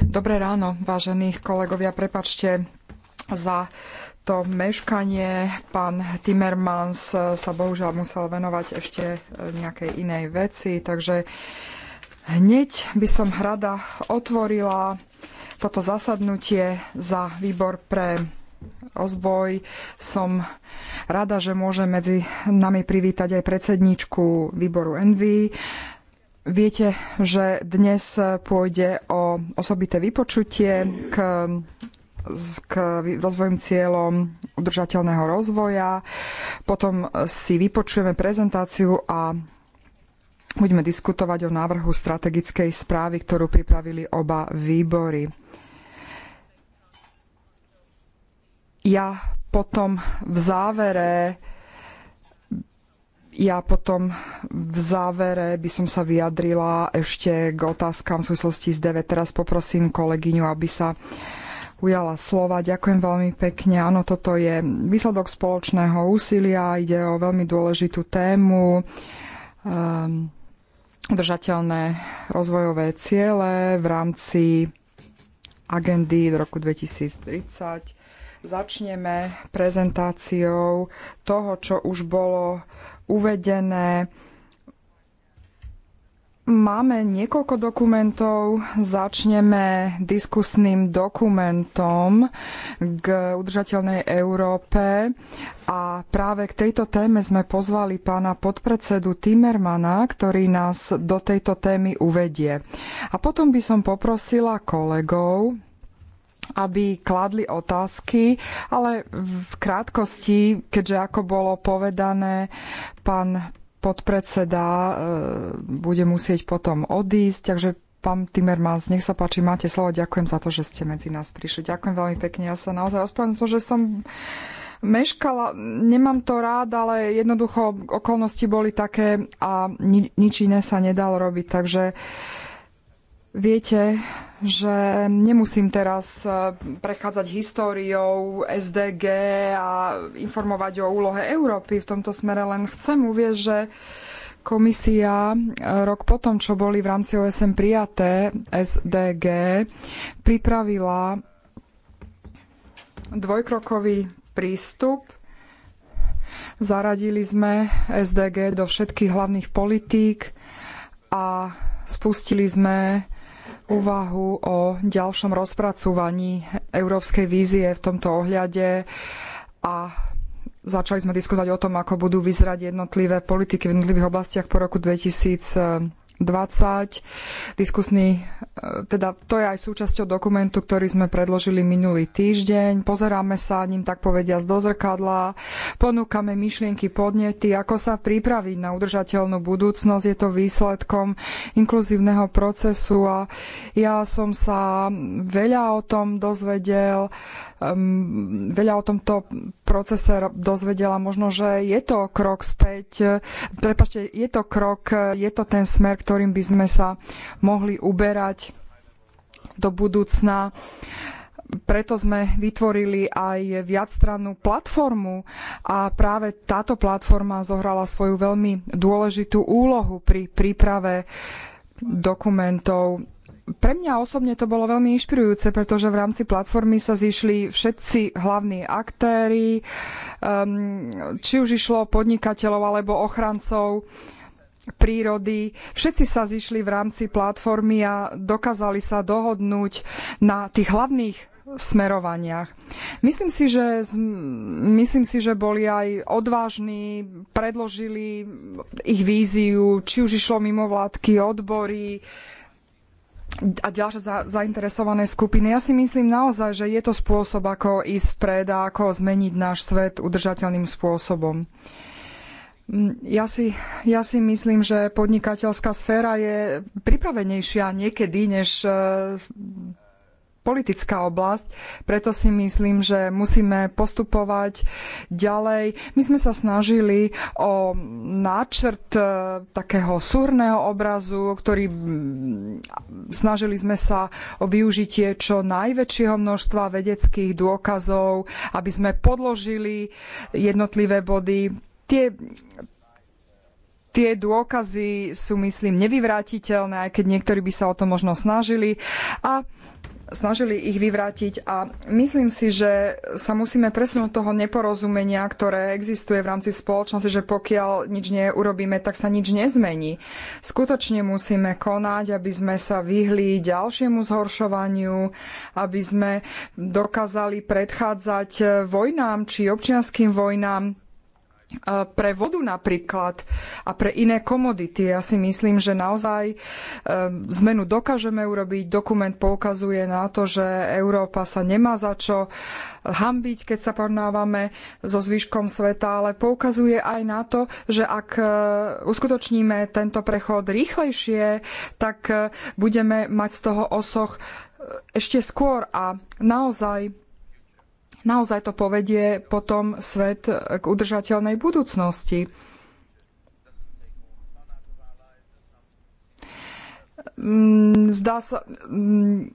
Dobré ráno, vážení kolegovia, prepačte za to meškanie. Pán Timmermans sa bohužiaľ musel venovať ešte e, nejakej inej veci, takže hneď by som rada otvorila toto zasadnutie za výbor pre ozboj. Som rada, že môžem medzi nami privítať aj predsedničku výboru Envy, Viete, že dnes pôjde o osobité vypočutie k, k rozvojom cieľom udržateľného rozvoja. Potom si vypočujeme prezentáciu a budeme diskutovať o návrhu strategickej správy, ktorú pripravili oba výbory. Ja potom v závere ja potom v závere by som sa vyjadrila ešte k otázkam v súvislosti s 9. Teraz poprosím kolegyňu, aby sa ujala slova. Ďakujem veľmi pekne. Áno, toto je výsledok spoločného úsilia. Ide o veľmi dôležitú tému. Um, udržateľné rozvojové ciele v rámci agendy do roku 2030. Začneme prezentáciou toho, čo už bolo uvedené. Máme niekoľko dokumentov. Začneme diskusným dokumentom k udržateľnej Európe. A práve k tejto téme sme pozvali pána podpredsedu Timmermana, ktorý nás do tejto témy uvedie. A potom by som poprosila kolegov, aby kladli otázky, ale v krátkosti, keďže ako bolo povedané, pán podpredseda e, bude musieť potom odísť, takže Pán Timmermans, nech sa páči, máte slovo. Ďakujem za to, že ste medzi nás prišli. Ďakujem veľmi pekne. Ja sa naozaj ospravedlňujem, že som meškala. Nemám to rád, ale jednoducho okolnosti boli také a ni- nič iné sa nedalo robiť. Takže viete, že nemusím teraz e, prechádzať históriou SDG a informovať o úlohe Európy. V tomto smere len chcem uvieť, že komisia e, rok potom, čo boli v rámci OSN prijaté SDG, pripravila dvojkrokový prístup. Zaradili sme SDG do všetkých hlavných politík a spustili sme úvahu o ďalšom rozpracúvaní európskej vízie v tomto ohľade a začali sme diskutovať o tom, ako budú vyzerať jednotlivé politiky v jednotlivých oblastiach po roku 2000. Diskusný, e, teda to je aj súčasťou dokumentu, ktorý sme predložili minulý týždeň. Pozeráme sa ním, tak povedia, do zrkadla, ponúkame myšlienky, podnety, ako sa pripraviť na udržateľnú budúcnosť. Je to výsledkom inkluzívneho procesu a ja som sa veľa o tom dozvedel um, veľa o tomto procese dozvedela. Možno, že je to krok späť, prepačte, je to krok, je to ten smer, ktorým by sme sa mohli uberať do budúcna. Preto sme vytvorili aj viacstrannú platformu a práve táto platforma zohrala svoju veľmi dôležitú úlohu pri príprave dokumentov pre mňa osobne to bolo veľmi inšpirujúce, pretože v rámci platformy sa zišli všetci hlavní aktéry, um, či už išlo o podnikateľov alebo ochrancov prírody. Všetci sa zišli v rámci platformy a dokázali sa dohodnúť na tých hlavných smerovaniach. Myslím si, že, myslím si, že boli aj odvážni, predložili ich víziu, či už išlo mimovládky, odbory, a ďalšie za, zainteresované skupiny. Ja si myslím naozaj, že je to spôsob, ako ísť vpred a ako zmeniť náš svet udržateľným spôsobom. Mm, ja si, ja si myslím, že podnikateľská sféra je pripravenejšia niekedy, než eh, politická oblasť, preto si myslím, že musíme postupovať ďalej. My sme sa snažili o náčrt e, takého súrneho obrazu, ktorý snažili sme sa o využitie čo najväčšieho množstva vedeckých dôkazov, aby sme podložili jednotlivé body. Tie, tie dôkazy sú, myslím, nevyvrátiteľné, aj keď niektorí by sa o to možno snažili. A snažili ich vyvrátiť a myslím si, že sa musíme presunúť toho neporozumenia, ktoré existuje v rámci spoločnosti, že pokiaľ nič neurobíme, tak sa nič nezmení. Skutočne musíme konať, aby sme sa vyhli ďalšiemu zhoršovaniu, aby sme dokázali predchádzať vojnám či občianským vojnám pre vodu napríklad a pre iné komodity. Ja si myslím, že naozaj e, zmenu dokážeme urobiť. Dokument poukazuje na to, že Európa sa nemá za čo hambiť, keď sa porovnávame so zvyškom sveta, ale poukazuje aj na to, že ak e, uskutočníme tento prechod rýchlejšie, tak e, budeme mať z toho osoch ešte skôr a naozaj naozaj to povedie potom svet k udržateľnej budúcnosti. Mm, zdá sa, mm,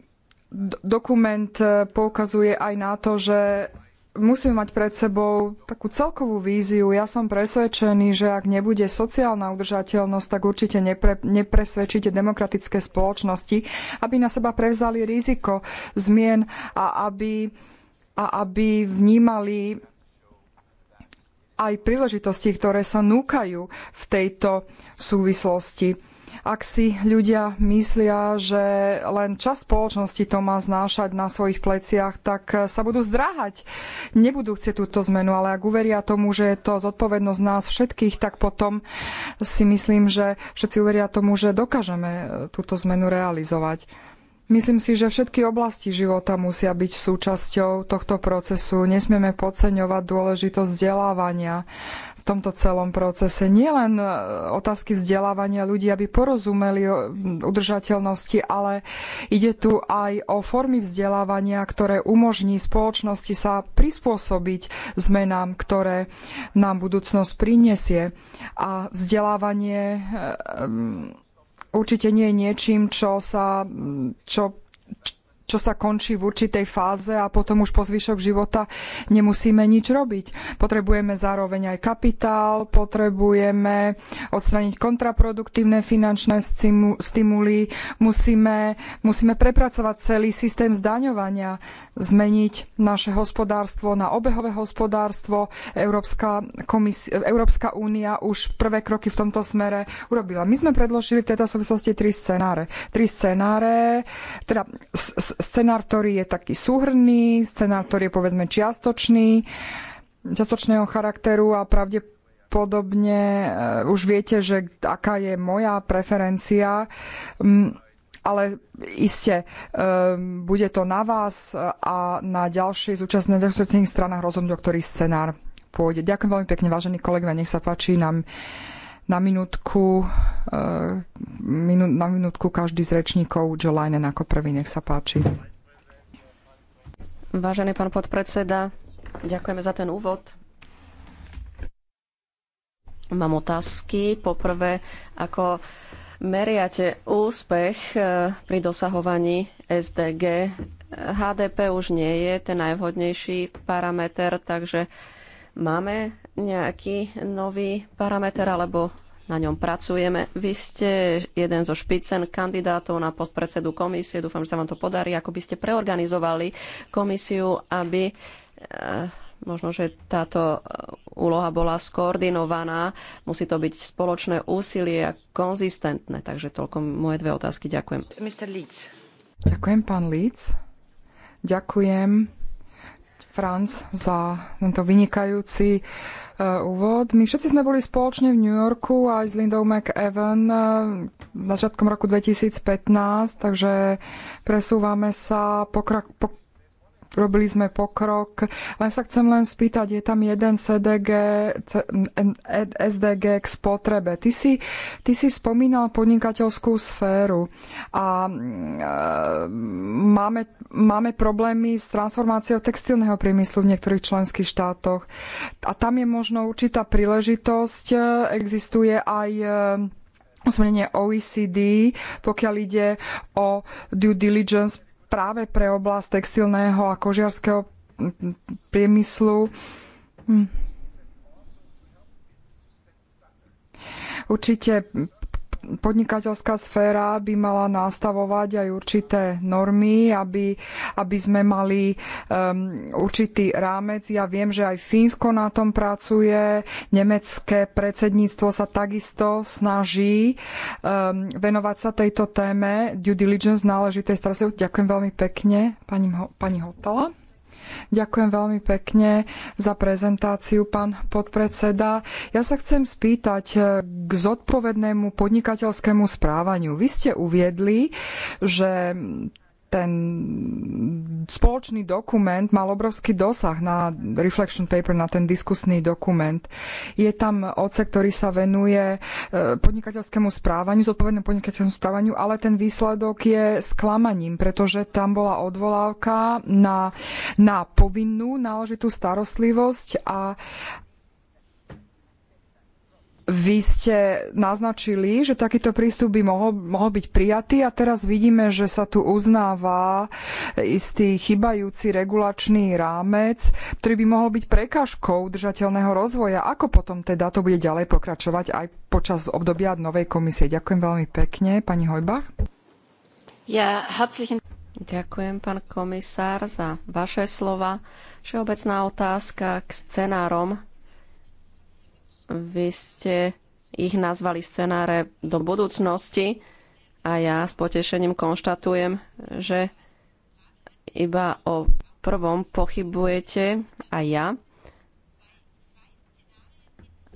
dokument poukazuje aj na to, že musíme mať pred sebou takú celkovú víziu. Ja som presvedčený, že ak nebude sociálna udržateľnosť, tak určite nepre, nepresvedčíte demokratické spoločnosti, aby na seba prevzali riziko zmien a aby a aby vnímali aj príležitosti, ktoré sa núkajú v tejto súvislosti. Ak si ľudia myslia, že len čas spoločnosti to má znášať na svojich pleciach, tak sa budú zdráhať. Nebudú chcieť túto zmenu, ale ak uveria tomu, že je to zodpovednosť nás všetkých, tak potom si myslím, že všetci uveria tomu, že dokážeme túto zmenu realizovať. Myslím si, že všetky oblasti života musia byť súčasťou tohto procesu. Nesmieme podceňovať dôležitosť vzdelávania v tomto celom procese. Nielen e, otázky vzdelávania ľudí, aby porozumeli o e, udržateľnosti, ale ide tu aj o formy vzdelávania, ktoré umožní spoločnosti sa prispôsobiť zmenám, ktoré nám budúcnosť prinesie. A vzdelávanie e, určite nie je niečím, čo sa, čo, čo sa končí v určitej fáze a potom už po zvyšok života nemusíme nič robiť. Potrebujeme zároveň aj kapitál, potrebujeme odstrániť kontraproduktívne finančné stimuly, musíme, musíme prepracovať celý systém zdaňovania, zmeniť naše hospodárstvo na obehové hospodárstvo. Európska, Európska únia už prvé kroky v tomto smere urobila. My sme predložili v tejto súvislosti tri scenáre. Tri scenáre, teda s, scenár, ktorý je taký súhrný, scenár, ktorý je povedzme čiastočný, čiastočného charakteru a pravdepodobne eh, už viete, že aká je moja preferencia. Mm, ale iste, eh, bude to na vás a na ďalšej zúčastnených stranách rozhodnúť, o ktorý scenár pôjde. Ďakujem veľmi pekne, vážení kolegovia, nech sa páči nám na minútku, e, na minútku každý z rečníkov, Joe Linen ako prvý, nech sa páči. Vážený pán podpredseda, ďakujeme za ten úvod. Mám otázky. Poprvé, ako meriate úspech e, pri dosahovaní SDG? HDP už nie je ten najvhodnejší parameter, takže Máme nejaký nový parameter alebo na ňom pracujeme. Vy ste jeden zo špicen kandidátov na post predsedu komisie. Dúfam, že sa vám to podarí. Ako by ste preorganizovali komisiu, aby eh, možno, že táto eh, úloha bola skoordinovaná. Musí to byť spoločné úsilie a konzistentné. Takže toľko moje dve otázky. Ďakujem. Mr. Leeds. Ďakujem, pán Leeds. Ďakujem. Franc za tento vynikajúci e, úvod. My všetci sme boli spoločne v New Yorku aj s Lindou McAvan e, začiatkom roku 2015, takže presúvame sa, pokra- po- Robili sme pokrok. Len sa chcem len spýtať, je tam jeden CDG, SDG k spotrebe. Ty si, ty si spomínal podnikateľskú sféru a e, máme, máme problémy s transformáciou textilného priemyslu v niektorých členských štátoch. A tam je možno určitá príležitosť. Existuje aj e, usmernenie OECD, pokiaľ ide o due diligence práve pre oblasť textilného a kožiarského priemyslu. Hm. Určite podnikateľská sféra by mala nastavovať aj určité normy, aby, aby sme mali um, určitý rámec. Ja viem, že aj Fínsko na tom pracuje, nemecké predsedníctvo sa takisto snaží um, venovať sa tejto téme due diligence náležitej starostlivosti. Ďakujem veľmi pekne, pani, pani Hotala. Ďakujem veľmi pekne za prezentáciu, pán podpredseda. Ja sa chcem spýtať eh, k zodpovednému podnikateľskému správaniu. Vy ste uviedli, že ten spoločný dokument mal obrovský dosah na reflection paper, na ten diskusný dokument. Je tam oce, ktorý sa venuje e, podnikateľskému správaniu, zodpovednému podnikateľskému správaniu, ale ten výsledok je sklamaním, pretože tam bola odvolávka na, na povinnú náležitú starostlivosť a, vy ste naznačili, že takýto prístup by mohol, mohol byť prijatý a teraz vidíme, že sa tu uznáva istý chybajúci regulačný rámec, ktorý by mohol byť prekážkou udržateľného rozvoja. Ako potom teda to bude ďalej pokračovať aj počas obdobia novej komisie? Ďakujem veľmi pekne, pani Hojbach. Ja, herzlichen... Ďakujem, pán komisár, za vaše slova. Všeobecná otázka k scenárom vy ste ich nazvali scenáre do budúcnosti a ja s potešením konštatujem, že iba o prvom pochybujete aj ja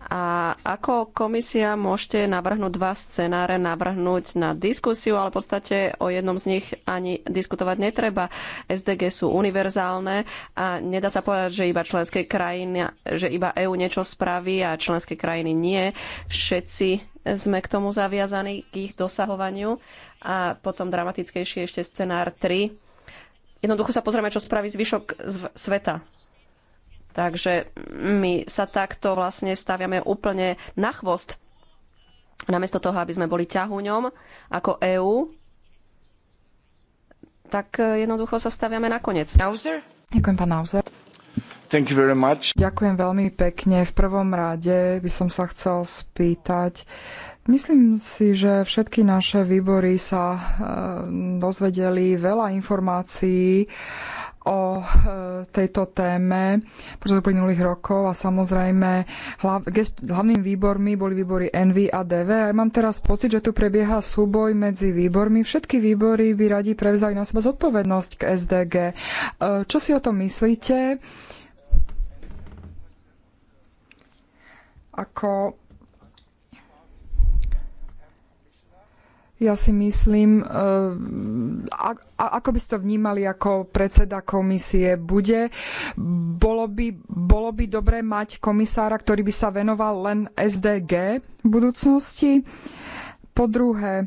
a ako komisia môžete navrhnúť dva scenáre, navrhnúť na diskusiu, ale v podstate o jednom z nich ani diskutovať netreba. SDG sú univerzálne a nedá sa povedať, že iba členské krajiny, že iba EÚ niečo spraví a členské krajiny nie. Všetci sme k tomu zaviazaní, k ich dosahovaniu. A potom dramatickejšie ešte scenár 3. Jednoducho sa pozrieme, čo spraví zvyšok sveta Takže my sa takto vlastne staviame úplne na chvost. Namiesto toho, aby sme boli ťahuňom ako EÚ, tak e, jednoducho sa staviame na koniec. Ďakujem, pán Nauzer. Ďakujem veľmi pekne. V prvom rade by som sa chcel spýtať. Myslím si, že všetky naše výbory sa e, dozvedeli veľa informácií o e, tejto téme počas uplynulých rokov a samozrejme hlavnými výbormi boli výbory NV a DV a ja mám teraz pocit, že tu prebieha súboj medzi výbormi. Všetky výbory by radi prevzali na seba zodpovednosť k SDG. E, čo si o tom myslíte? Ako Ja si myslím, eh, ako by ste to vnímali ako predseda komisie bude, bolo by, bolo by dobré mať komisára, ktorý by sa venoval len SDG v budúcnosti. Po druhé,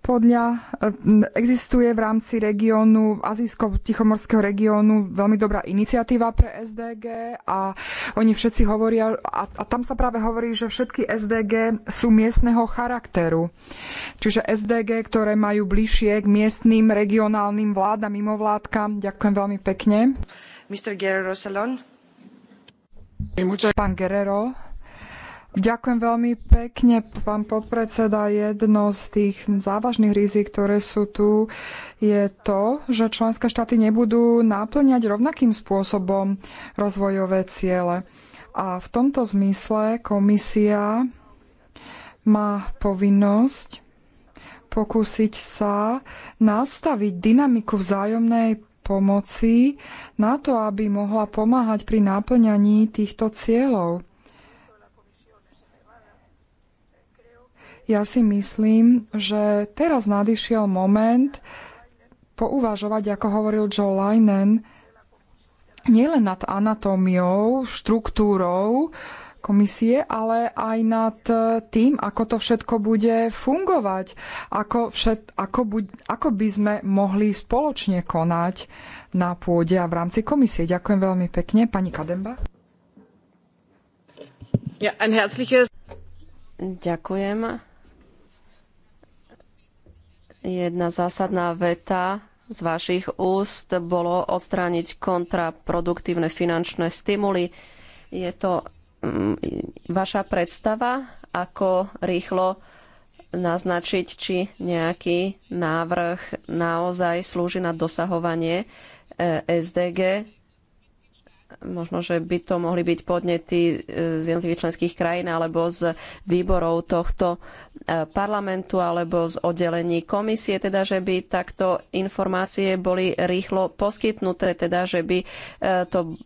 podľa eh, existuje v rámci regiónu, azijsko-tichomorského regiónu veľmi dobrá iniciatíva pre SDG a oni všetci hovoria, a, a tam sa práve hovorí, že všetky SDG sú miestneho charakteru. Čiže SDG, ktoré majú bližšie k miestnym, regionálnym vládam, mimovládkam. Ďakujem veľmi pekne. Mr. Guerrero Pán Guerrero, Ďakujem veľmi pekne, pán podpredseda. Jedno z tých závažných rizik, ktoré sú tu, je to, že členské štáty nebudú náplňať rovnakým spôsobom rozvojové ciele. A v tomto zmysle komisia má povinnosť pokúsiť sa nastaviť dynamiku vzájomnej pomoci na to, aby mohla pomáhať pri náplňaní týchto cieľov. Ja si myslím, že teraz nadišiel moment pouvažovať, ako hovoril Joe Linen, nielen nad anatómiou, štruktúrou komisie, ale aj nad eh, tým, ako to všetko bude fungovať, ako, všet, ako, buď, ako by sme mohli spoločne konať na pôde a v rámci komisie. Ďakujem veľmi pekne. Pani Kademba. Ja, ein herzliches... Ďakujem. Jedna zásadná veta z vašich úst bolo odstrániť kontraproduktívne finančné stimuly. Je to mm, vaša predstava, ako rýchlo naznačiť, či nejaký návrh naozaj slúži na dosahovanie e, SDG Možno, že by to mohli byť podnety e, z jednotlivých členských krajín alebo z výborov tohto e, parlamentu alebo z oddelení komisie, teda, že by takto informácie boli rýchlo poskytnuté, teda, že by e, to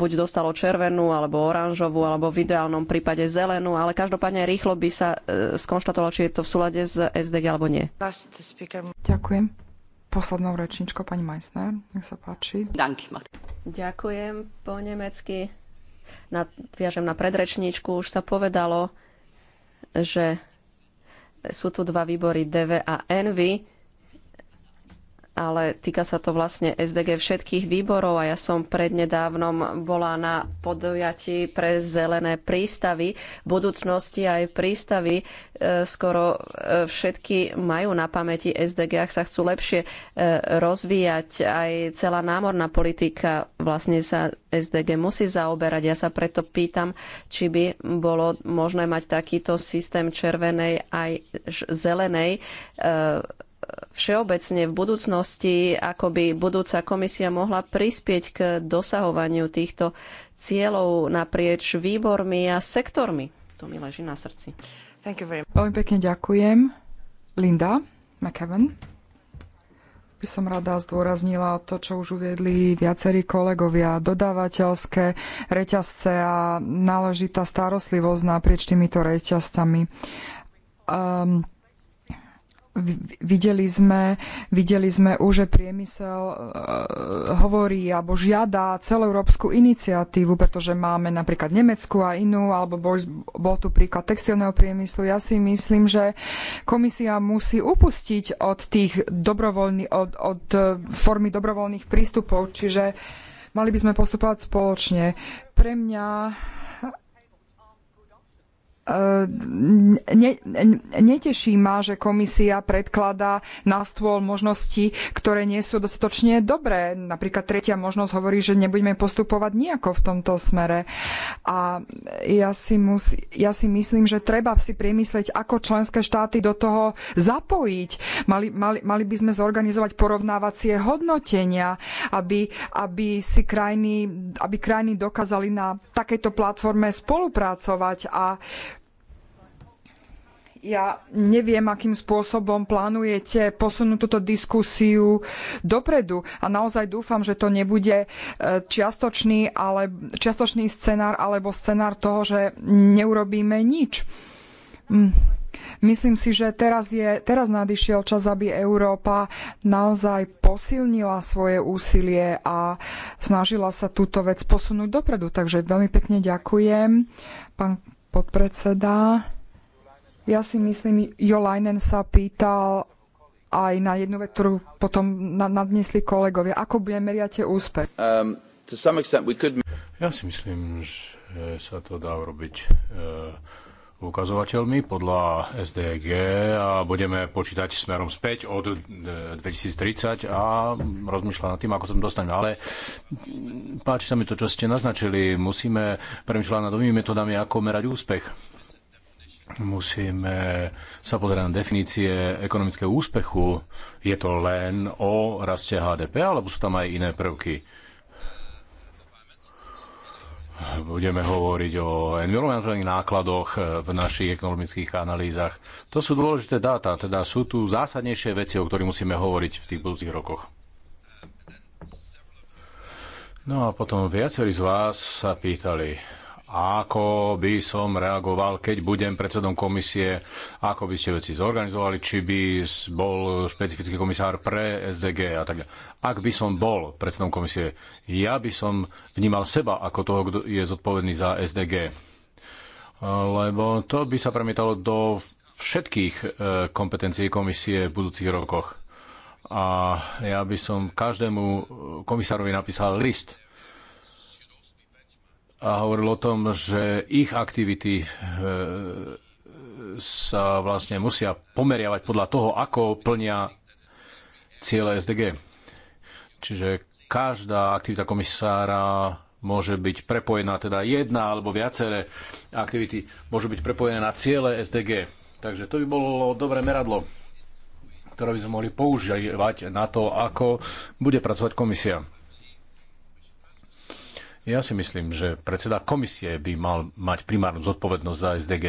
buď dostalo červenú alebo oranžovú alebo v ideálnom prípade zelenú, ale každopádne rýchlo by sa skonštatovalo, či je to v súlade s SDG alebo nie. Ďakujem poslednou rečničkou pani Meissner. Nech sa páči. Ďakujem po nemecky. Viažem na predrečníčku. Už sa povedalo, že sú tu dva výbory DV a NV ale týka sa to vlastne SDG všetkých výborov a ja som prednedávnom bola na podujatí pre zelené prístavy, v budúcnosti aj prístavy. E, skoro e, všetky majú na pamäti SDG, ak sa chcú lepšie e, rozvíjať. Aj celá námorná politika vlastne sa SDG musí zaoberať. Ja sa preto pýtam, či by bolo možné mať takýto systém červenej aj zelenej všeobecne v budúcnosti, ako by budúca komisia mohla prispieť k dosahovaniu týchto cieľov naprieč výbormi a sektormi. To mi leží na srdci. Veľmi pekne ďakujem. Linda McKeven. By som rada zdôraznila to, čo už uviedli viacerí kolegovia. Dodávateľské reťazce a náležitá starostlivosť naprieč týmito reťazcami. Um, videli sme, videli sme už, že priemysel e, hovorí alebo žiada celoeurópsku iniciatívu, pretože máme napríklad Nemecku a inú, alebo bol, bol tu príklad textilného priemyslu. Ja si myslím, že komisia musí upustiť od tých dobrovoľných, od, od e, formy dobrovoľných prístupov, čiže mali by sme postupovať spoločne. Pre mňa Ehm, ne, neteší ma, že komisia predkladá na stôl možnosti, ktoré nie sú dostatočne dobré. Napríklad tretia možnosť hovorí, že nebudeme postupovať nejako v tomto smere. A ja si, mus, ja si myslím, že treba si priemyslieť, ako členské štáty do toho zapojiť. Mali, mali, mali by sme zorganizovať porovnávacie hodnotenia, aby, aby, si krajiny, aby krajiny dokázali na takejto platforme spolupracovať a ja neviem, akým spôsobom plánujete posunúť túto diskusiu dopredu a naozaj dúfam, že to nebude e, čiastočný, ale, čiastočný scenár alebo scenár toho, že neurobíme nič. Mm. Myslím si, že teraz, je, teraz nadišiel čas, aby Európa naozaj posilnila svoje úsilie a snažila sa túto vec posunúť dopredu. Takže veľmi pekne ďakujem, pán podpredseda. Ja si myslím, Jo Leinen sa pýtal aj na jednu vec, ktorú potom nadnesli kolegovia. Ako bude meriate úspech? Um, could... Ja si myslím, že sa to dá robiť e, ukazovateľmi podľa SDG a budeme počítať smerom späť od 2030 e, a rozmýšľať nad tým, ako sa dostaneme. Ale páči sa mi to, čo ste naznačili. Musíme premýšľať nad novými metodami, ako merať úspech musíme sa pozerať na definície ekonomického úspechu. Je to len o raste HDP, alebo sú tam aj iné prvky? Budeme hovoriť o environmentálnych nákladoch v našich ekonomických analýzach. To sú dôležité dáta, teda sú tu zásadnejšie veci, o ktorých musíme hovoriť v tých budúcich rokoch. No a potom viacerí z vás sa pýtali, ako by som reagoval, keď budem predsedom komisie, ako by ste veci zorganizovali, či by bol špecifický komisár pre SDG a tak Ak by som bol predsedom komisie, ja by som vnímal seba ako toho, kto je zodpovedný za SDG. Lebo to by sa premietalo do všetkých e, kompetencií komisie v budúcich rokoch. A ja by som každému e, komisárovi napísal list, a hovoril o tom, že ich aktivity e, sa vlastne musia pomeriavať podľa toho, ako plnia ciele SDG. Čiže každá aktivita komisára môže byť prepojená, teda jedna alebo viaceré aktivity môžu byť prepojené na ciele SDG. Takže to by bolo dobré meradlo, ktoré by sme mohli používať na to, ako bude pracovať komisia. Ja si myslím, že predseda komisie by mal mať primárnu zodpovednosť za SDG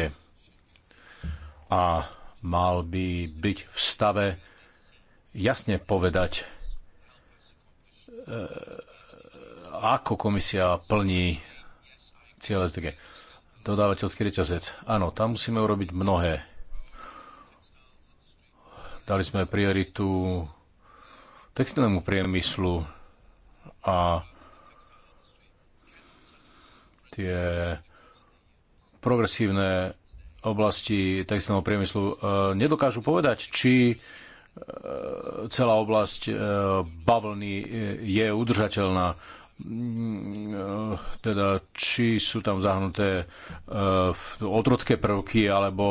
a mal by byť v stave jasne povedať, e, ako komisia plní cieľ SDG. Dodávateľský reťazec. Áno, tam musíme urobiť mnohé. Dali sme prioritu textilnému priemyslu a tie progresívne oblasti textilného priemyslu e, nedokážu povedať, či e, celá oblasť e, bavlny je udržateľná. Mm, teda, či sú tam zahnuté otrocké prvky alebo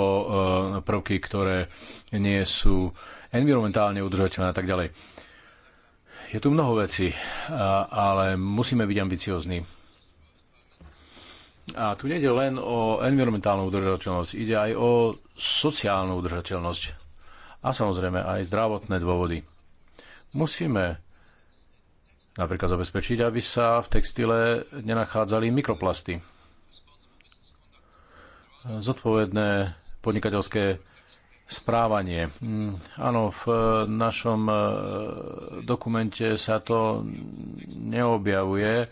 prvky, ktoré nie sú environmentálne udržateľné a tak ďalej. Je tu mnoho vecí, ale musíme byť ambiciozní. A tu nejde len o environmentálnu udržateľnosť, ide aj o sociálnu udržateľnosť a samozrejme aj zdravotné dôvody. Musíme napríklad zabezpečiť, aby sa v textile nenachádzali mikroplasty. Zodpovedné podnikateľské správanie. Mm, áno, v e, našom e, dokumente sa to neobjavuje.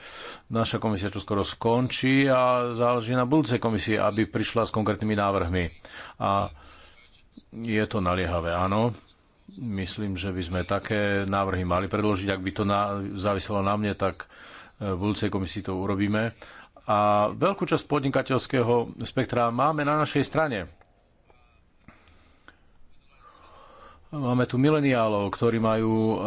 Naša komisia čo skoro skončí a záleží na budúcej komisii, aby prišla s konkrétnymi návrhmi. A je to naliehavé, áno. Myslím, že by sme také návrhy mali predložiť. Ak by to na, záviselo na mne, tak e, v budúcej komisii to urobíme. A veľkú časť podnikateľského spektra máme na našej strane Máme tu mileniálov, ktorí majú e,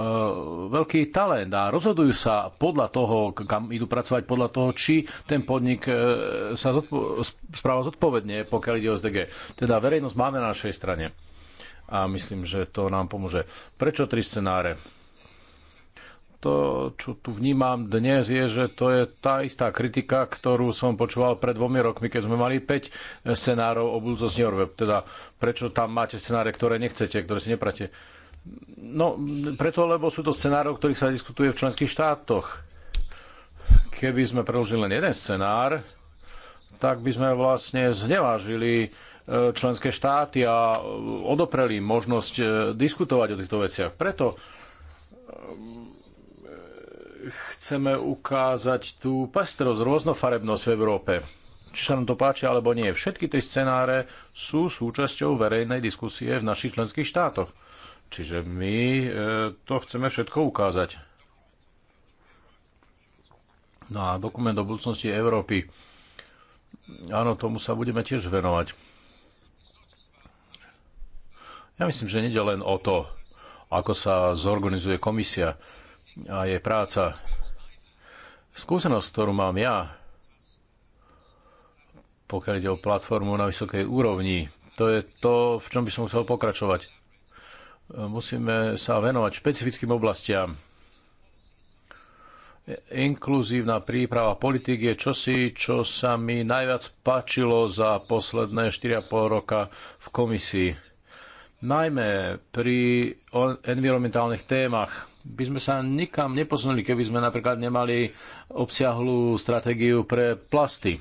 veľký talent a rozhodujú sa podľa toho, kam idú pracovať, podľa toho, či ten podnik e, sa zodpo- správa zodpovedne, pokiaľ ide o SDG. Teda verejnosť máme na našej strane. A myslím, že to nám pomôže. Prečo tri scenáre? to, čo tu vnímam dnes, je, že to je tá istá kritika, ktorú som počúval pred dvomi rokmi, keď sme mali 5 eh, scenárov o budúcnosti Orweb. Teda prečo tam máte scenáre, ktoré nechcete, ktoré si neprate? No, preto, lebo sú to o ktorých sa diskutuje v členských štátoch. Keby sme preložili len jeden scenár, tak by sme vlastne znevážili eh, členské štáty a eh, odopreli možnosť diskutovať o týchto veciach. Preto chceme ukázať tú pastrosť, rôznofarebnosť v Európe. Či sa nám to páči alebo nie. Všetky tie scenáre sú súčasťou verejnej diskusie v našich členských štátoch. Čiže my e, to chceme všetko ukázať. No a dokument o budúcnosti Európy. Áno, tomu sa budeme tiež venovať. Ja myslím, že nede len o to, ako sa zorganizuje komisia a jej práca. Skúsenosť, ktorú mám ja, pokiaľ ide o platformu na vysokej úrovni, to je to, v čom by som chcel pokračovať. Musíme sa venovať špecifickým oblastiam. Inkluzívna príprava politik je čosi, čo sa mi najviac páčilo za posledné 4,5 roka v komisii. Najmä pri environmentálnych témach by sme sa nikam neposunuli, keby sme napríklad nemali obsiahlú stratégiu pre plasty. E,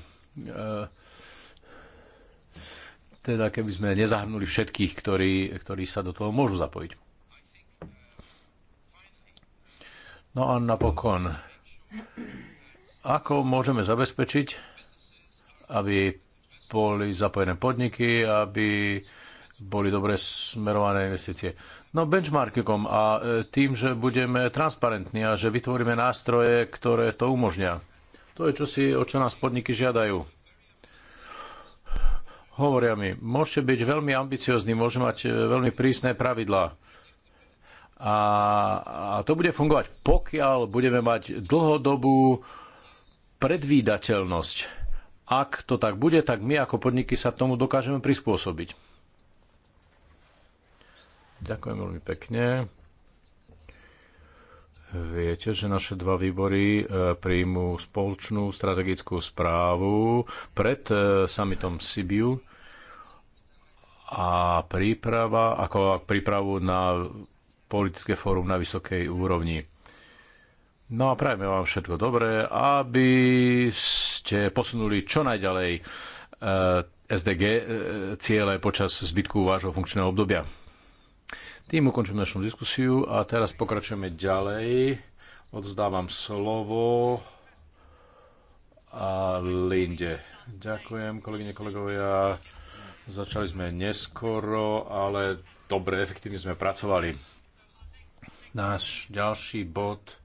teda keby sme nezahrnuli všetkých, ktorí, ktorí sa do toho môžu zapojiť. No a napokon, ako môžeme zabezpečiť, aby boli zapojené podniky, aby boli dobre smerované investície. No benchmarkingom a e, tým, že budeme transparentní a že vytvoríme nástroje, ktoré to umožňa. To je čosi, o čo nás podniky žiadajú. Hovoria mi, môžete byť veľmi ambiciozní, môžete mať e, veľmi prísne pravidlá. A, a to bude fungovať, pokiaľ budeme mať dlhodobú predvídateľnosť. Ak to tak bude, tak my ako podniky sa tomu dokážeme prispôsobiť. Ďakujem veľmi pekne. Viete, že naše dva výbory e, príjmú spoločnú strategickú správu pred e, summitom Sibiu a príprava, ako prípravu na politické fórum na vysokej úrovni. No a prajme vám všetko dobré, aby ste posunuli čo najďalej e, SDG ciele počas zbytku vášho funkčného obdobia. Tým ukončím našu diskusiu a teraz pokračujeme ďalej. Odzdávam slovo a Linde. Ďakujem, kolegyne, kolegovia. Začali sme neskoro, ale dobre, efektívne sme pracovali. Náš ďalší bod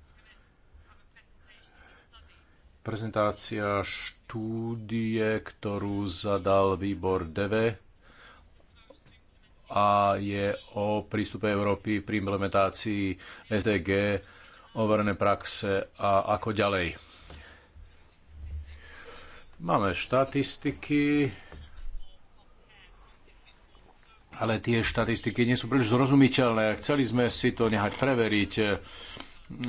prezentácia štúdie, ktorú zadal výbor DV a je o prístupe Európy pri implementácii SDG, overené praxe a ako ďalej. Máme štatistiky, ale tie štatistiky nie sú príliš zrozumiteľné. Chceli sme si to nehať preveriť.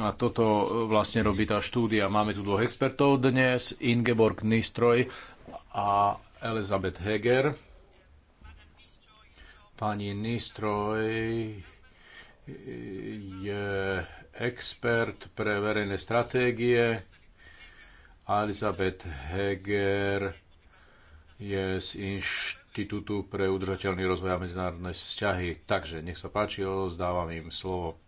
A toto vlastne robí tá štúdia. Máme tu dvoch expertov dnes, Ingeborg Nistroj a Elizabeth Heger Pani Nistroj je expert pre verejné stratégie. A Elizabeth Heger je z Inštitútu pre udržateľný rozvoj a medzinárodné vzťahy. Takže nech sa páči, zdávam im slovo.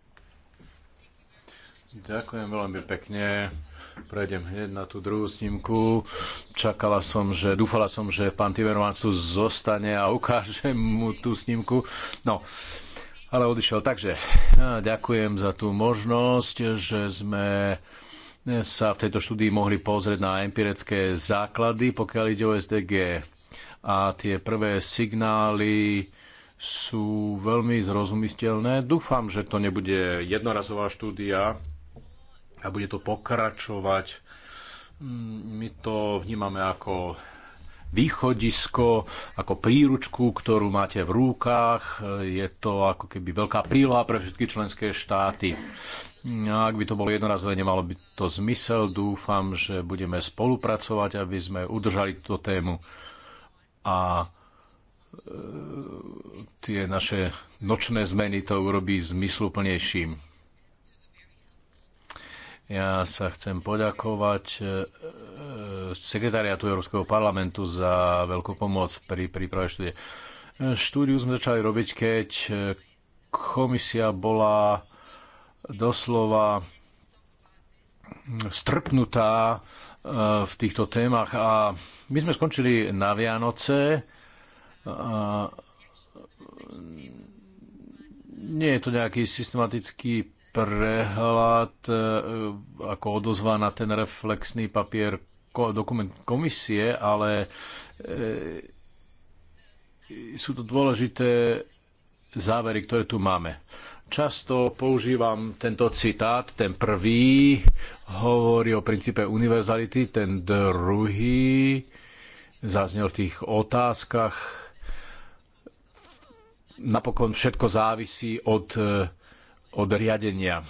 Ďakujem veľmi pekne. Prejdem hneď na tú druhú snímku. Čakala som, že, dúfala som, že pán Timmermans tu zostane a ukáže mu tú snímku. No, ale odišiel. Takže ďakujem za tú možnosť, že sme sa v tejto štúdii mohli pozrieť na empirické základy, pokiaľ ide o SDG. A tie prvé signály sú veľmi zrozumiteľné. Dúfam, že to nebude jednorazová štúdia, a bude to pokračovať. Mm, my to vnímame ako východisko, ako príručku, ktorú máte v rukách. Je to ako keby veľká príloha pre všetky členské štáty. A ak by to bolo jednorazové, nemalo by to zmysel. Dúfam, že budeme spolupracovať, aby sme udržali túto tému a e, tie naše nočné zmeny to urobí zmysluplnejším. Ja sa chcem poďakovať e, e, sekretariatu Európskeho parlamentu za veľkú pomoc pri príprave štúdie. E, štúdiu sme začali robiť, keď komisia bola doslova mm, strpnutá v týchto témach a my sme skončili na Vianoce. Mm, nie je to nejaký systematický prehľad e, ako odozva na ten reflexný papier dokument komisie, ale e, sú to dôležité závery, ktoré tu máme. Často používam tento citát, ten prvý hovorí o princípe univerzality, ten druhý zaznel v tých otázkach. Napokon všetko závisí od e, od riadenia.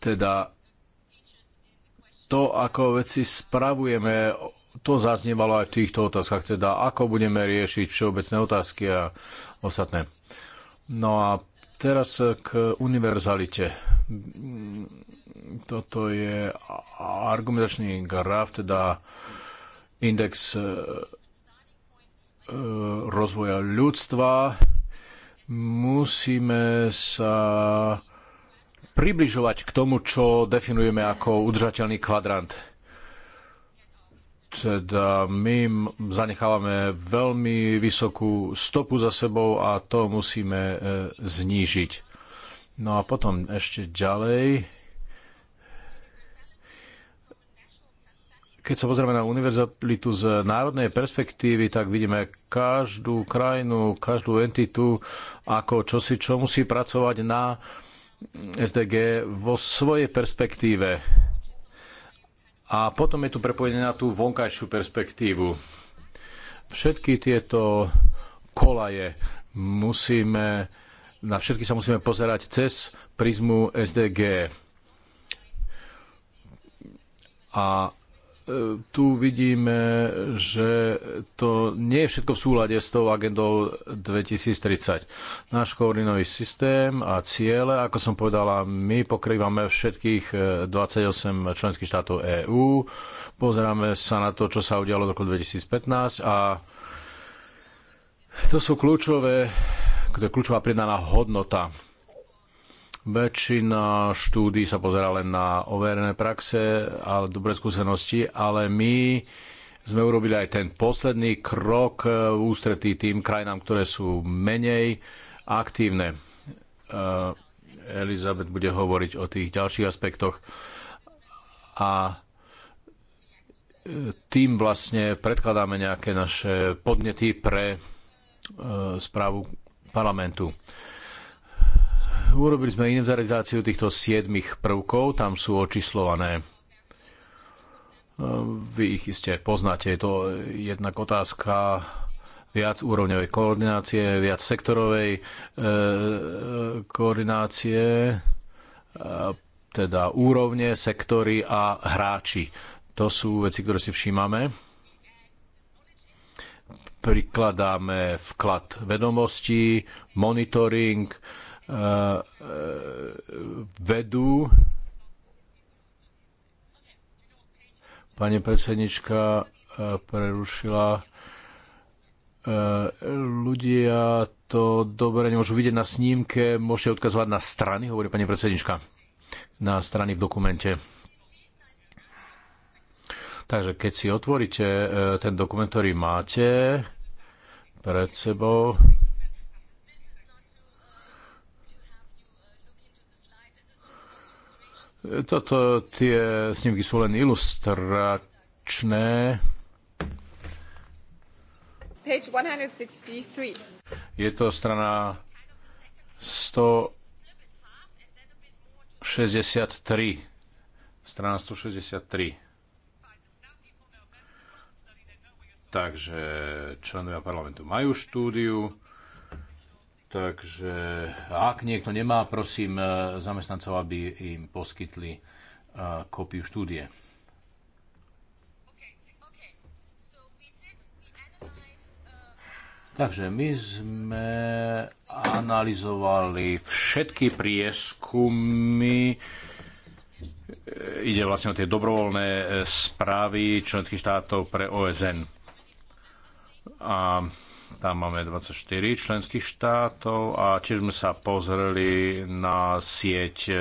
Teda to, ako veci spravujeme, to zaznievalo aj v týchto otázkach, teda ako budeme riešiť všeobecné otázky a ostatné. No a teraz k univerzalite. Toto je argumentačný graf, teda index e, e, rozvoja ľudstva Musíme sa približovať k tomu, čo definujeme ako udržateľný kvadrant. Teda my zanechávame veľmi vysokú stopu za sebou a to musíme e, znížiť. No a potom ešte ďalej Keď sa pozrieme na univerzalitu z národnej perspektívy, tak vidíme každú krajinu, každú entitu ako čosi, čo musí pracovať na SDG vo svojej perspektíve. A potom je tu prepojenie na tú vonkajšiu perspektívu. Všetky tieto kolaje musíme, na všetky sa musíme pozerať cez prizmu SDG. A tu vidíme, že to nie je všetko v súlade s tou agendou 2030. Náš koordinový systém a ciele, ako som povedala, my pokrývame všetkých 28 e, členských štátov EÚ. Pozeráme sa na to, čo sa udialo v roku 2015 a to sú kľúčové, to je kľúčová pridaná hodnota Väčšina štúdí sa pozerá len na overené praxe a dobré skúsenosti, ale my sme urobili aj ten posledný krok v e, ústretí tým krajinám, ktoré sú menej aktívne. E, Elizabeth bude hovoriť o tých ďalších aspektoch a e, tým vlastne predkladáme nejaké naše podnety pre správu parlamentu. Urobili sme inventarizáciu týchto siedmých prvkov, tam sú očíslované. Vy ich iste poznáte, je to jednak otázka viac úrovňovej koordinácie, viac sektorovej e, koordinácie, teda úrovne, sektory a hráči. To sú veci, ktoré si všímame. Prikladáme vklad vedomostí, monitoring, E, vedú. Pani predsednička e, prerušila e, ľudia to dobre nemôžu vidieť na snímke, môžete odkazovať na strany, hovorí pani predsednička, na strany v dokumente. Takže keď si otvoríte ten dokument, ktorý máte pred sebou, Toto tie snímky sú len ilustračné. Je to strana 163. Strana 163. Takže členovia parlamentu majú štúdiu, Takže ak niekto nemá, prosím e, zamestnancov, aby im poskytli e, kópiu štúdie. Takže my sme analyzovali všetky prieskumy, e, ide vlastne o tie dobrovoľné správy členských štátov pre OSN. A tam máme 24 členských štátov a tiež sme sa pozreli na sieť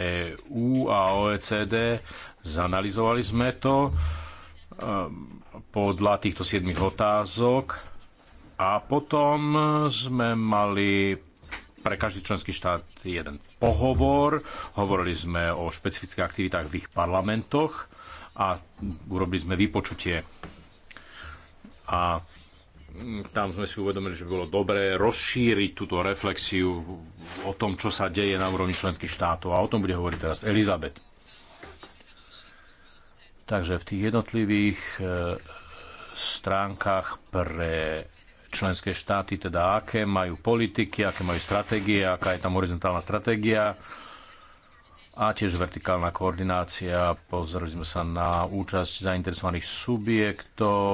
EU e a OECD. Zanalizovali sme to e, podľa týchto 7 otázok a potom sme mali pre každý členský štát jeden pohovor, hovorili sme o špecifických aktivitách v ich parlamentoch a urobili sme vypočutie. A Mm, tam sme si uvedomili, že by bolo dobré rozšíriť túto reflexiu o tom, čo sa deje na úrovni členských štátov. A o tom bude hovoriť teraz Elizabeth. Takže v tých jednotlivých e, stránkach pre členské štáty, teda aké majú politiky, aké majú stratégie, aká je tam horizontálna stratégia, a tiež vertikálna koordinácia. Pozreli sme sa na účasť zainteresovaných subjektov,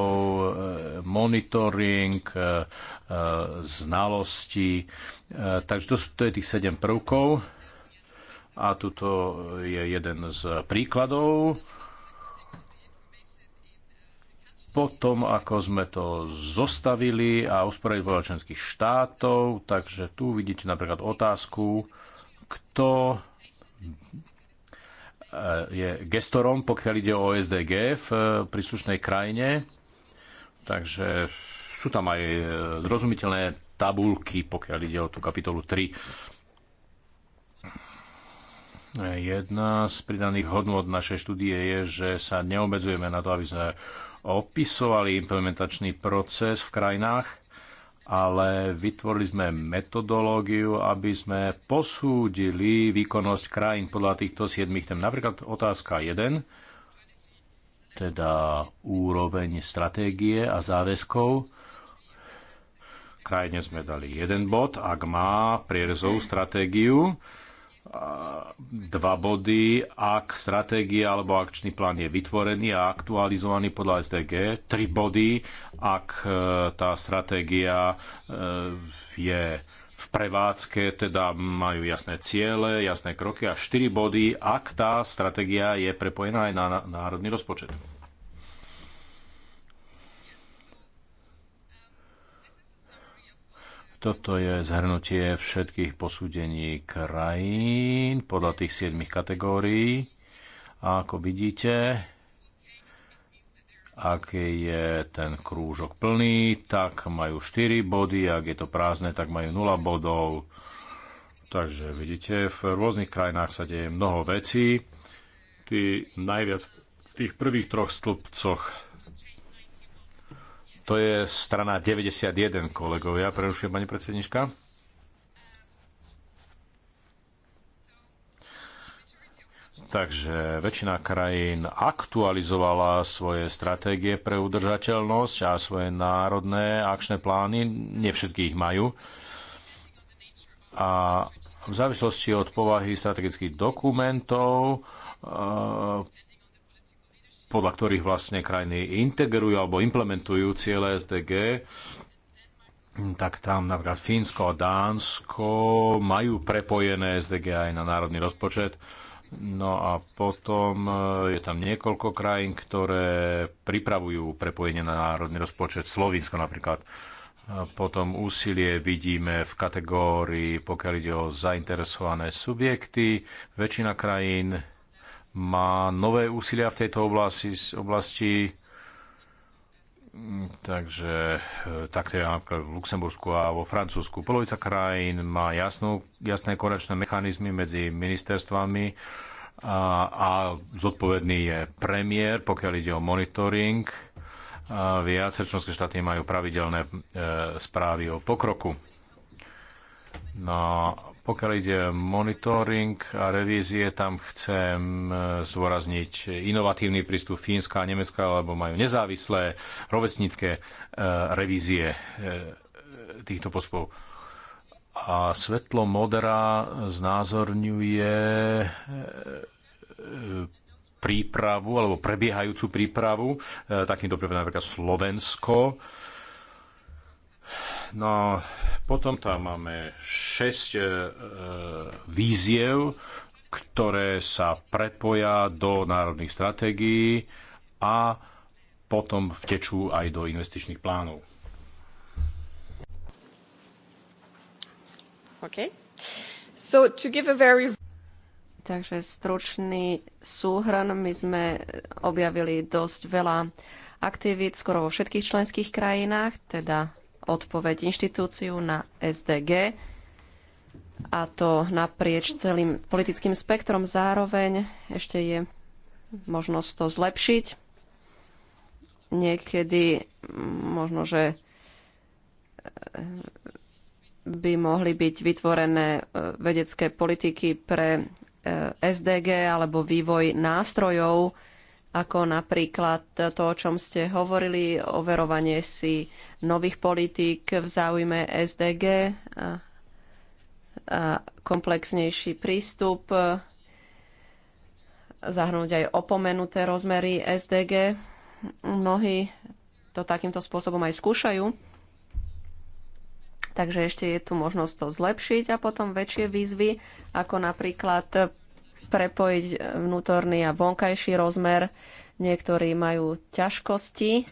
eh, monitoring, eh, eh, znalosti. Takže to, sú, to je tých 7 prvkov. A tuto je jeden z príkladov. Potom, ako sme to zostavili a usporedili podľa členských štátov, takže tu vidíte napríklad otázku, kto je gestorom, pokiaľ ide o SDG v eh, príslušnej krajine. Takže sú tam aj eh, zrozumiteľné tabulky, pokiaľ ide o tú kapitolu 3. Jedna z pridaných hodnot našej štúdie je, že sa neobmedzujeme na to, aby sme opisovali implementačný proces v krajinách, ale vytvorili sme metodológiu, aby sme posúdili výkonnosť krajín podľa týchto siedmých tém. Napríklad otázka 1, teda úroveň stratégie a záväzkov. Krajine sme dali jeden bod, ak má prierezovú stratégiu, dva body, ak stratégia alebo akčný plán je vytvorený a aktualizovaný podľa SDG, tri body, ak e, tá stratégia e, je v prevádzke, teda majú jasné ciele, jasné kroky a štyri body, ak tá stratégia je prepojená aj na národný rozpočet. Toto je zhrnutie všetkých posúdení krajín podľa tých 7 kategórií. A ako vidíte, ak je ten krúžok plný, tak majú 4 body, ak je to prázdne, tak majú 0 bodov. Takže vidíte, v rôznych krajinách sa deje mnoho vecí. Tí najviac v tých prvých troch stĺpcoch to je strana 91, kolegovia. Prerušujem, pani predsednička. Takže väčšina krajín aktualizovala svoje stratégie pre udržateľnosť a svoje národné akčné plány. Nie všetky ich majú. A v závislosti od povahy strategických dokumentov podľa ktorých vlastne krajiny integrujú alebo implementujú ciele SDG, tak tam napríklad Fínsko a Dánsko majú prepojené SDG aj na národný rozpočet. No a potom e, je tam niekoľko krajín, ktoré pripravujú prepojenie na národný rozpočet. Slovinsko napríklad. Potom úsilie vidíme v kategórii, pokiaľ ide o zainteresované subjekty. Väčšina krajín má nové úsilia v tejto oblasti, oblasti mm, Takže e, takto je napríklad v Luxembursku a vo Francúzsku. Polovica krajín má jasnú, jasné koračné mechanizmy medzi ministerstvami a, a zodpovedný je premiér, pokiaľ ide o monitoring. A viacer členské štáty majú pravidelné e, správy o pokroku. No pokiaľ ide monitoring a revízie, tam chcem e, zvorazniť inovatívny prístup Fínska a Nemecka, alebo majú nezávislé rovesnícke e, revízie e, týchto postupov. A svetlo modrá znázorňuje prípravu alebo prebiehajúcu prípravu. Takýmto prípadom napríklad Slovensko No potom tam máme 6 e, e, víziev, ktoré sa prepoja do národných stratégií a potom vtečú aj do investičných plánov. Okay. So to give a very... Takže stručný súhrn. My sme objavili dosť veľa aktivít skoro vo všetkých členských krajinách, teda odpoveď inštitúciu na SDG a to naprieč celým politickým spektrom. Zároveň ešte je možnosť to zlepšiť. Niekedy možno, že e, by mohli byť vytvorené e, vedecké politiky pre e, SDG alebo vývoj nástrojov ako napríklad to, o čom ste hovorili, overovanie si nových politík v záujme SDG, a, a komplexnejší prístup, zahrnúť aj opomenuté rozmery SDG. Mnohí to takýmto spôsobom aj skúšajú. Takže ešte je tu možnosť to zlepšiť a potom väčšie výzvy, ako napríklad prepojiť e, vnútorný a vonkajší rozmer. Niektorí majú ťažkosti,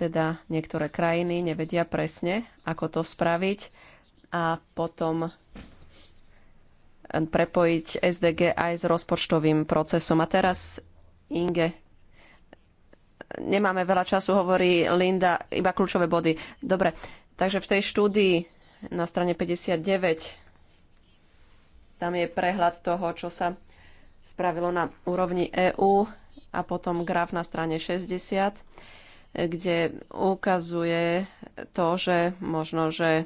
teda niektoré krajiny nevedia presne, ako to spraviť a potom e, prepojiť SDG aj s rozpočtovým procesom. A teraz Inge nemáme veľa času, hovorí Linda, iba kľúčové body. Dobre, takže v tej štúdii na strane 59 tam je prehľad toho, čo sa spravilo na úrovni EÚ a potom graf na strane 60, kde ukazuje to, že možno, že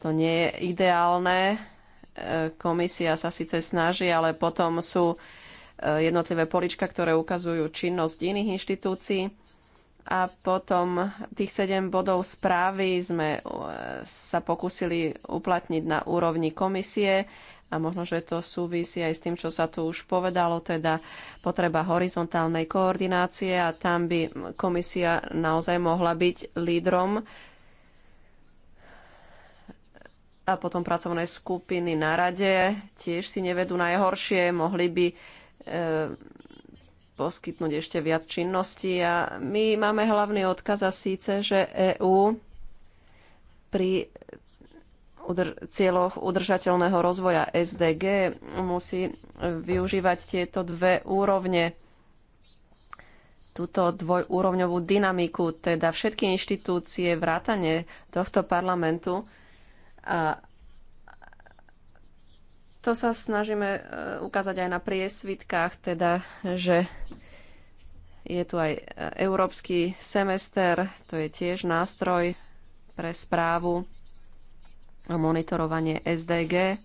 to nie je ideálne. E, komisia sa síce snaží, ale potom sú e, jednotlivé polička, ktoré ukazujú činnosť iných inštitúcií. A potom tých 7 bodov správy sme e, sa pokúsili uplatniť na úrovni komisie a možno, že to súvisí aj s tým, čo sa tu už povedalo, teda potreba horizontálnej koordinácie a tam by komisia naozaj mohla byť lídrom a potom pracovné skupiny na rade tiež si nevedú najhoršie, mohli by e, poskytnúť ešte viac činností. A my máme hlavný odkaz a síce, že EÚ pri udr- cieľoch udržateľného rozvoja SDG musí využívať tieto dve úrovne, túto dvojúrovňovú dynamiku, teda všetky inštitúcie, vrátane tohto parlamentu. A to sa snažíme e, ukázať aj na priesvitkách, teda, že je tu aj e, európsky semester, to je tiež nástroj pre správu a monitorovanie SDG.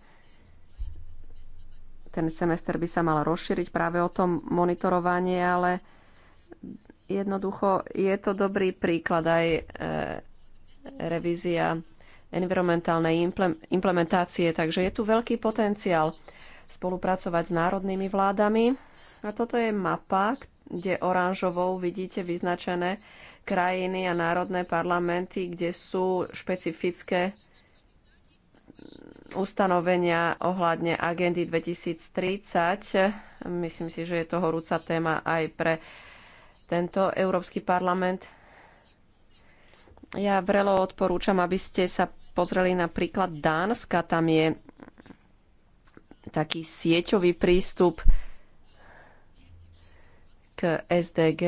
Ten semester by sa mal rozšíriť práve o tom monitorovanie, ale jednoducho je to dobrý príklad aj e, revízia environmentálnej implementácie, takže je tu veľký potenciál spolupracovať s národnými vládami. A toto je mapa, kde oranžovou vidíte vyznačené krajiny a národné parlamenty, kde sú špecifické ustanovenia ohľadne agendy 2030. Myslím si, že je to horúca téma aj pre tento Európsky parlament. Ja vrelo odporúčam, aby ste sa pozreli na príklad Dánska. Tam je taký sieťový prístup k SDG.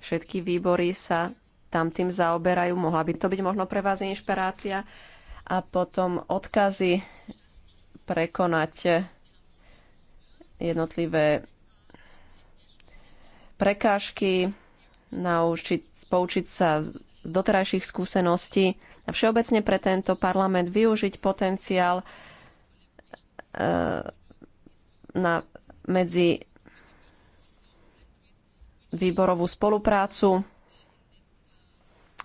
Všetky výbory sa tam tým zaoberajú. Mohla by to byť možno pre vás inšpirácia a potom odkazy prekonať jednotlivé prekážky, naučiť, poučiť sa z doterajších skúseností a všeobecne pre tento parlament využiť potenciál eh, na medzi výborovú spoluprácu,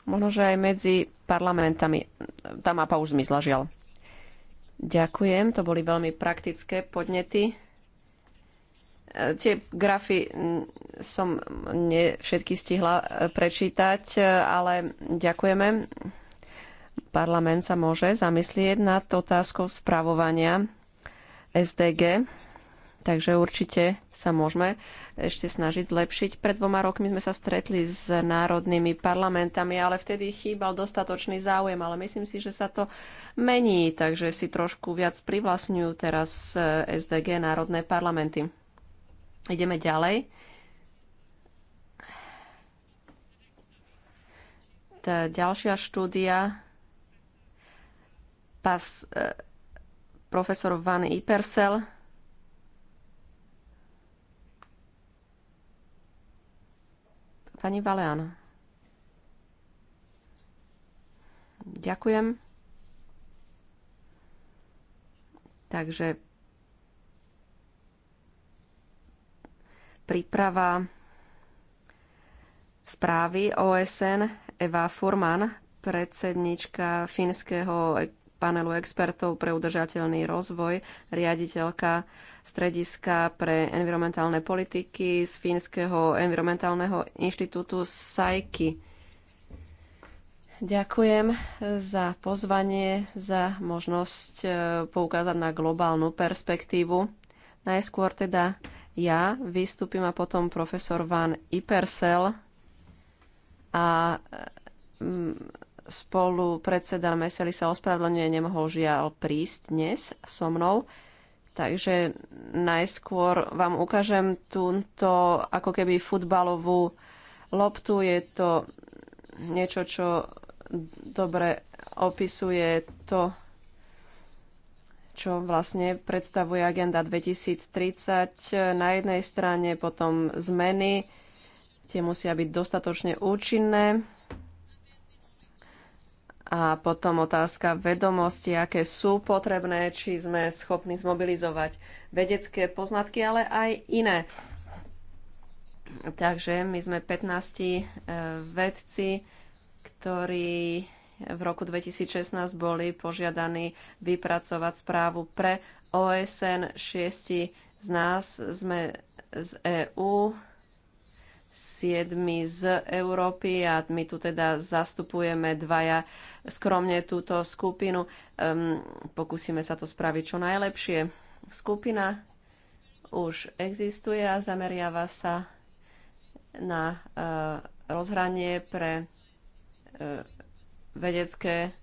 možno že aj medzi parlamentami. Tá mapa už zmizla, žiaľ. Ďakujem, to boli veľmi praktické podnety. E, tie grafy som ne všetky stihla e, prečítať, e, ale ďakujeme. Parlament sa môže zamyslieť nad otázkou spravovania SDG. Takže určite sa môžeme ešte snažiť zlepšiť. Pred dvoma rokmi sme sa stretli s národnými parlamentami, ale vtedy chýbal dostatočný záujem, ale myslím si, že sa to mení, takže si trošku viac privlastňujú teraz eh, SDG národné parlamenty. Ideme ďalej. Tá ďalšia štúdia pas, eh, profesor Van Ipersel Pani Valean. Ďakujem. Takže príprava správy OSN Eva Furman, predsednička Fínskeho panelu expertov pre udržateľný rozvoj, riaditeľka strediska pre environmentálne politiky z Fínskeho environmentálneho inštitútu SAIKI. Ďakujem za pozvanie, za možnosť e, poukázať na globálnu perspektívu. Najskôr teda ja vystúpim a potom profesor Van Ipersel a mm, spolu predseda Mesely sa ospravedlňuje, nemohol žiaľ prísť dnes so mnou. Takže najskôr vám ukážem túto ako keby futbalovú loptu. Je to niečo, čo dobre opisuje to, čo vlastne predstavuje Agenda 2030. Na jednej strane potom zmeny, tie musia byť dostatočne účinné a potom otázka vedomosti, aké sú potrebné, či sme schopní zmobilizovať vedecké poznatky, ale aj iné. Takže my sme 15 e, vedci, ktorí v roku 2016 boli požiadaní vypracovať správu pre OSN. Šiesti z nás sme z EÚ, siedmi z Európy a my tu teda zastupujeme dvaja skromne túto skupinu. Um, pokúsime sa to spraviť čo najlepšie. Skupina už existuje a zameriava sa na uh, rozhranie pre uh, vedecké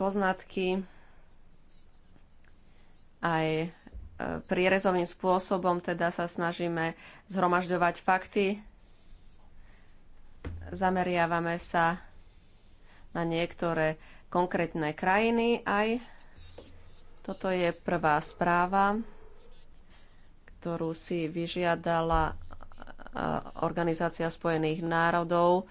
poznatky aj prierezovým spôsobom teda sa snažíme zhromažďovať fakty. Zameriavame sa na niektoré konkrétne krajiny aj. Toto je prvá správa, ktorú si vyžiadala e, Organizácia spojených národov.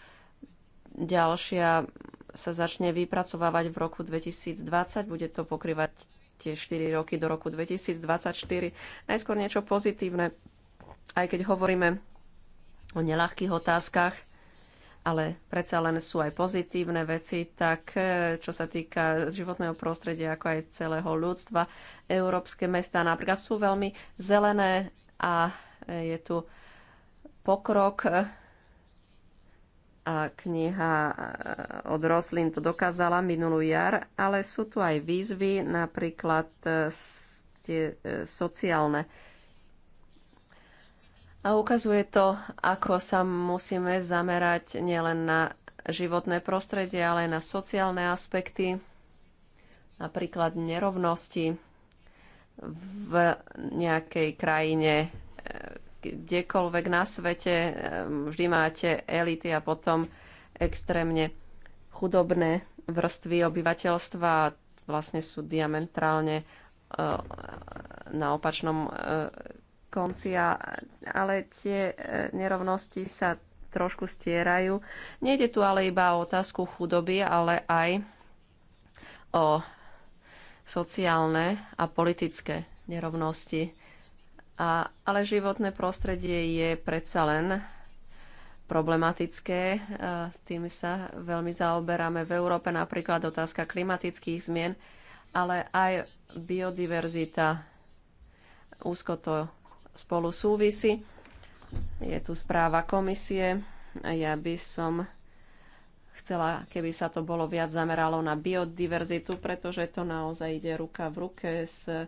Ďalšia sa začne vypracovávať v roku 2020. Bude to pokrývať tie 4 roky do roku 2024. Najskôr niečo pozitívne, aj keď hovoríme o neľahkých otázkach, ale predsa len sú aj pozitívne veci, tak e, čo sa týka životného prostredia, ako aj celého ľudstva, európske mesta napríklad sú veľmi zelené a e, je tu pokrok e, a kniha eh, od Roslin to dokázala minulú jar, ale sú tu aj výzvy, napríklad eh, tie eh, sociálne. A ukazuje to, ako sa musíme zamerať nielen na životné prostredie, ale aj na sociálne aspekty, napríklad nerovnosti v nejakej krajine, kdekoľvek na svete vždy máte elity a potom extrémne chudobné vrstvy obyvateľstva vlastne sú diametrálne eh, na opačnom eh, konci, ale tie eh, nerovnosti sa trošku stierajú. Nejde tu ale iba o otázku chudoby, ale aj o sociálne a politické nerovnosti. A, ale životné prostredie je predsa len problematické. E, tým sa veľmi zaoberáme v Európe, napríklad otázka klimatických zmien, ale aj biodiverzita. Úzko to spolu súvisí. Je tu správa komisie. Ja by som chcela, keby sa to bolo viac zameralo na biodiverzitu, pretože to naozaj ide ruka v ruke s e,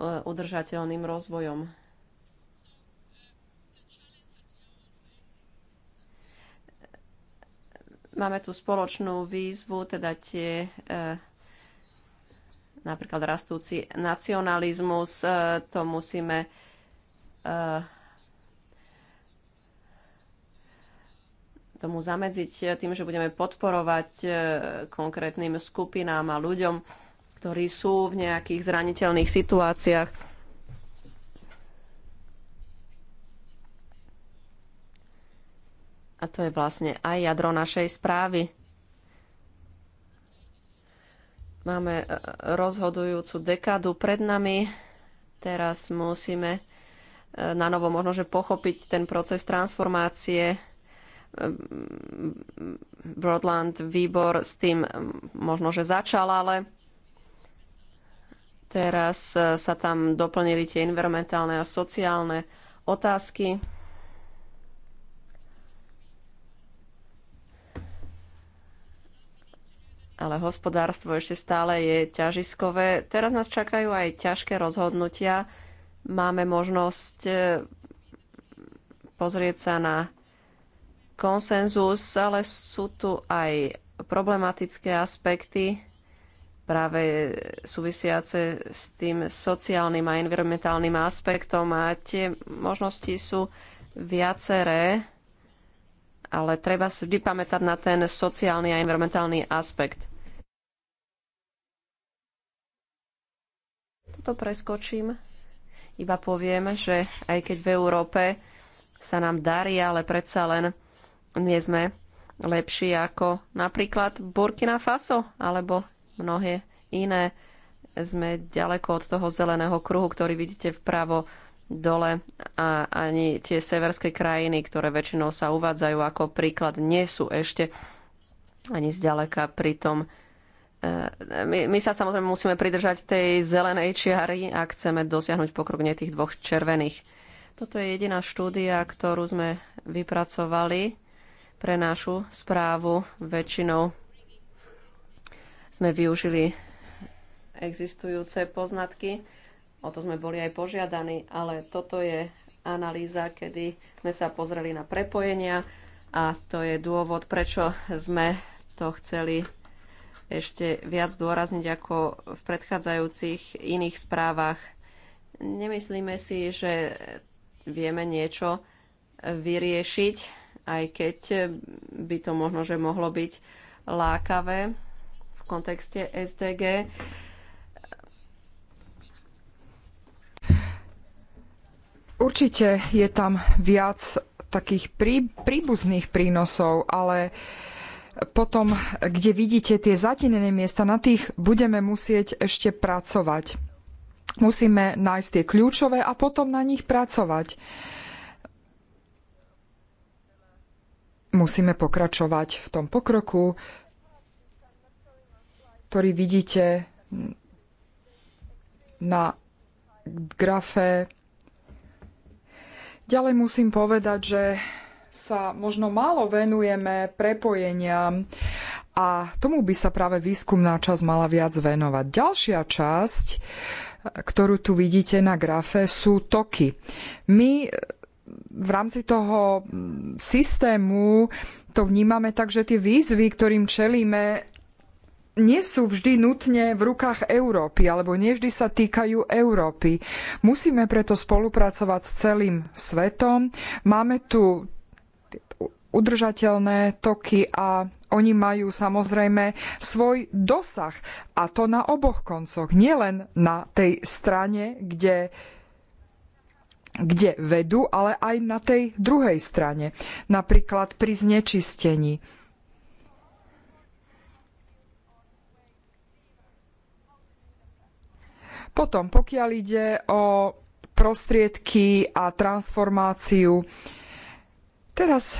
udržateľným rozvojom. Máme tu spoločnú výzvu, teda tie e, napríklad rastúci nacionalizmus, e, to musíme e, tomu zamedziť tým, že budeme podporovať konkrétnym skupinám a ľuďom, ktorí sú v nejakých zraniteľných situáciách A to je vlastne aj jadro našej správy. Máme e, rozhodujúcu dekádu pred nami. Teraz musíme e, na novo možno, že pochopiť ten proces transformácie. E, Broadland výbor s tým možno, že začal, ale teraz sa tam doplnili tie environmentálne a sociálne otázky. ale hospodárstvo ešte stále je ťažiskové. Teraz nás čakajú aj ťažké rozhodnutia. Máme možnosť e, pozrieť sa na konsenzus, ale sú tu aj problematické aspekty, práve súvisiace s tým sociálnym a environmentálnym aspektom a tie možnosti sú viaceré, ale treba si vždy pamätať na ten sociálny a environmentálny aspekt. Toto preskočím. Iba poviem, že aj keď v Európe sa nám darí, ale predsa len nie sme lepší ako napríklad Burkina Faso alebo mnohé iné. Sme ďaleko od toho zeleného kruhu, ktorý vidíte vpravo dole a ani tie severské krajiny, ktoré väčšinou sa uvádzajú ako príklad, nie sú ešte ani zďaleka pri tom E, my, my sa samozrejme musíme pridržať tej zelenej čiary, ak chceme dosiahnuť pokrok nie tých dvoch červených. Toto je jediná štúdia, ktorú sme vypracovali pre našu správu. Väčšinou sme využili existujúce poznatky. O to sme boli aj požiadaní, ale toto je analýza, kedy sme sa pozreli na prepojenia a to je dôvod, prečo sme to chceli ešte viac dôrazniť ako v predchádzajúcich iných správach. Nemyslíme si, že vieme niečo vyriešiť, aj keď by to možno, že mohlo byť lákavé v kontexte SDG. Určite je tam viac takých prí, príbuzných prínosov, ale uh, potom, kde vidíte tie zatenené miesta, na tých budeme musieť ešte pracovať. Musíme nájsť tie kľúčové a potom na nich pracovať. Musíme pokračovať v tom pokroku, ktorý vidíte na grafe. Ďalej musím povedať, že sa možno málo venujeme prepojeniam a tomu by sa práve výskumná časť mala viac venovať. Ďalšia časť, ktorú tu vidíte na grafe, sú toky. My e, v rámci toho mm, systému to vnímame tak, že tie výzvy, ktorým čelíme, nie sú vždy nutne v rukách Európy, alebo nie vždy sa týkajú Európy. Musíme preto spolupracovať s celým svetom. Máme tu udržateľné toky a oni majú samozrejme svoj dosah a to na oboch koncoch, nielen na tej strane, kde kde vedú, ale aj na tej druhej strane, napríklad pri znečistení. Potom, pokiaľ ide o prostriedky a transformáciu, teraz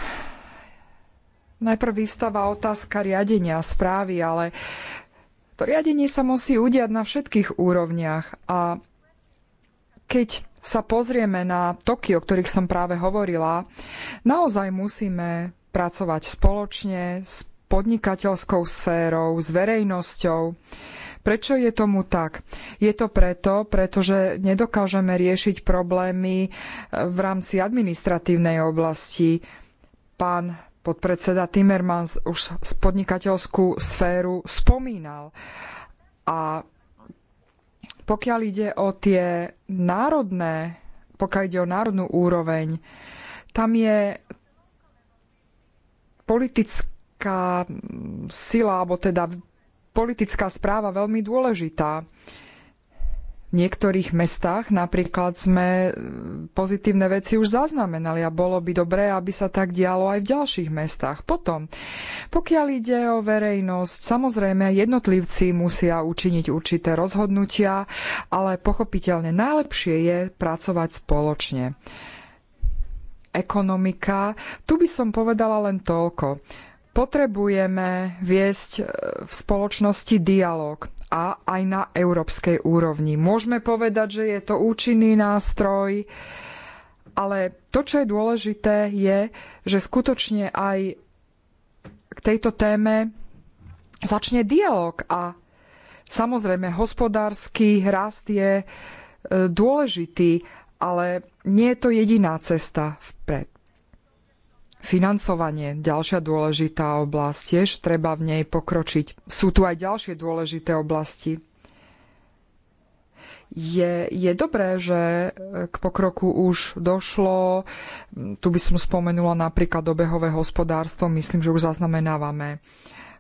najprv vyvstáva otázka riadenia správy, ale to riadenie sa musí udiať na všetkých úrovniach a keď sa pozrieme na toky, o ktorých som práve hovorila, naozaj musíme pracovať spoločne s podnikateľskou sférou, s verejnosťou. Prečo je tomu tak? Je to preto, pretože nedokážeme riešiť problémy eh, v rámci administratívnej oblasti. Pán podpredseda Timmermans už podnikateľskú sféru spomínal. A pokiaľ ide o tie národné, pokiaľ ide o národnú úroveň, tam je politická sila, alebo teda politická správa veľmi dôležitá niektorých mestách napríklad sme e, pozitívne veci už zaznamenali a bolo by dobré, aby sa tak dialo aj v ďalších mestách. Potom, pokiaľ ide o verejnosť, samozrejme jednotlivci musia učiniť určité rozhodnutia, ale pochopiteľne najlepšie je pracovať spoločne. Ekonomika. Tu by som povedala len toľko Potrebujeme viesť e, v spoločnosti dialog a aj na európskej úrovni. Môžeme povedať, že je to účinný nástroj, ale to, čo je dôležité, je, že skutočne aj k tejto téme začne dialog a samozrejme hospodársky rast je e, dôležitý, ale nie je to jediná cesta vpred. Financovanie, ďalšia dôležitá oblasť, tiež treba v nej pokročiť. Sú tu aj ďalšie dôležité oblasti. Je, je dobré, že k pokroku už došlo. Tu by som spomenula napríklad obehové hospodárstvo. Myslím, že už zaznamenávame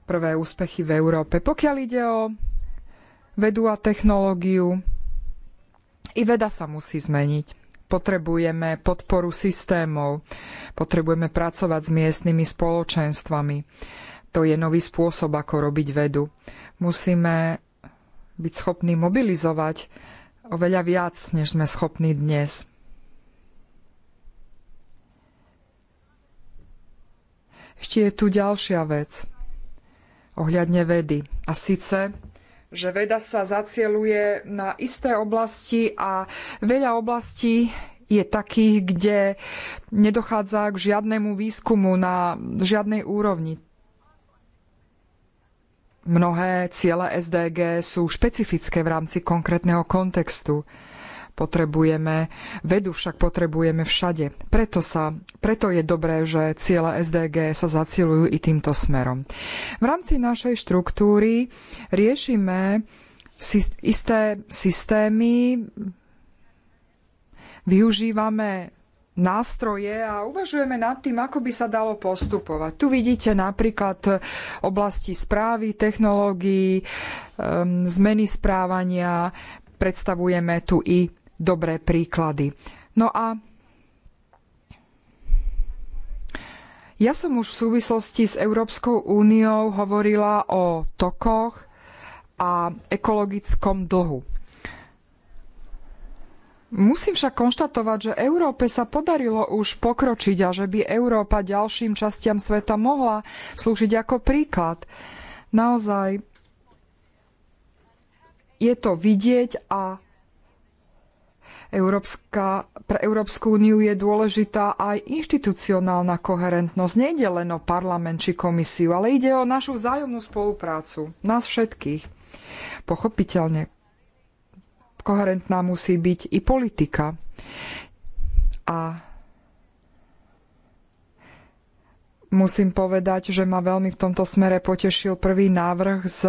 prvé úspechy v Európe. Pokiaľ ide o vedu a technológiu, i veda sa musí zmeniť potrebujeme podporu systémov, potrebujeme pracovať s miestnymi spoločenstvami. To je nový spôsob, ako robiť vedu. Musíme byť schopní mobilizovať oveľa viac, než sme schopní dnes. Ešte je tu ďalšia vec ohľadne vedy. A síce že veda sa zacieluje na isté oblasti a veľa oblastí je takých, kde nedochádza k žiadnemu výskumu na žiadnej úrovni. Mnohé ciele SDG sú špecifické v rámci konkrétneho kontextu potrebujeme, vedu však potrebujeme všade. Preto, sa, preto je dobré, že ciele SDG sa zacilujú i týmto smerom. V rámci našej štruktúry riešime isté systémy, využívame nástroje a uvažujeme nad tým, ako by sa dalo postupovať. Tu vidíte napríklad oblasti správy, technológií, ehm, zmeny správania, predstavujeme tu i dobré príklady. No a ja som už v súvislosti s Európskou úniou hovorila o tokoch a ekologickom dlhu. Musím však konštatovať, že Európe sa podarilo už pokročiť a že by Európa ďalším častiam sveta mohla slúžiť ako príklad. Naozaj je to vidieť a Európska, pre Európsku úniu je dôležitá aj inštitucionálna koherentnosť. Nejde len o parlament či komisiu, ale ide o našu vzájomnú spoluprácu, nás všetkých. Pochopiteľne, koherentná musí byť i politika. A musím povedať, že ma veľmi v tomto smere potešil prvý návrh z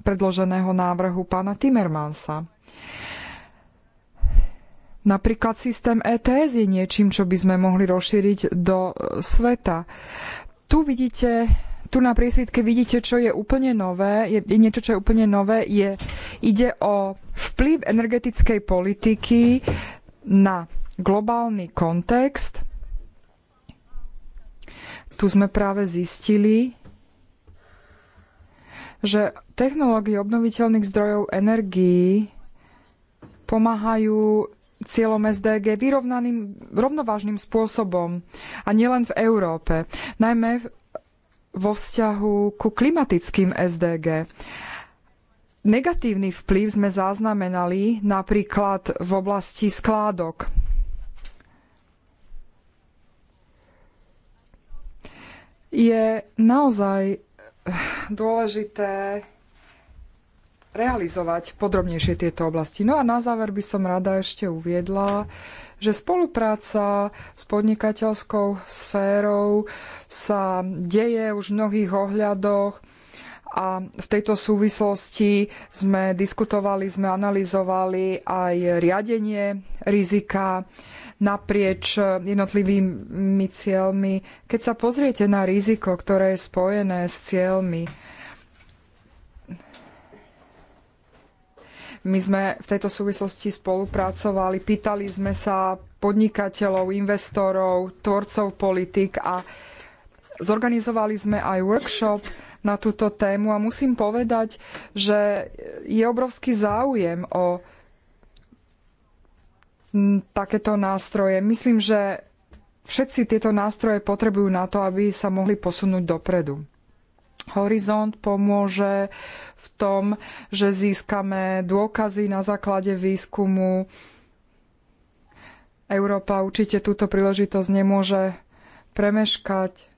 predloženého návrhu pána Timmermansa Napríklad systém ETS je niečím, čo by sme mohli rozšíriť do e, sveta. Tu vidíte tu na prísvitke vidíte, čo je úplne nové, je, je niečo, čo je úplne nové, je, ide o vplyv energetickej politiky na globálny kontext. Tu sme práve zistili, že technológie obnoviteľných zdrojov energií pomáhajú cieľom SDG vyrovnaným, rovnovážnym spôsobom a nielen v Európe, najmä vo vzťahu ku klimatickým SDG. Negatívny vplyv sme zaznamenali napríklad v oblasti skládok. Je naozaj dôležité realizovať podrobnejšie tieto oblasti. No a na záver by som rada ešte uviedla, že spolupráca s podnikateľskou sférou sa deje už v mnohých ohľadoch a v tejto súvislosti sme diskutovali, sme analyzovali aj riadenie rizika naprieč jednotlivými cieľmi. Keď sa pozriete na riziko, ktoré je spojené s cieľmi, My sme v tejto súvislosti spolupracovali, pýtali sme sa podnikateľov, investorov, tvorcov politik a zorganizovali sme aj workshop na túto tému a musím povedať, že je obrovský záujem o takéto nástroje. Myslím, že všetci tieto nástroje potrebujú na to, aby sa mohli posunúť dopredu. Horizont pomôže v tom, že získame dôkazy na základe výskumu. Európa určite túto príležitosť nemôže premeškať.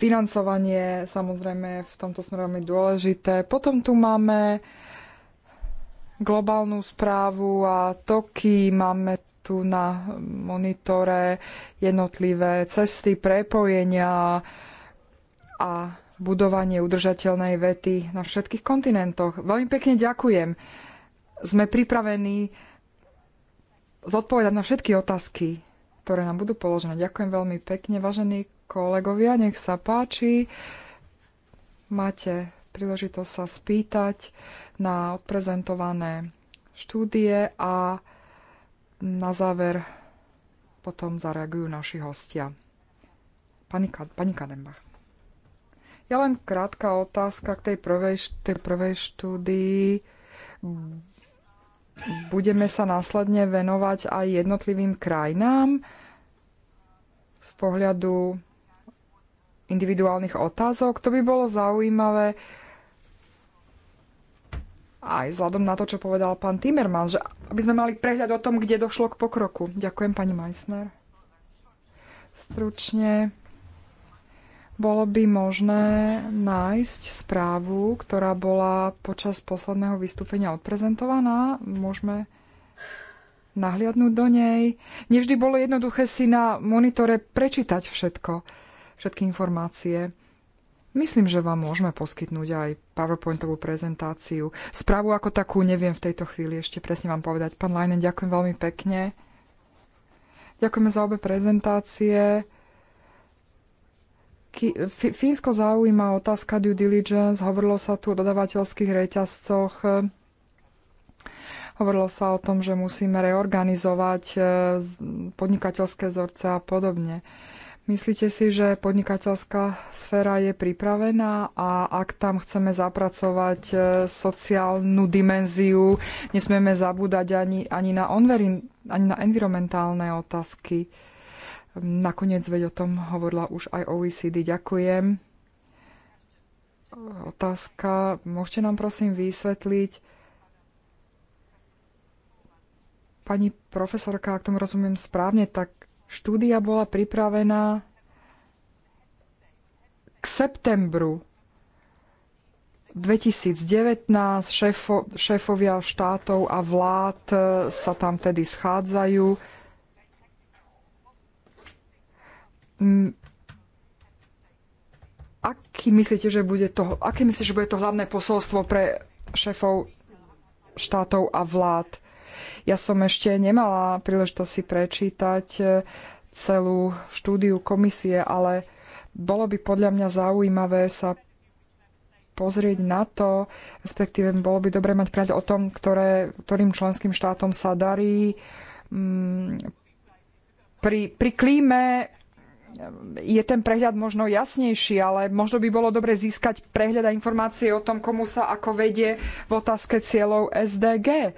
Financovanie samozrejme v tomto smere je dôležité. Potom tu máme globálnu správu a toky, máme tu na monitore jednotlivé cesty, prepojenia a budovanie udržateľnej vety na všetkých kontinentoch. Veľmi pekne ďakujem. Sme pripravení zodpovedať na všetky otázky, ktoré nám budú položené. Ďakujem veľmi pekne, vážení kolegovia, nech sa páči. Máte príležitosť sa spýtať na odprezentované štúdie a na záver potom zareagujú naši hostia. Pani, pani Kadenbach. Ja len krátka otázka k tej prvej, tej prvej štúdii. Budeme sa následne venovať aj jednotlivým krajinám z pohľadu individuálnych otázok. To by bolo zaujímavé aj vzhľadom na to, čo povedal pán Timerman, že aby sme mali prehľad o tom, kde došlo k pokroku. Ďakujem, pani Meissner. Stručne bolo by možné nájsť správu, ktorá bola počas posledného vystúpenia odprezentovaná. Môžeme nahliadnúť do nej. Nevždy bolo jednoduché si na monitore prečítať všetko, všetky informácie. Myslím, že vám môžeme poskytnúť aj PowerPointovú prezentáciu. Správu ako takú neviem v tejto chvíli ešte presne vám povedať. Pán Lajnen, ďakujem veľmi pekne. Ďakujeme za obe prezentácie. Fínsko zaujíma otázka due diligence. Hovorilo sa tu o dodavateľských reťazcoch. Hovorilo sa o tom, že musíme reorganizovať eh, podnikateľské vzorce a podobne. Uh, Myslíte si, že podnikateľská sféra je pripravená a ak tam chceme zapracovať e, sociálnu dimenziu, nesmieme zabúdať ani, ani, na, onveri, ani na environmentálne otázky. Nakoniec veď o tom hovorila už aj OECD. Ďakujem. Otázka. Môžete nám prosím vysvetliť, pani profesorka, ak tomu rozumiem správne, tak Štúdia bola pripravená k septembru 2019 šéfo, šéfovia štátov a vlád e, sa tam tedy schádzajú. Aký myslíte, že bude to, aké myslíte, že bude to hlavné posolstvo pre šéfov štátov a vlád? Ja som ešte nemala príležitosť si prečítať e, celú štúdiu komisie, ale bolo by podľa mňa zaujímavé sa pozrieť na to, respektíve bolo by dobre mať prehľad o tom, ktoré, ktorým členským štátom sa darí. Mm, pri, pri klíme e, je ten prehľad možno jasnejší, ale možno by bolo dobre získať prehľad a informácie o tom, komu sa ako vedie v otázke cieľov SDG.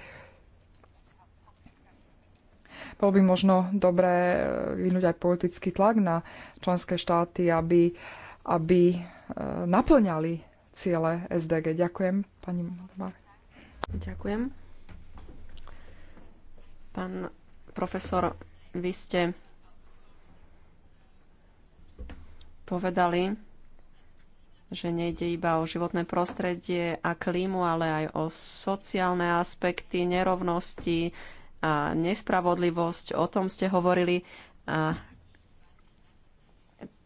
Bolo by možno dobré eh, vynúť aj politický tlak na členské štáty, aby, aby eh, naplňali ciele SDG. Ďakujem, pani Malvar. Ďakujem. Pán profesor, vy ste povedali, že nejde iba o životné prostredie a klímu, ale aj o sociálne aspekty, nerovnosti, a nespravodlivosť, o tom ste hovorili. A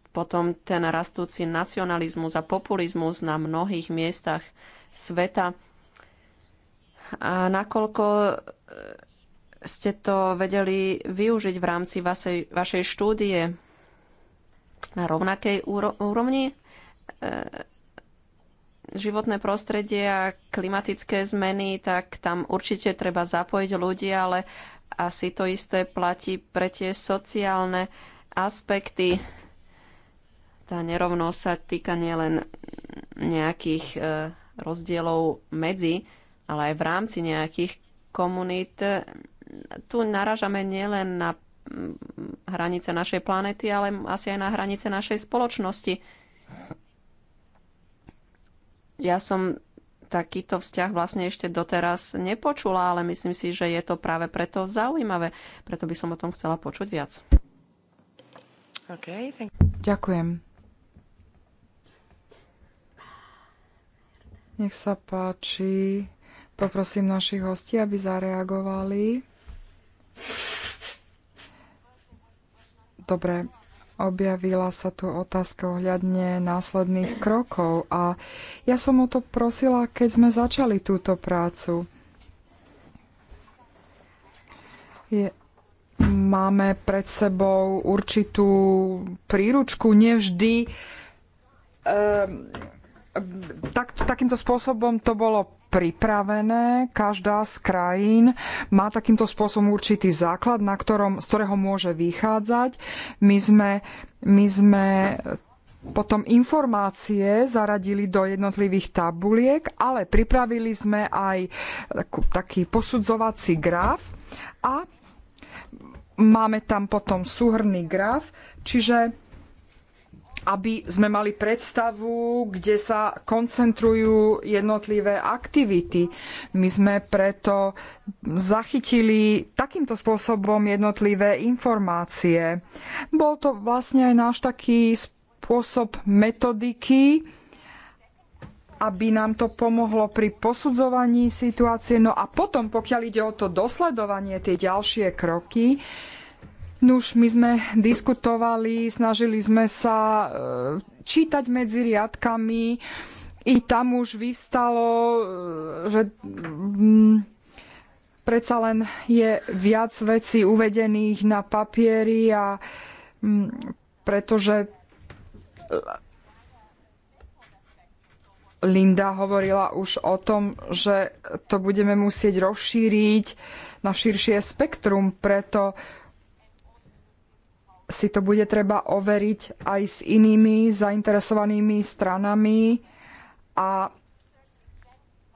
potom ten rastúci nacionalizmus a populizmus na mnohých miestach sveta. A nakoľko e, ste to vedeli využiť v rámci vašej, vašej štúdie na rovnakej úrovni? E, životné prostredie a klimatické zmeny, tak tam určite treba zapojiť ľudí, ale asi to isté platí pre tie sociálne aspekty. Tá nerovnosť sa týka nielen nejakých e, rozdielov medzi, ale aj v rámci nejakých komunít. Tu naražame nielen na mm, hranice našej planety, ale asi aj na hranice našej spoločnosti. Ja som takýto vzťah vlastne ešte doteraz nepočula, ale myslím si, že je to práve preto zaujímavé. Preto by som o tom chcela počuť viac. Okay, thank- Ďakujem. Nech sa páči. Poprosím našich hostí, aby zareagovali. Dobre, objavila sa tu otázka ohľadne následných krokov a ja som o to prosila, keď sme začali túto prácu. Je, máme pred sebou určitú príručku, nevždy. Um, tak, takýmto spôsobom to bolo pripravené. Každá z krajín má takýmto spôsobom určitý základ, na ktorom, z ktorého môže vychádzať. My sme, my sme potom informácie zaradili do jednotlivých tabuliek, ale pripravili sme aj taký posudzovací graf a máme tam potom súhrný graf, čiže aby sme mali predstavu, kde sa koncentrujú jednotlivé aktivity. My sme preto zachytili takýmto spôsobom jednotlivé informácie. Bol to vlastne aj náš taký spôsob metodiky, aby nám to pomohlo pri posudzovaní situácie. No a potom, pokiaľ ide o to dosledovanie, tie ďalšie kroky, Nuž, my sme diskutovali, snažili sme sa e, čítať medzi riadkami. I tam už vyvstalo, e, že mm, predsa len je viac vecí uvedených na papieri a mm, pretože e, Linda hovorila už o tom, že to budeme musieť rozšíriť na širšie spektrum, preto si to bude treba overiť aj s inými zainteresovanými stranami a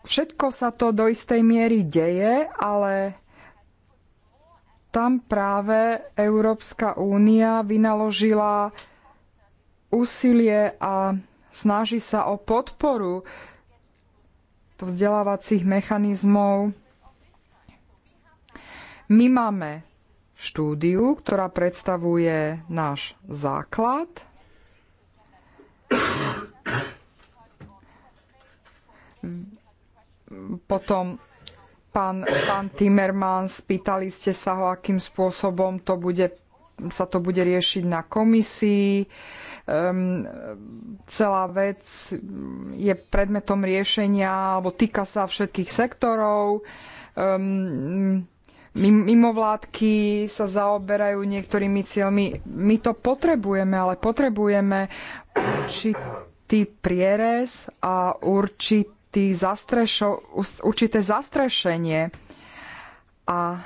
všetko sa to do istej miery deje, ale tam práve Európska únia vynaložila úsilie a snaží sa o podporu vzdelávacích mechanizmov. My máme štúdiu, ktorá predstavuje náš základ. Potom pán, pán Timmermans, spýtali ste sa ho, akým spôsobom to bude, sa to bude riešiť na komisii. Um, celá vec je predmetom riešenia alebo týka sa všetkých sektorov. Um, mimovládky sa zaoberajú niektorými cieľmi. My to potrebujeme, ale potrebujeme určitý prierez a určitý zastrešo, určité zastrešenie. A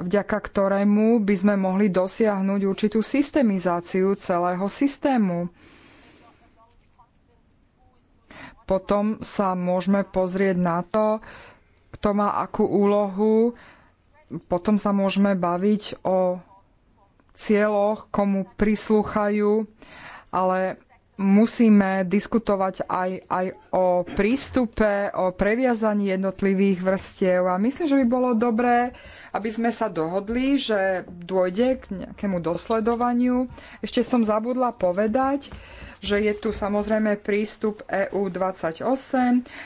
vďaka ktorému by sme mohli dosiahnuť určitú systemizáciu celého systému. Potom sa môžeme pozrieť na to, kto má akú úlohu, potom sa môžeme baviť o cieľoch, komu prislúchajú, ale musíme diskutovať aj, aj o prístupe, o previazaní jednotlivých vrstiev a myslím, že by bolo dobré, aby sme sa dohodli, že dôjde k nejakému dosledovaniu. Ešte som zabudla povedať, že je tu samozrejme prístup EU28.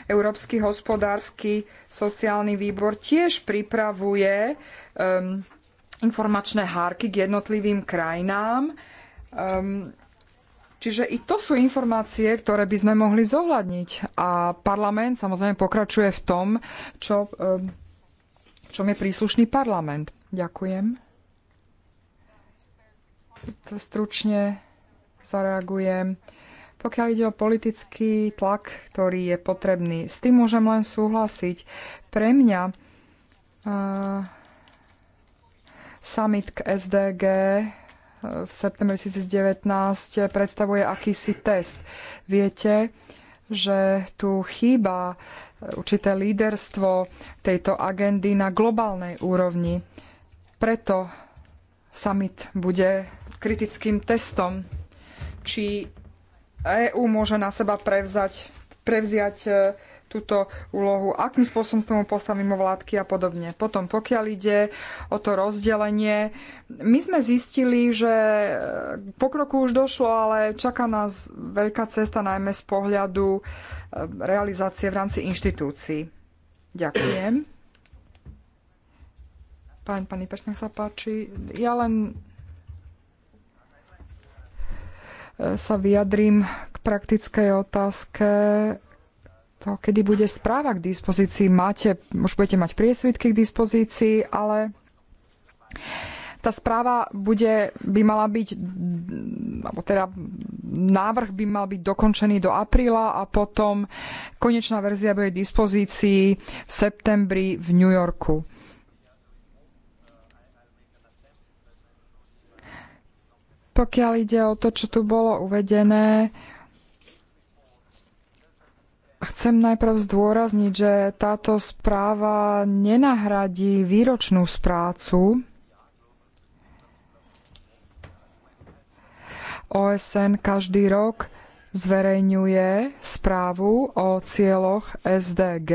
Európsky hospodársky sociálny výbor tiež pripravuje um, informačné hárky k jednotlivým krajinám. Um, Čiže i to sú informácie, ktoré by sme mohli zohľadniť. A parlament samozrejme pokračuje v tom, čo, ehm, v čom je príslušný parlament. Ďakujem. To stručne zareagujem. Pokiaľ ide o politický tlak, ktorý je potrebný, s tým môžem len súhlasiť. Pre mňa uh, summit k SDG v septembri 2019 predstavuje akýsi test. Viete, že tu chýba e, určité líderstvo tejto agendy na globálnej úrovni. Preto summit bude kritickým testom, či EÚ môže na seba prevzať, prevziať e, túto úlohu, akým spôsobom sa tomu postavím vládky a podobne. Potom, pokiaľ ide o to rozdelenie, my sme zistili, že e, pokroku už došlo, ale čaká nás veľká cesta, najmä z pohľadu e, realizácie v rámci inštitúcií. Ďakujem. Pán, pani Pers, sa páči. Ja len e, sa vyjadrím k praktickej otázke to, kedy bude správa k dispozícii. Máte, už budete mať priesvitky k dispozícii, ale tá správa bude, by mala byť, alebo teda návrh by mal byť dokončený do apríla a potom konečná verzia bude k dispozícii v septembri v New Yorku. Pokiaľ ide o to, čo tu bolo uvedené, Chcem najprv zdôrazniť, že táto správa nenahradí výročnú sprácu OSN každý rok zverejňuje správu o cieľoch SDG.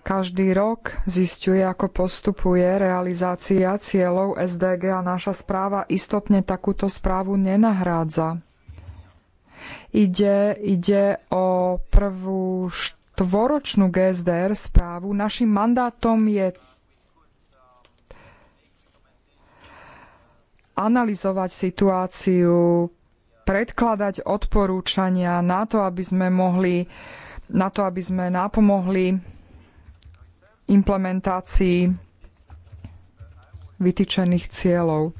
Každý rok zistuje, ako postupuje realizácia cieľov SDG a naša správa istotne takúto správu nenahrádza. Ide, ide o prvú štvoročnú GSDR správu. Našim mandátom je analyzovať situáciu, predkladať odporúčania na to, aby sme mohli na to, aby sme napomohli implementácii vytýčených cieľov.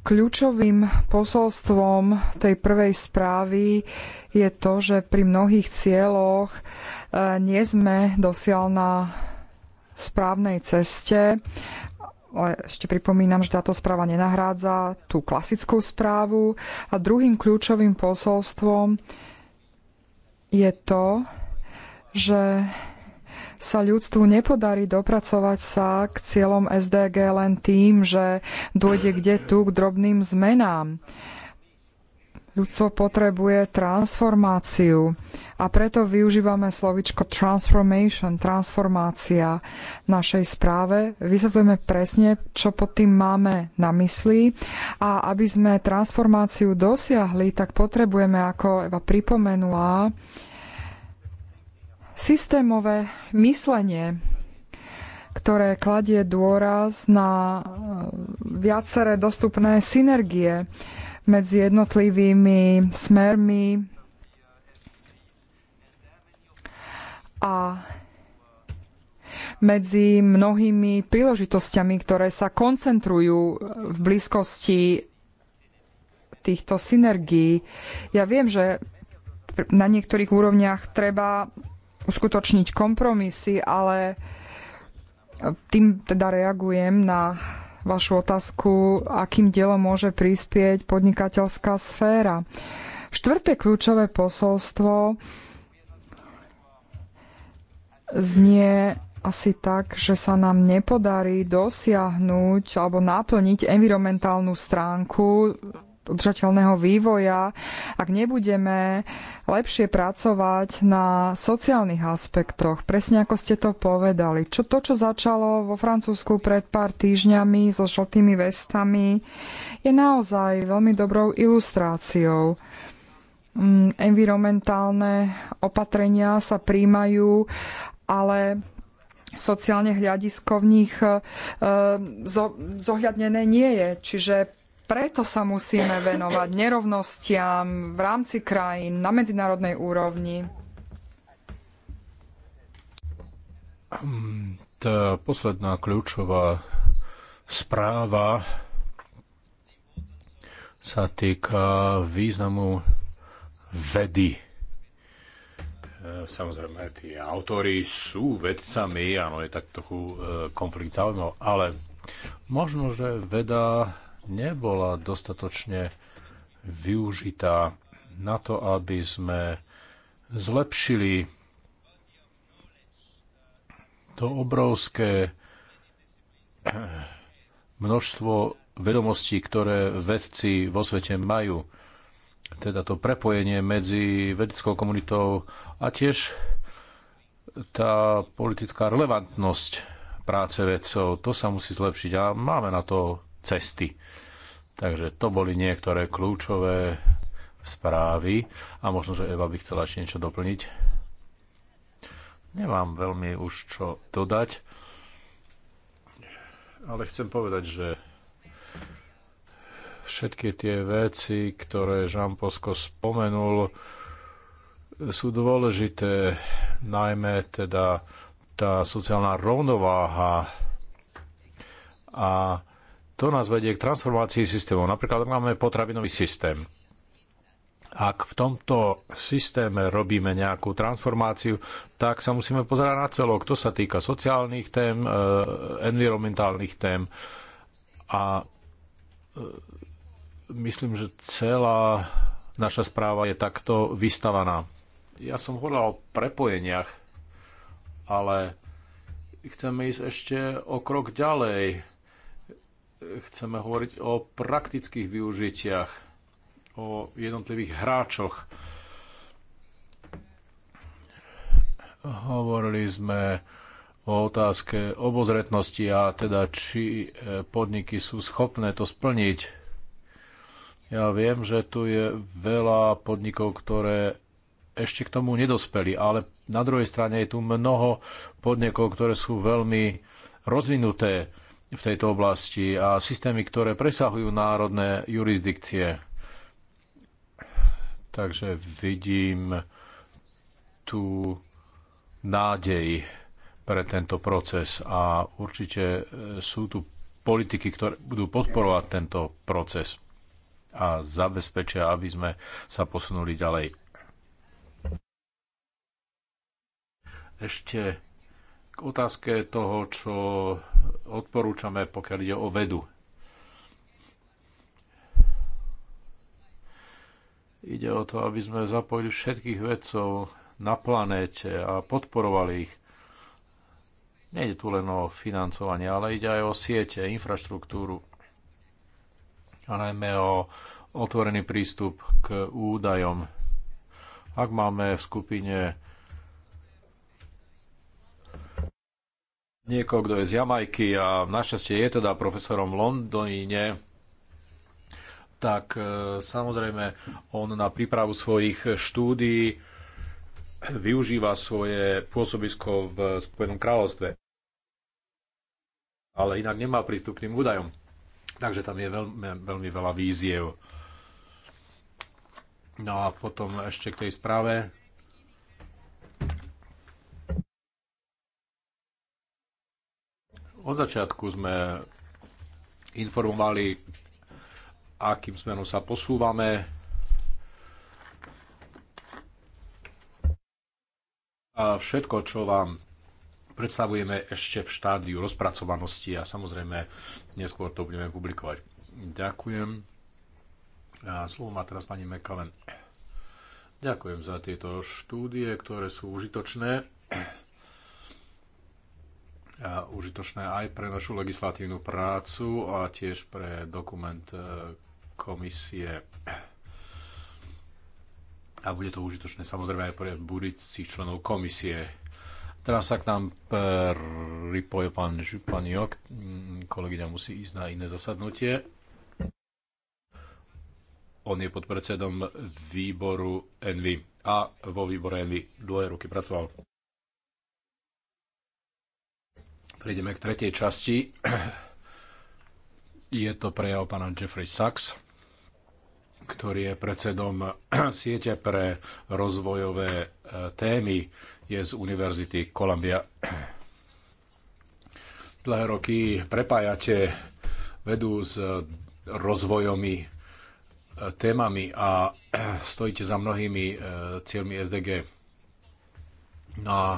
Kľúčovým posolstvom tej prvej správy je to, že pri mnohých cieľoch e, nie sme dosiaľ na správnej ceste. Ale ešte pripomínam, že táto správa nenahrádza tú klasickú správu. A druhým kľúčovým posolstvom je to, že sa ľudstvu nepodarí dopracovať sa k cieľom SDG len tým, že dôjde kde tu k drobným zmenám. Ľudstvo potrebuje transformáciu a preto využívame slovičko transformation, transformácia v našej správe. Vysvetľujeme presne, čo pod tým máme na mysli a aby sme transformáciu dosiahli, tak potrebujeme, ako Eva pripomenula, systémové myslenie, ktoré kladie dôraz na e, viaceré dostupné synergie medzi jednotlivými smermi a medzi mnohými príležitosťami, ktoré sa koncentrujú v blízkosti týchto synergií. Ja viem, že na niektorých úrovniach treba uskutočniť kompromisy, ale tým teda reagujem na vašu otázku, akým dielom môže prispieť podnikateľská sféra. Štvrté kľúčové posolstvo znie asi tak, že sa nám nepodarí dosiahnuť alebo naplniť environmentálnu stránku udržateľného vývoja, ak nebudeme lepšie pracovať na sociálnych aspektoch, presne ako ste to povedali. Čo, to, čo začalo vo Francúzsku pred pár týždňami so žltými vestami, je naozaj veľmi dobrou ilustráciou mm, environmentálne opatrenia sa príjmajú, ale sociálne hľadisko v nich e, zohľadnené nie je. Čiže preto sa musíme venovať nerovnostiam v rámci krajín na medzinárodnej úrovni. Tá posledná kľúčová správa sa týka významu vedy. Samozrejme, tí autory sú vedcami, áno, je tak trochu e, konflikt ale možno, že veda nebola dostatočne využitá na to, aby sme zlepšili to obrovské množstvo vedomostí, ktoré vedci vo svete majú. Teda to prepojenie medzi vedeckou komunitou a tiež tá politická relevantnosť práce vedcov, to sa musí zlepšiť a máme na to cesty. Takže to boli niektoré kľúčové správy a možno, že Eva by chcela ešte niečo doplniť. Nemám veľmi už čo dodať, ale chcem povedať, že všetky tie veci, ktoré Jean Posko spomenul, sú dôležité, najmä teda tá sociálna rovnováha a to nás vedie k transformácii systémov. Napríklad máme potravinový systém. Ak v tomto systéme robíme nejakú transformáciu, tak sa musíme pozerať na celok. To sa týka sociálnych tém, e, environmentálnych tém a e, myslím, že celá naša správa je takto vystavaná. Ja som hovoril o prepojeniach, ale chceme ísť ešte o krok ďalej chceme hovoriť o praktických využitiach, o jednotlivých hráčoch. Hovorili sme o otázke obozretnosti a teda či e, podniky sú schopné to splniť. Ja viem, že tu je veľa podnikov, ktoré ešte k tomu nedospeli, ale na druhej strane je tu mnoho podnikov, ktoré sú veľmi rozvinuté v tejto oblasti a systémy, ktoré presahujú národné jurisdikcie. Takže vidím tu nádej pre tento proces a určite e, sú tu politiky, ktoré budú podporovať tento proces a zabezpečia, aby sme sa posunuli ďalej. Ešte otázke toho, čo odporúčame, pokiaľ ide o vedu. Ide o to, aby sme zapojili všetkých vedcov na planéte a podporovali ich. Nejde tu len o financovanie, ale ide aj o siete, infraštruktúru a najmä o otvorený prístup k údajom. Ak máme v skupine niekoho, kto je z Jamajky a našťastie je teda profesorom v Londýne, tak e, samozrejme on na prípravu svojich štúdií využíva svoje pôsobisko v Spojenom kráľovstve. Ale inak nemá prístup k tým údajom. Takže tam je veľmi, veľmi veľa víziev. No a potom ešte k tej správe. Od začiatku sme informovali, akým smerom sa posúvame. A všetko, čo vám predstavujeme ešte v štádiu rozpracovanosti a samozrejme neskôr to budeme publikovať. Ďakujem. A slovo má teraz pani Mekalen. Ďakujem za tieto štúdie, ktoré sú užitočné užitočné aj pre našu legislatívnu prácu a tiež pre dokument e, komisie. A bude to užitočné samozrejme aj pre budúcich členov komisie. Teraz sa k nám pripoje pán, županiok, Jok. Mm, kolegyňa musí ísť na iné zasadnutie. On je podpredsedom výboru Envy a vo výbore Envy dlhé roky pracoval. Prejdeme k tretej časti. Je to prejav pána Jeffrey Sachs, ktorý je predsedom siete pre rozvojové e, témy. Je z Univerzity Columbia. Dlhé roky prepájate vedú s rozvojomi e, témami a stojíte za mnohými e, cieľmi SDG. No a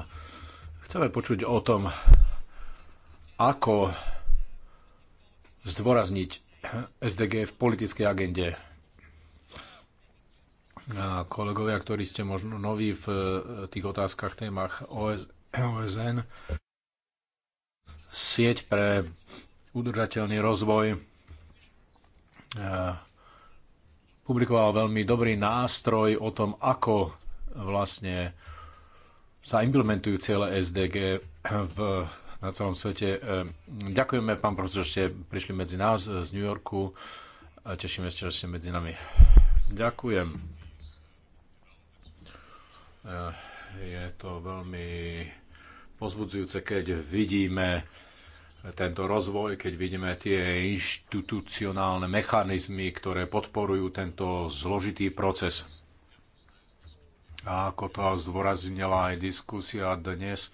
chceme počuť o tom, ako zdôrazniť SDG v politickej agende. A kolegovia, ktorí ste možno noví v e, tých otázkach, témach OS, OSN, sieť pre udržateľný rozvoj e, publikoval veľmi dobrý nástroj o tom, ako vlastne sa implementujú ciele SDG v na celom svete. E, ďakujeme, pán profesor, že ste prišli medzi nás e, z New Yorku a tešíme sa, že ste medzi nami. Ďakujem. E, je to veľmi pozbudzujúce, keď vidíme tento rozvoj, keď vidíme tie inštitucionálne mechanizmy, ktoré podporujú tento zložitý proces. A ako to zdôraznila aj diskusia dnes,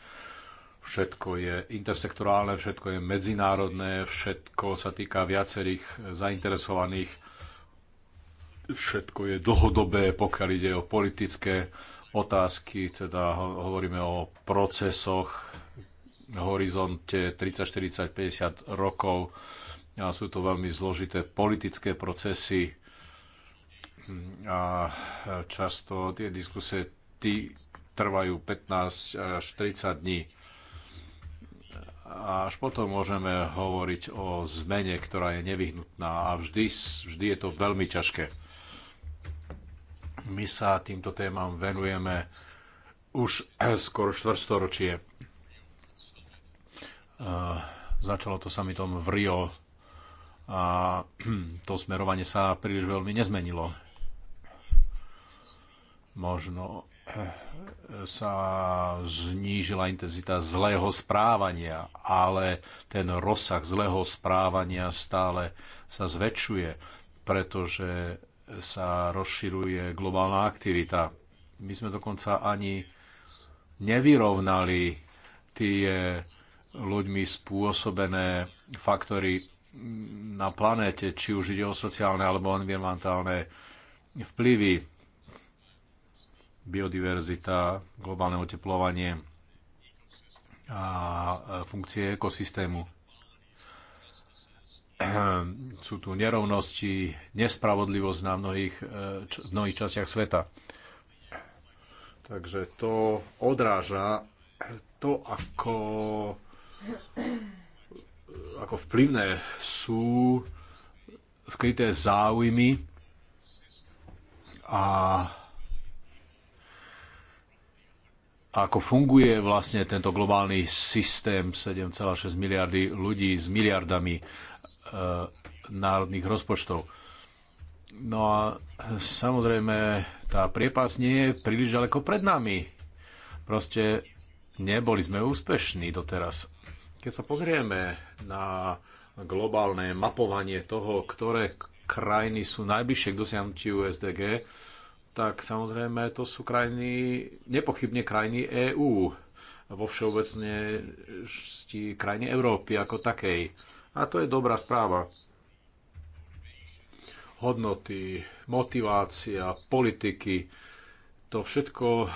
všetko je intersektorálne, všetko je medzinárodné, všetko sa týka viacerých zainteresovaných, všetko je dlhodobé, pokiaľ ide o politické otázky, teda hovoríme o procesoch, horizonte 30, 40, 50 rokov a sú to veľmi zložité politické procesy a často tie diskusie trvajú 15 až 30 dní a až potom môžeme hovoriť o zmene, ktorá je nevyhnutná a vždy, vždy je to veľmi ťažké. My sa týmto témam venujeme už skoro štvrtstoročie. Začalo to samitom v Rio a to smerovanie sa príliš veľmi nezmenilo. Možno sa znížila intenzita zlého správania, ale ten rozsah zlého správania stále sa zväčšuje, pretože sa rozširuje globálna aktivita. My sme dokonca ani nevyrovnali tie ľuďmi spôsobené faktory na planéte, či už ide o sociálne alebo environmentálne vplyvy biodiverzita, globálne oteplovanie a e, funkcie ekosystému. Sú tu nerovnosti, nespravodlivosť na mnohých, e, v mnohých častiach sveta. Takže to odráža to, ako, ako vplyvné sú skryté záujmy a ako funguje vlastne tento globálny systém 7,6 miliardy ľudí s miliardami e, národných rozpočtov. No a samozrejme, tá priepas nie je príliš ďaleko pred nami. Proste neboli sme úspešní doteraz. Keď sa pozrieme na globálne mapovanie toho, ktoré krajiny sú najbližšie k dosiahnutiu SDG, tak samozrejme to sú krajiny, nepochybne krajiny EÚ, vo všeobecnosti krajiny Európy ako takej. A to je dobrá správa. Hodnoty, motivácia, politiky, to všetko e, e,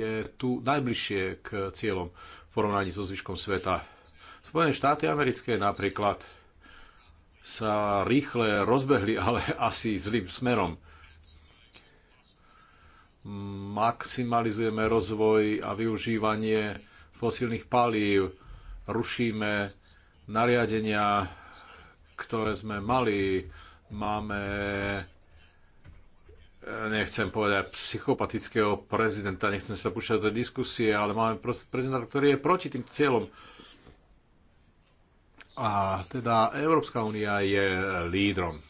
je tu najbližšie k cieľom v porovnaní so zvyškom sveta. Spojené štáty americké napríklad sa rýchle rozbehli, ale asi zlým smerom maximalizujeme rozvoj a využívanie fosílnych palív, rušíme nariadenia, ktoré sme mali, máme nechcem povedať psychopatického prezidenta, nechcem sa púšťať do tej diskusie, ale máme prezidenta, ktorý je proti tým cieľom. A teda Európska únia je lídrom.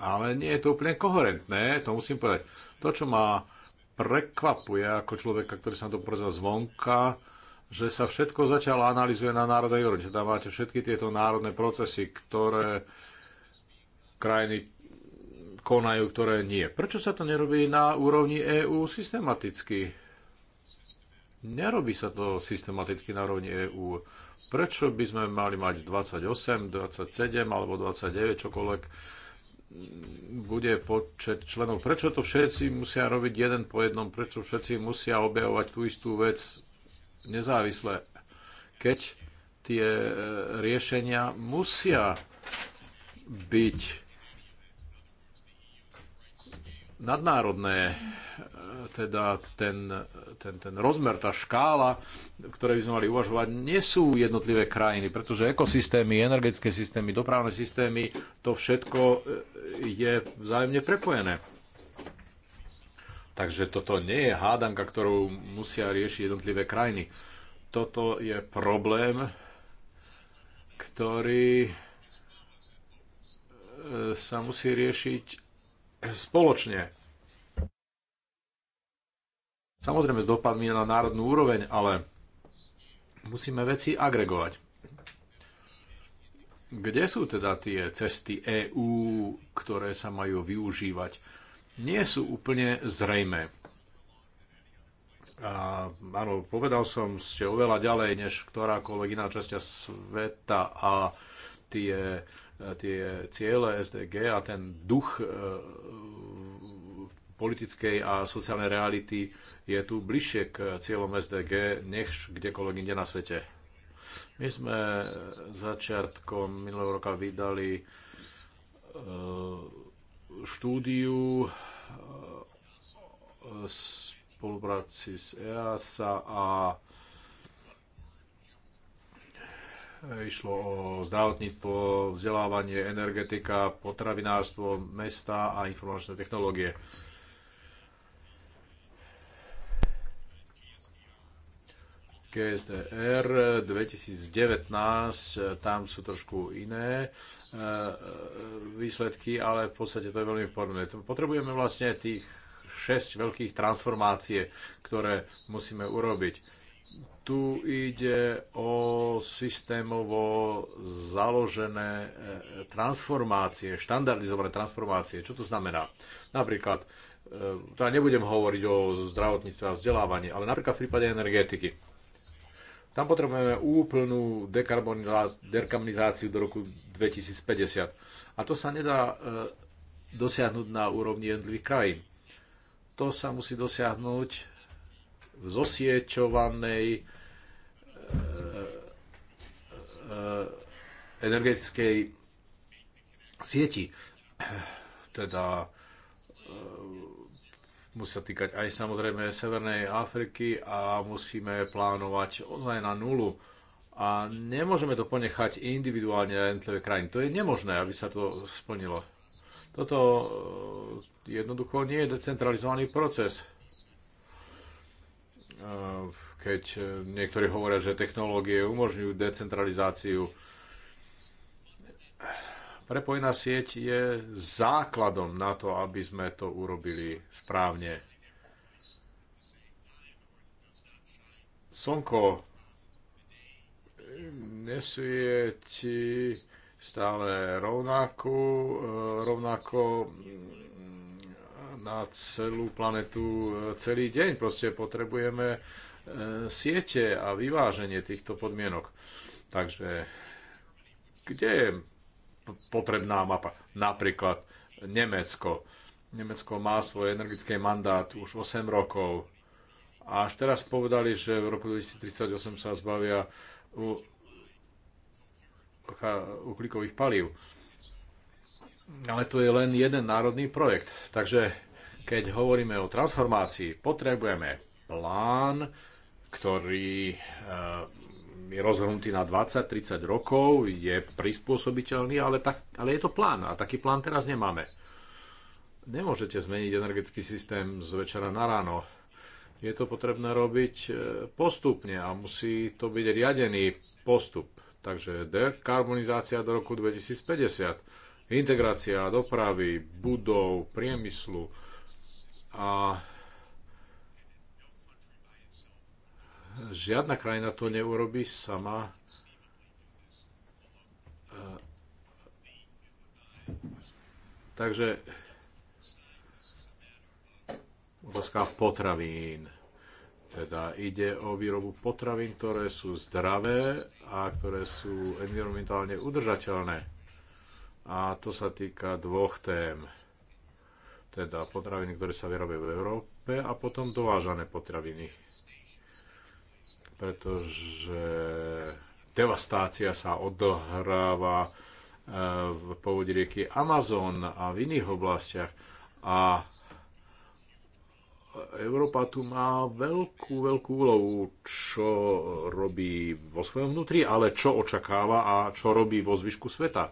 Ale nie je to úplne koherentné, to musím povedať to, čo ma prekvapuje ako človeka, ktorý sa na to pozrel zvonka, že sa všetko zatiaľ analizuje na národnej úrovni. Teda máte všetky tieto národné procesy, ktoré krajiny konajú, ktoré nie. Prečo sa to nerobí na úrovni EÚ systematicky? Nerobí sa to systematicky na úrovni EÚ. Prečo by sme mali mať 28, 27 alebo 29, čokoľvek? bude počet členov. Prečo to všetci musia robiť jeden po jednom? Prečo všetci musia objavovať tú istú vec nezávisle? Keď tie e, riešenia musia byť nadnárodné, teda ten, ten, ten rozmer, tá škála, ktoré by sme mali uvažovať, nie sú jednotlivé krajiny, pretože ekosystémy, energetické systémy, dopravné systémy, to všetko e, je vzájomne prepojené. Takže toto nie je hádanka, ktorú musia riešiť jednotlivé krajiny. Toto je problém, ktorý e, sa musí riešiť spoločne Samozrejme s dopadmi na národnú úroveň, ale musíme veci agregovať. Kde sú teda tie cesty EÚ, ktoré sa majú využívať? Nie sú úplne zrejmé. A, áno, povedal som, ste oveľa ďalej než ktorákoľvek iná časť sveta a tie, tie ciele SDG a ten duch e, politickej a sociálnej reality je tu bližšie k cieľom SDG, než kdekoľvek inde na svete. My sme začiatkom minulého roka vydali e, štúdiu e, spolupráci s EASA a e, išlo o zdravotníctvo, vzdelávanie, energetika, potravinárstvo, mesta a informačné technológie. KSDR 2019, tam sú trošku iné e, e, výsledky, ale v podstate to je veľmi podobné. Potrebujeme vlastne tých 6 veľkých transformácie, ktoré musíme urobiť. Tu ide o systémovo založené e, transformácie, štandardizované transformácie. Čo to znamená? Napríklad, teda nebudem hovoriť o zdravotníctve a vzdelávaní, ale napríklad v prípade energetiky tam potrebujeme úplnú dekarbonizáciu do roku 2050. A to sa nedá e, dosiahnuť na úrovni jednotlivých krajín. To sa musí dosiahnuť v zosieťovanej e, e, energetickej sieti. Teda musí sa týkať aj samozrejme Severnej Afriky a musíme plánovať ozaj na nulu. A nemôžeme to ponechať individuálne na jednotlivé krajiny. To je nemožné, aby sa to splnilo. Toto eh, jednoducho nie je decentralizovaný proces. Eh, keď eh, niektorí hovoria, že technológie umožňujú decentralizáciu, Prepojená sieť je základom na to, aby sme to urobili správne. Slnko nesvieti stále rovnako, eh, rovnako na celú planetu eh, celý deň. Proste potrebujeme eh, siete a vyváženie týchto podmienok. Takže kde je potrebná mapa. Napríklad Nemecko. Nemecko má svoj energetický mandát už 8 rokov. A až teraz povedali, že v roku 2038 sa zbavia u, uhlíkových palív. Ale to je len jeden národný projekt. Takže keď hovoríme o transformácii, potrebujeme plán, ktorý eh, je rozhrnutý na 20-30 rokov, je prispôsobiteľný, ale, tak, ale je to plán a taký plán teraz nemáme. Nemôžete zmeniť energetický systém z večera na ráno. Je to potrebné robiť e, postupne a musí to byť riadený postup. Takže dekarbonizácia do roku 2050, integrácia dopravy, budov, priemyslu a Žiadna krajina to neurobi sama. Takže otázka potravín. Teda ide o výrobu potravín, ktoré sú zdravé a ktoré sú environmentálne udržateľné. A to sa týka dvoch tém. Teda potraviny, ktoré sa vyrobia v Európe a potom dovážané potraviny pretože devastácia sa odohráva e, v povodí rieky Amazon a v iných oblastiach. A Európa tu má veľkú, veľkú úlohu, čo robí vo svojom vnútri, ale čo očakáva a čo robí vo zvyšku sveta.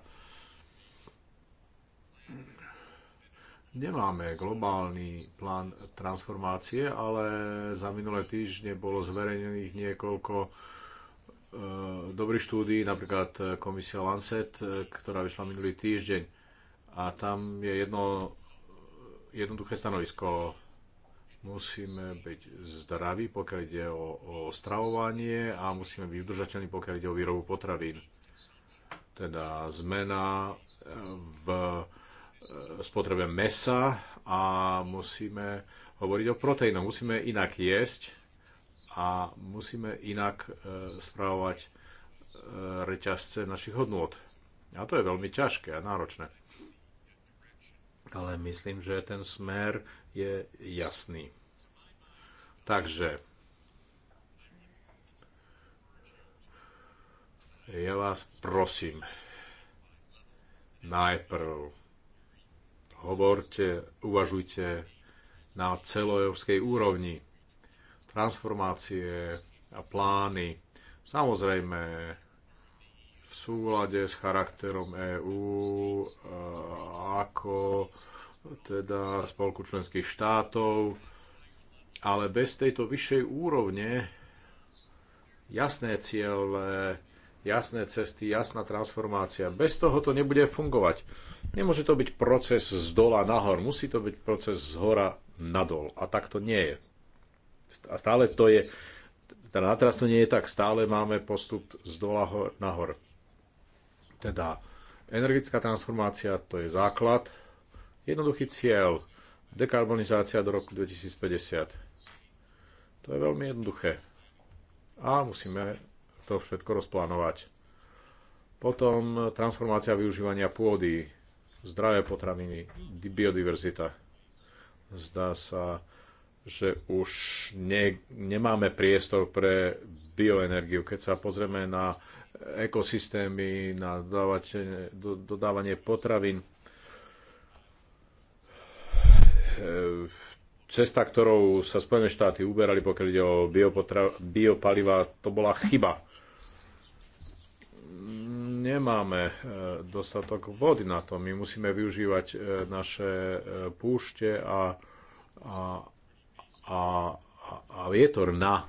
Nemáme globálny plán transformácie, ale za minulé týždne bolo zverejnených niekoľko e, dobrých štúdií, napríklad e, komisia Lancet, e, ktorá vyšla minulý týždeň. A tam je jedno jednoduché stanovisko. Musíme byť zdraví, pokiaľ ide o, o stravovanie a musíme byť udržateľní, pokiaľ ide o výrobu potravín. Teda zmena v E, spotrebujeme mesa a musíme hovoriť o proteínoch. Musíme inak jesť a musíme inak e, správovať e, reťazce našich hodnôt. A to je veľmi ťažké a náročné. Ale myslím, že ten smer je jasný. Takže ja vás prosím, najprv hovorte, uvažujte na celoeurópskej úrovni. Transformácie a plány. Samozrejme, v súlade s charakterom EÚ e, ako teda spolku členských štátov, ale bez tejto vyššej úrovne jasné ciele jasné cesty, jasná transformácia. Bez toho to nebude fungovať. Nemôže to byť proces z dola nahor, musí to byť proces z hora nadol. A tak to nie je. A stále to je, teda teraz to nie je tak, stále máme postup z dola nahor. Teda energetická transformácia to je základ, jednoduchý cieľ, dekarbonizácia do roku 2050. To je veľmi jednoduché. A musíme to všetko rozplánovať. Potom transformácia využívania pôdy, zdravé potraviny, biodiverzita. Zdá sa, že už ne, nemáme priestor pre bioenergiu. Keď sa pozrieme na ekosystémy, na dodávanie, potravín, eh, cesta, ktorou sa Spojené štáty uberali, pokiaľ ide o biopaliva, to bola chyba nemáme e, dostatok vody na to. My musíme využívať e, naše e, púšte a, a, a, a vietor na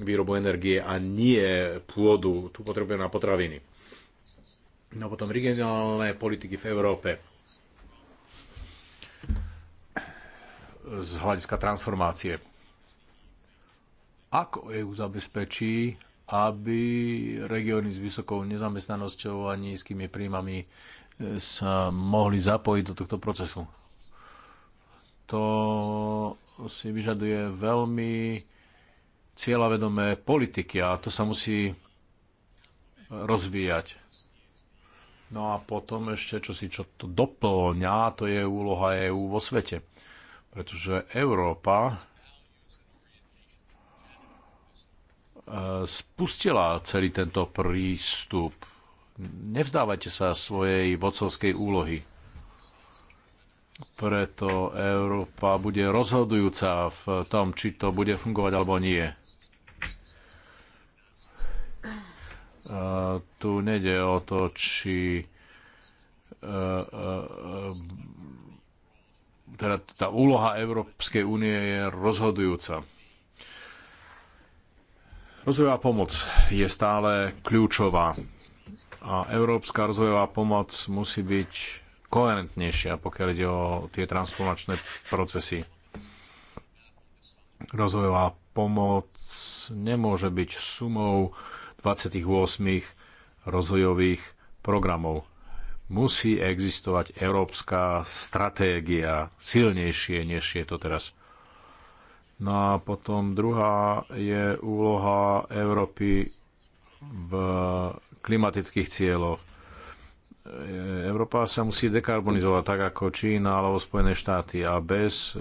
výrobu energie a nie pôdu. Tu potrebujeme na potraviny. No potom regionálne politiky v Európe. Z hľadiska transformácie. Ako EU zabezpečí aby regióny s vysokou nezamestnanosťou a nízkymi príjmami e, sa mohli zapojiť do tohto procesu. To si vyžaduje veľmi cieľavedomé politiky a to sa musí rozvíjať. No a potom ešte, čo si čo to doplňa, to je úloha EÚ vo svete. Pretože Európa spustila celý tento prístup. Nevzdávajte sa svojej vodcovskej úlohy. Preto Európa bude rozhodujúca v tom, či to bude fungovať alebo nie. A tu nejde o to, či e, e, e, teda tá úloha Európskej únie je rozhodujúca. Rozvojová pomoc je stále kľúčová a európska rozvojová pomoc musí byť koherentnejšia, pokiaľ ide o tie transformačné procesy. Rozvojová pomoc nemôže byť sumou 28 rozvojových programov. Musí existovať európska stratégia silnejšie, než je to teraz. No a potom druhá je úloha Európy v klimatických cieľoch. Európa sa musí dekarbonizovať tak ako Čína alebo Spojené štáty a bez e,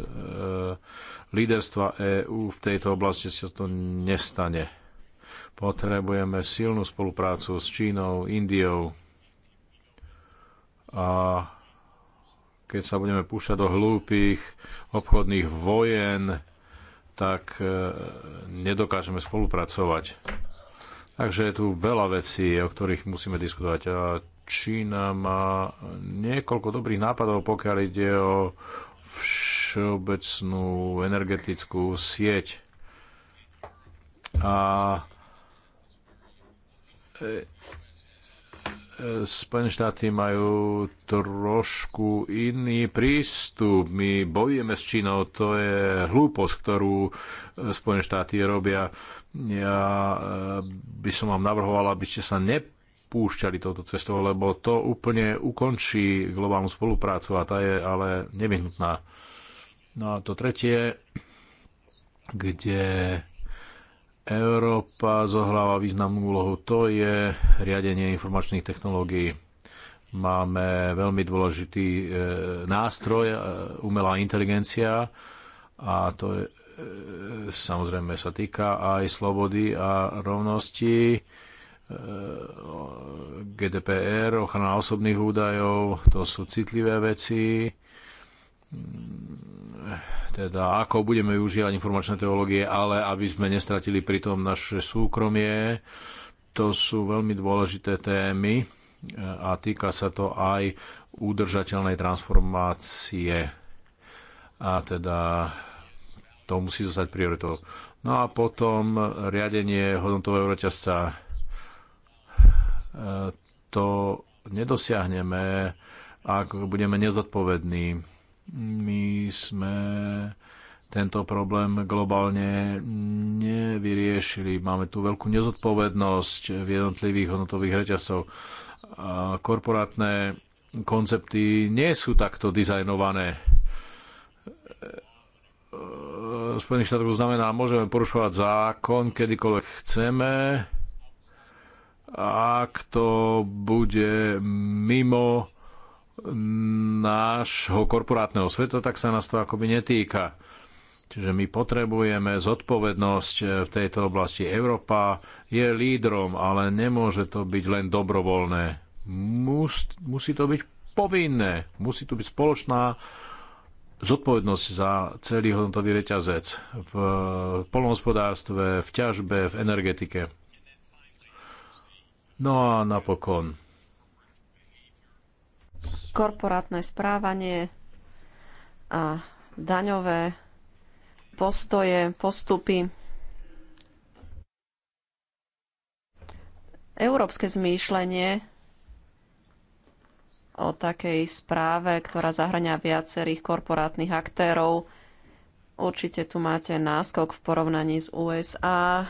líderstva EÚ v tejto oblasti sa to nestane. Potrebujeme silnú spoluprácu s Čínou, Indiou a keď sa budeme púšťať do hlúpých obchodných vojen, tak e, nedokážeme spolupracovať. Takže je tu veľa vecí, o ktorých musíme diskutovať. A Čína má niekoľko dobrých nápadov, pokiaľ ide o všeobecnú energetickú sieť. A e, Spojené štáty majú trošku iný prístup. My bojujeme s Čínou, to je hlúposť, ktorú e, Spojené štáty robia. Ja e, by som vám navrhoval, aby ste sa nepúšťali touto cestou, lebo to úplne ukončí globálnu spoluprácu a tá je ale nevyhnutná. No a to tretie, kde Európa zohráva významnú úlohu. To je riadenie informačných technológií. Máme veľmi dôležitý e, nástroj, e, umelá inteligencia a to je, e, samozrejme sa týka aj slobody a rovnosti. GDPR, ochrana osobných údajov, to sú citlivé veci teda ako budeme využívať informačné teológie, ale aby sme nestratili pritom naše súkromie. To sú veľmi dôležité témy e, a týka sa to aj udržateľnej transformácie. A teda to musí zostať prioritou. No a potom riadenie hodnotového reťazca. E, to nedosiahneme, ak budeme nezodpovední my sme tento problém globálne nevyriešili. Máme tu veľkú nezodpovednosť v jednotlivých hodnotových reťazcov. A korporátne koncepty nie sú takto dizajnované. E, Spojených to znamená, môžeme porušovať zákon kedykoľvek chceme, ak to bude mimo nášho korporátneho sveta, tak sa nás to akoby netýka. Čiže my potrebujeme zodpovednosť e, v tejto oblasti. Európa je lídrom, ale nemôže to byť len dobrovoľné. Mus, musí to byť povinné. Musí to byť spoločná zodpovednosť za celý hodnotový reťazec v polnohospodárstve, v ťažbe, v energetike. No a napokon korporátne správanie a daňové postoje, postupy. Európske zmýšlenie o takej správe, ktorá zahrania viacerých korporátnych aktérov. Určite tu máte náskok v porovnaní s USA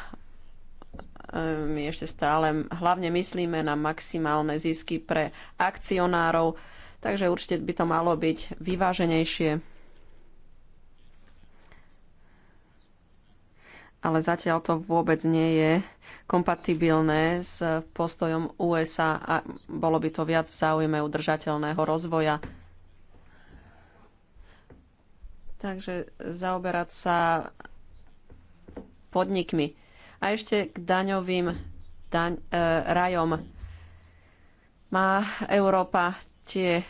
E, my ešte stále hlavne myslíme na maximálne zisky pre akcionárov, takže určite by to malo byť vyváženejšie. Ale zatiaľ to vôbec nie je kompatibilné s postojom USA a bolo by to viac v záujme udržateľného rozvoja. Takže zaoberať sa podnikmi a ešte k daňovým daň, e, rajom. Má Európa tie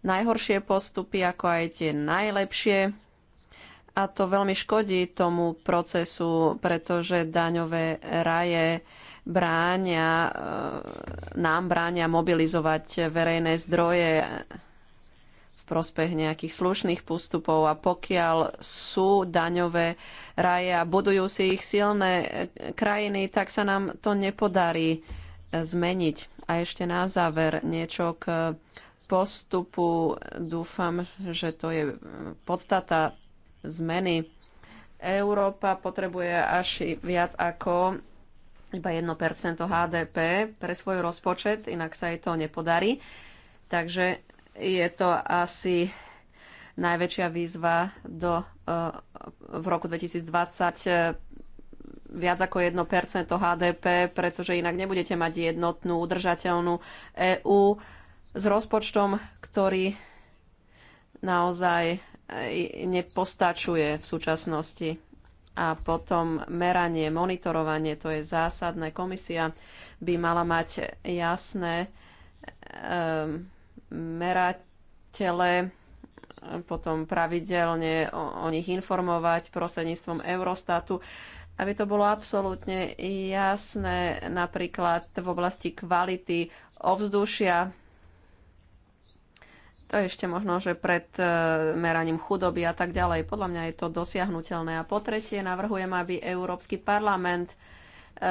najhoršie postupy, ako aj tie najlepšie. A to veľmi škodí tomu procesu, pretože daňové raje bránia, e, nám bránia mobilizovať verejné zdroje prospech nejakých slušných postupov a pokiaľ sú daňové raje a budujú si ich silné e, krajiny, tak sa nám to nepodarí e, zmeniť. A ešte na záver niečo k postupu. Dúfam, že to je e, podstata zmeny. Európa potrebuje až viac ako iba 1% HDP pre svoj rozpočet, inak sa jej to nepodarí. Takže je to asi najväčšia výzva do, eh, v roku 2020 eh, viac ako 1% HDP, pretože inak nebudete mať jednotnú, udržateľnú EÚ s rozpočtom, ktorý naozaj eh, nepostačuje v súčasnosti. A potom meranie, monitorovanie, to je zásadné. Komisia by mala mať jasné um, meratele, potom pravidelne o, o nich informovať prostredníctvom Eurostatu, aby to bolo absolútne jasné napríklad v oblasti kvality ovzdušia. To je ešte možno, že pred e, meraním chudoby a tak ďalej. Podľa mňa je to dosiahnutelné. A po tretie navrhujem, aby Európsky parlament e, e,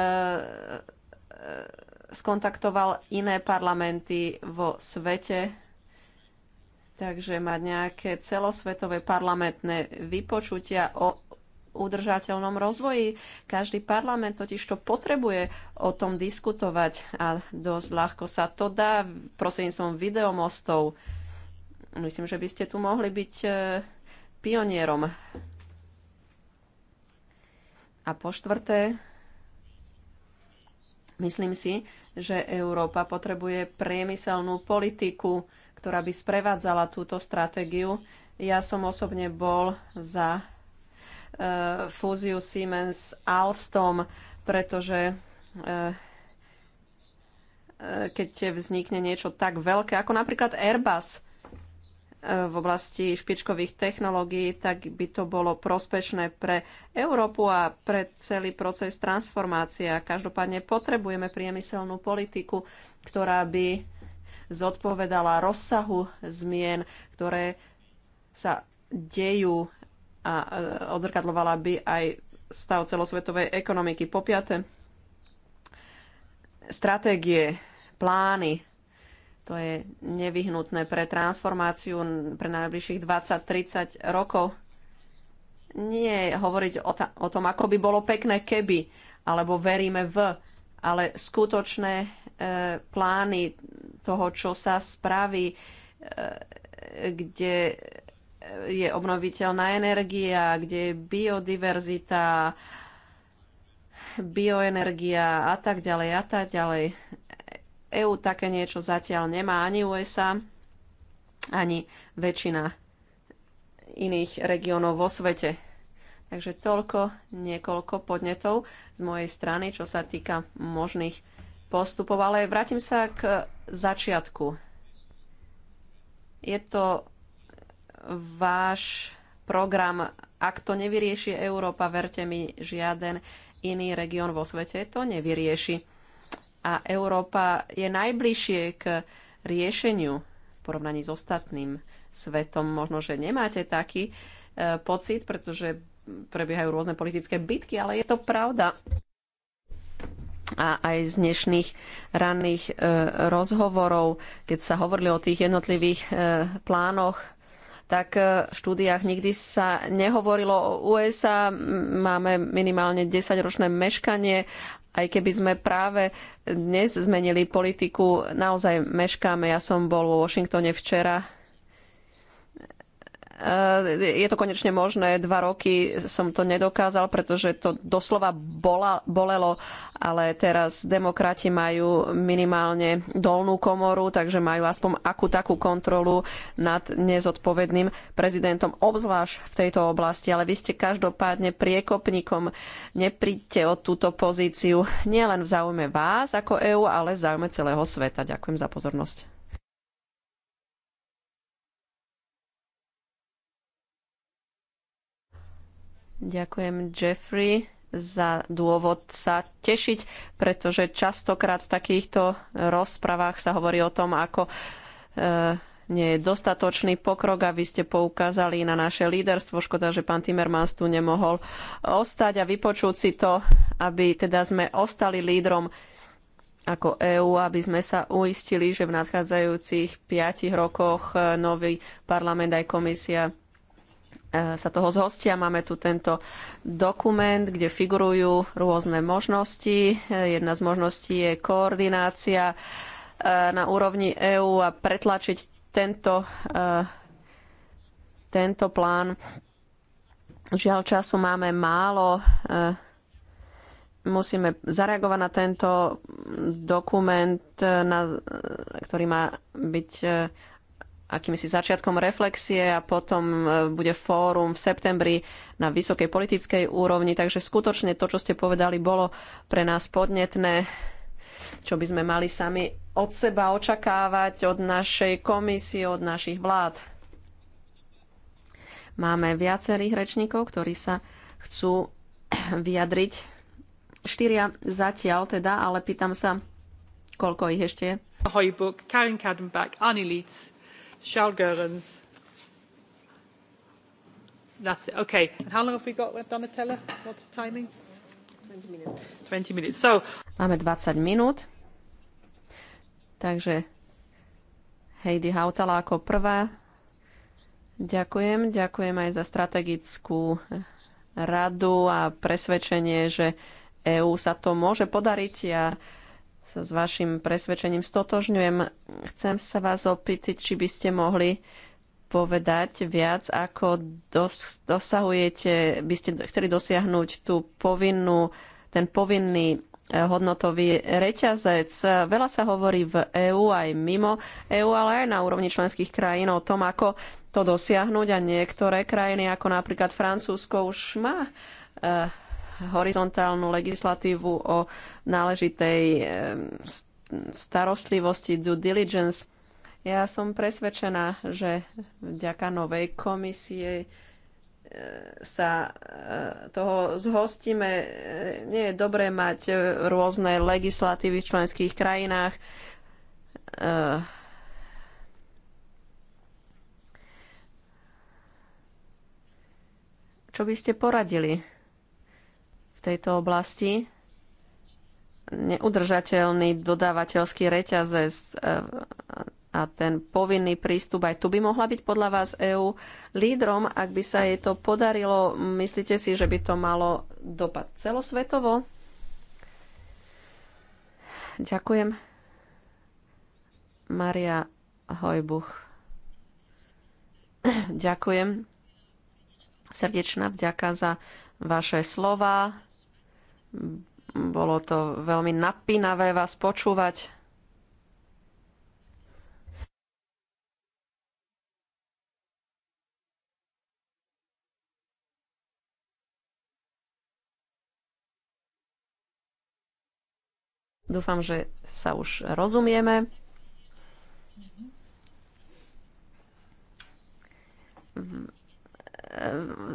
skontaktoval iné parlamenty vo svete, takže mať nejaké celosvetové parlamentné vypočutia o udržateľnom rozvoji. Každý parlament totiž to potrebuje o tom diskutovať a dosť ľahko sa to dá som videomostov. Myslím, že by ste tu mohli byť e, pionierom. A po štvrté, Myslím si, že Európa potrebuje priemyselnú politiku, ktorá by sprevádzala túto stratégiu. Ja som osobne bol za e, fúziu Siemens Alstom, pretože e, e, keď vznikne niečo tak veľké ako napríklad Airbus, v oblasti špičkových technológií, tak by to bolo prospešné pre Európu a pre celý proces transformácie. Každopádne potrebujeme priemyselnú politiku, ktorá by zodpovedala rozsahu zmien, ktoré sa dejú a e, odzrkadlovala by aj stav celosvetovej ekonomiky. Po piate, stratégie, plány, to je nevyhnutné pre transformáciu pre najbližších 20-30 rokov. Nie hovoriť o, ta, o tom, ako by bolo pekné keby, alebo veríme v, ale skutočné e, plány toho, čo sa spraví, e, kde je obnoviteľná energia, kde je biodiverzita, bioenergia a tak ďalej a tak ďalej. EÚ také niečo zatiaľ nemá, ani USA, ani väčšina iných regiónov vo svete. Takže toľko niekoľko podnetov z mojej strany, čo sa týka možných postupov. Ale vrátim sa k začiatku. Je to váš program. Ak to nevyrieši Európa, verte mi, žiaden iný región vo svete to nevyrieši a Európa je najbližšie k riešeniu v porovnaní s ostatným svetom. Možno, že nemáte taký e, pocit, pretože prebiehajú rôzne politické bitky, ale je to pravda. A aj z dnešných ranných e, rozhovorov, keď sa hovorili o tých jednotlivých e, plánoch tak v štúdiách nikdy sa nehovorilo o USA. Máme minimálne 10-ročné meškanie aj keby sme práve dnes zmenili politiku, naozaj meškáme. Ja som bol vo Washingtone včera Eh, je to konečne možné. Dva roky som to nedokázal, pretože to doslova bola, bolelo, ale teraz demokrati majú minimálne dolnú komoru, takže majú aspoň akú takú kontrolu nad nezodpovedným prezidentom, obzvlášť v tejto oblasti. Ale vy ste každopádne priekopníkom. Nepríďte o túto pozíciu nielen v záujme vás ako EÚ, ale v záujme celého sveta. Ďakujem za pozornosť. Ďakujem Jeffrey za dôvod sa tešiť, pretože častokrát v takýchto rozprávach sa hovorí o tom, ako e, nie je dostatočný pokrok a vy ste poukázali na naše líderstvo. Škoda, že pán Timmermans tu nemohol ostať a vypočuť si to, aby teda sme ostali lídrom ako EÚ, aby sme sa uistili, že v nadchádzajúcich piatich rokoch e, nový parlament aj komisia E, sa toho zhostia. Máme tu tento dokument, kde figurujú rôzne možnosti. E, jedna z možností je koordinácia e, na úrovni EÚ a pretlačiť tento, tento plán. Žiaľ, času máme málo. Musíme zareagovať na tento dokument, na, ktorý má byť akýmsi začiatkom reflexie a potom e, bude fórum v septembri na vysokej politickej úrovni. Takže skutočne to, čo ste povedali, bolo pre nás podnetné, čo by sme mali sami od seba očakávať, od našej komisie, od našich vlád. Máme viacerých rečníkov, ktorí sa chcú vyjadriť. Štyria zatiaľ teda, ale pýtam sa, koľko ich ešte je. Hojbuk, Karen Kadenbach, Annie Leeds, Charles Goerens. That's it. Okay. And how long have we got left, uh, Donatella? What's the timing? 20 minutes. 20 minutes. So... Máme 20 minút. Takže Heidi Hautala ako prvá. Ďakujem. Ďakujem aj za strategickú eh, radu a presvedčenie, že EÚ sa to môže podariť. Ja sa s vašim presvedčením stotožňujem. Chcem sa vás opýtať, či by ste mohli povedať viac, ako dos- dosahujete, by ste chceli dosiahnuť tú povinnú, ten povinný eh, hodnotový reťazec. Veľa sa hovorí v EÚ aj mimo EÚ, ale aj na úrovni členských krajín o tom, ako to dosiahnuť a niektoré krajiny, ako napríklad Francúzsko, už má uh, horizontálnu legislatívu o náležitej starostlivosti due diligence. Ja som presvedčená, že vďaka novej komisie e, sa e, toho zhostíme. E, nie je dobré mať rôzne legislatívy v členských krajinách. Čo by ste poradili? v tejto oblasti. Neudržateľný dodávateľský reťazec eh, a ten povinný prístup aj tu by mohla byť podľa vás EÚ lídrom, ak by sa jej to podarilo. Myslíte si, že by to malo dopad celosvetovo? Ďakujem. Maria Hojbuch. Ďakujem. Srdečná vďaka za vaše slova. Bolo to veľmi napínavé vás počúvať. Dúfam, že sa už rozumieme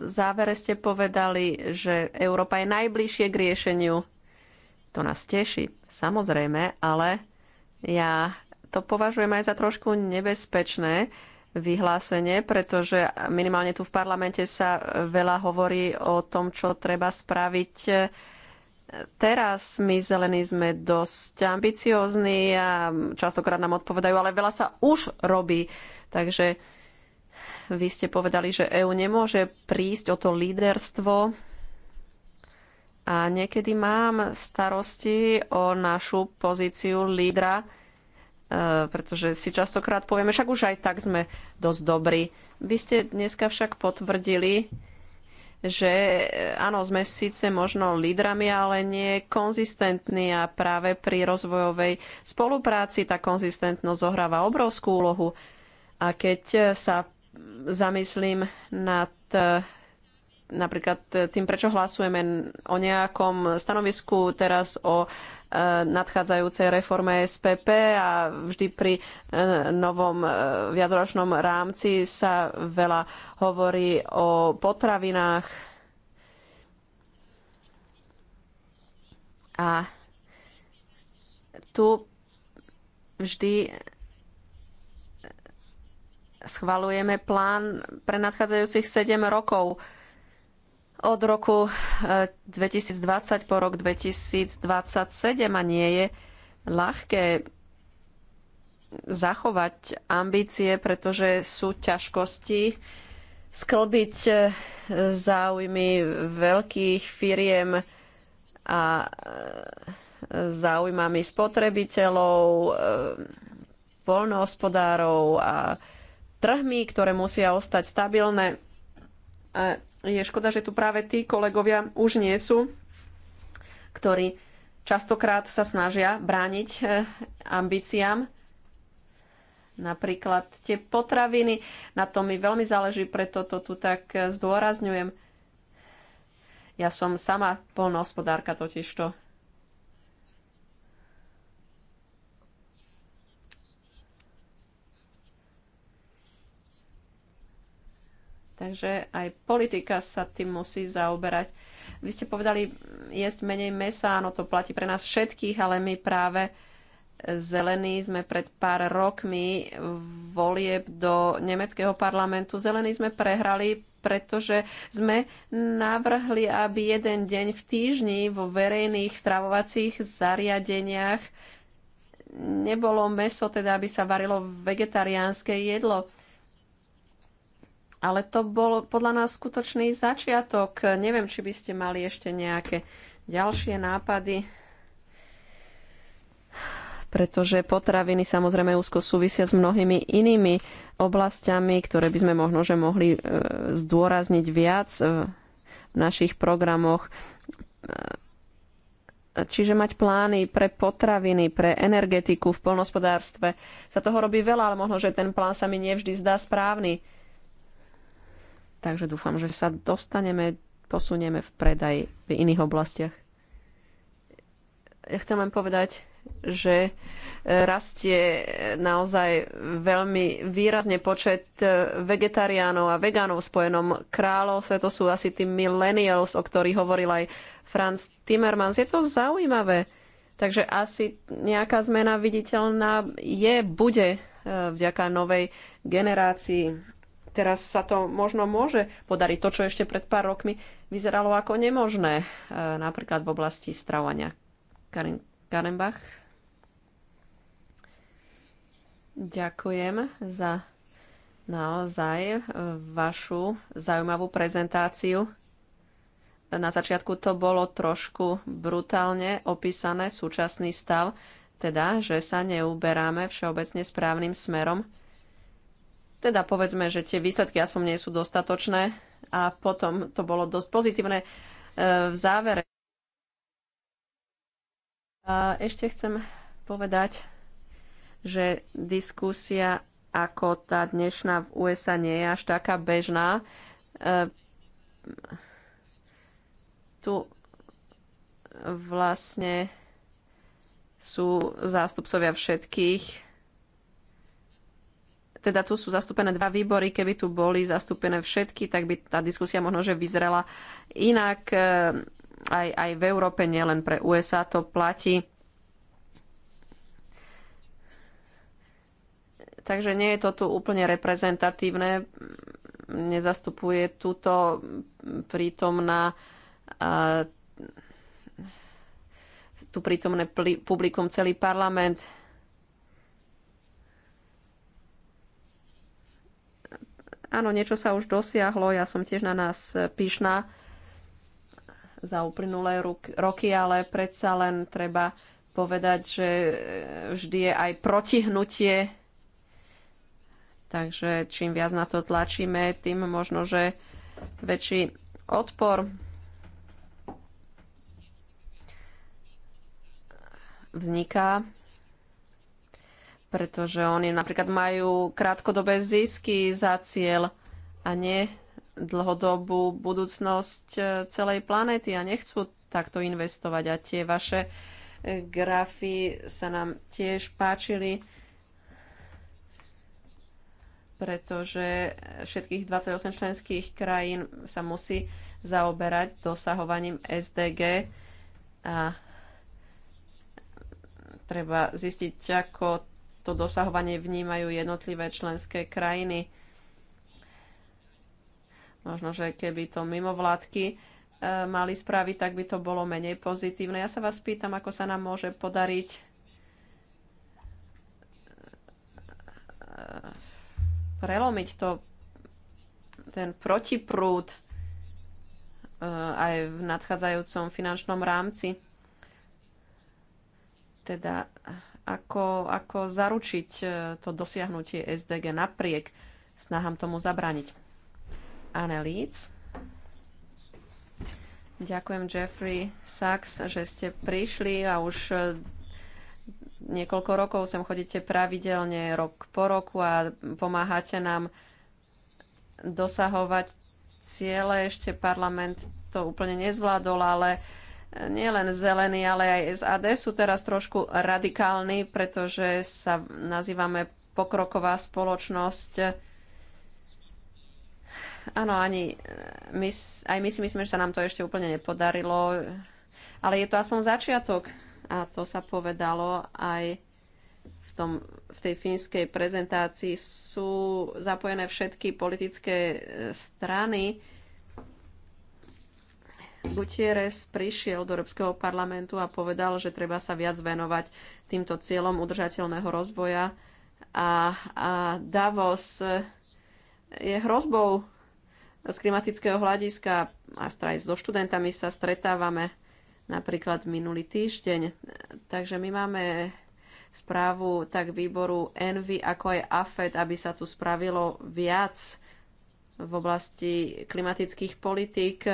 závere ste povedali, že Európa je najbližšie k riešeniu. To nás teší, samozrejme, ale ja to považujem aj za trošku nebezpečné vyhlásenie, pretože minimálne tu v parlamente sa veľa hovorí o tom, čo treba spraviť Teraz my zelení sme dosť ambiciózni a častokrát nám odpovedajú, ale veľa sa už robí. Takže vy ste povedali, že EÚ nemôže prísť o to líderstvo a niekedy mám starosti o našu pozíciu lídra, e, pretože si častokrát povieme, však už aj tak sme dosť dobrí. Vy ste dneska však potvrdili, že e, áno, sme síce možno lídrami, ale nie konzistentní a práve pri rozvojovej spolupráci tá konzistentnosť zohráva obrovskú úlohu. A keď sa zamyslím nad eh, napríklad tým, prečo hlasujeme o nejakom stanovisku teraz o eh, nadchádzajúcej reforme SPP a vždy pri eh, novom viacročnom rámci sa veľa hovorí o potravinách a tu vždy schvalujeme plán pre nadchádzajúcich 7 rokov. Od roku 2020 eh, po rok 2027 a nie je ľahké zachovať ambície, pretože sú ťažkosti sklbiť eh, záujmy veľkých firiem a eh, záujmami spotrebiteľov, poľnohospodárov a trhmi, ktoré musia ostať stabilné. A je škoda, že tu práve tí kolegovia už nie sú, ktorí častokrát sa snažia brániť eh, ambíciám. Napríklad tie potraviny, na tom mi veľmi záleží, preto to tu tak eh, zdôrazňujem. Ja som sama polnohospodárka totižto. Takže aj politika sa tým musí zaoberať. Vy ste povedali jesť menej mesa, áno, to platí pre nás všetkých, ale my práve zelení sme pred pár rokmi volieb do nemeckého parlamentu. Zelení sme prehrali, pretože sme navrhli, aby jeden deň v týždni vo verejných stravovacích zariadeniach nebolo meso, teda aby sa varilo vegetariánske jedlo. Ale to bol podľa nás skutočný začiatok. Neviem, či by ste mali ešte nejaké ďalšie nápady. Pretože potraviny samozrejme úzko súvisia s mnohými inými oblastiami, ktoré by sme možno že mohli e, zdôrazniť viac e, v našich programoch. E, čiže mať plány pre potraviny, pre energetiku v polnospodárstve. Sa toho robí veľa, ale možno, že ten plán sa mi nevždy zdá správny Takže dúfam, že sa dostaneme, posunieme v predaj v iných oblastiach. Ja chcem len povedať, že e, rastie naozaj veľmi výrazne počet e, vegetariánov a vegánov v Spojenom kráľovstve. To sú asi tí millennials, o ktorých hovoril aj Franz Timmermans. Je to zaujímavé. Takže asi nejaká zmena viditeľná je, bude e, vďaka novej generácii teraz sa to možno môže podariť. To, čo ešte pred pár rokmi vyzeralo ako nemožné, e, napríklad v oblasti stravovania. Karin Karenbach. Ďakujem za naozaj e, vašu zaujímavú prezentáciu. Na začiatku to bolo trošku brutálne opísané súčasný stav, teda, že sa neuberáme všeobecne správnym smerom teda povedzme, že tie výsledky aspoň nie sú dostatočné a potom to bolo dosť pozitívne e, v závere. A ešte chcem povedať, že diskusia ako tá dnešná v USA nie je až taká bežná. E, tu vlastne sú zástupcovia všetkých teda tu sú zastúpené dva výbory, keby tu boli zastúpené všetky, tak by tá diskusia možno, že vyzrela inak. E, aj, aj v Európe, nielen pre USA to platí. Takže nie je to tu úplne reprezentatívne. Nezastupuje túto prítomná tu prítomné publikum celý parlament Áno, niečo sa už dosiahlo, ja som tiež na nás pyšná za uplynulé roky, ale predsa len treba povedať, že e, vždy je aj protihnutie. Takže čím viac na to tlačíme, tým možno, že väčší odpor vzniká pretože oni napríklad majú krátkodobé zisky za cieľ a nie dlhodobú budúcnosť e, celej planéty a nechcú takto investovať. A tie vaše e, grafy sa nám tiež páčili, pretože všetkých 28 členských krajín sa musí zaoberať dosahovaním SDG a treba zistiť, ako to dosahovanie vnímajú jednotlivé členské krajiny. Možno, že keby to mimovládky e, mali spraviť, tak by to bolo menej pozitívne. Ja sa vás pýtam, ako sa nám môže podariť e, prelomiť to, ten protiprúd e, aj v nadchádzajúcom finančnom rámci. Teda ako, ako zaručiť e, to dosiahnutie SDG napriek snahám tomu zabrániť. Anne Leeds. Ďakujem Jeffrey Sachs, že ste prišli a už e, niekoľko rokov sem chodíte pravidelne rok po roku a pomáhate nám dosahovať ciele. Ešte parlament to úplne nezvládol, ale uh, nielen zelení, ale aj SAD sú teraz trošku radikálni, pretože sa nazývame pokroková spoločnosť. Áno, ani my, aj my si myslíme, že sa nám to ešte úplne nepodarilo, ale je to aspoň začiatok a to sa povedalo aj v, tom, v tej fínskej prezentácii. Sú zapojené všetky politické e, strany, Gutierrez prišiel do Európskeho parlamentu a povedal, že treba sa viac venovať týmto cieľom udržateľného rozvoja. A, a Davos e, je hrozbou z klimatického hľadiska a aj so študentami sa stretávame napríklad minulý týždeň. Takže my máme správu tak výboru Envy, ako aj AFED, aby sa tu spravilo viac v oblasti klimatických politík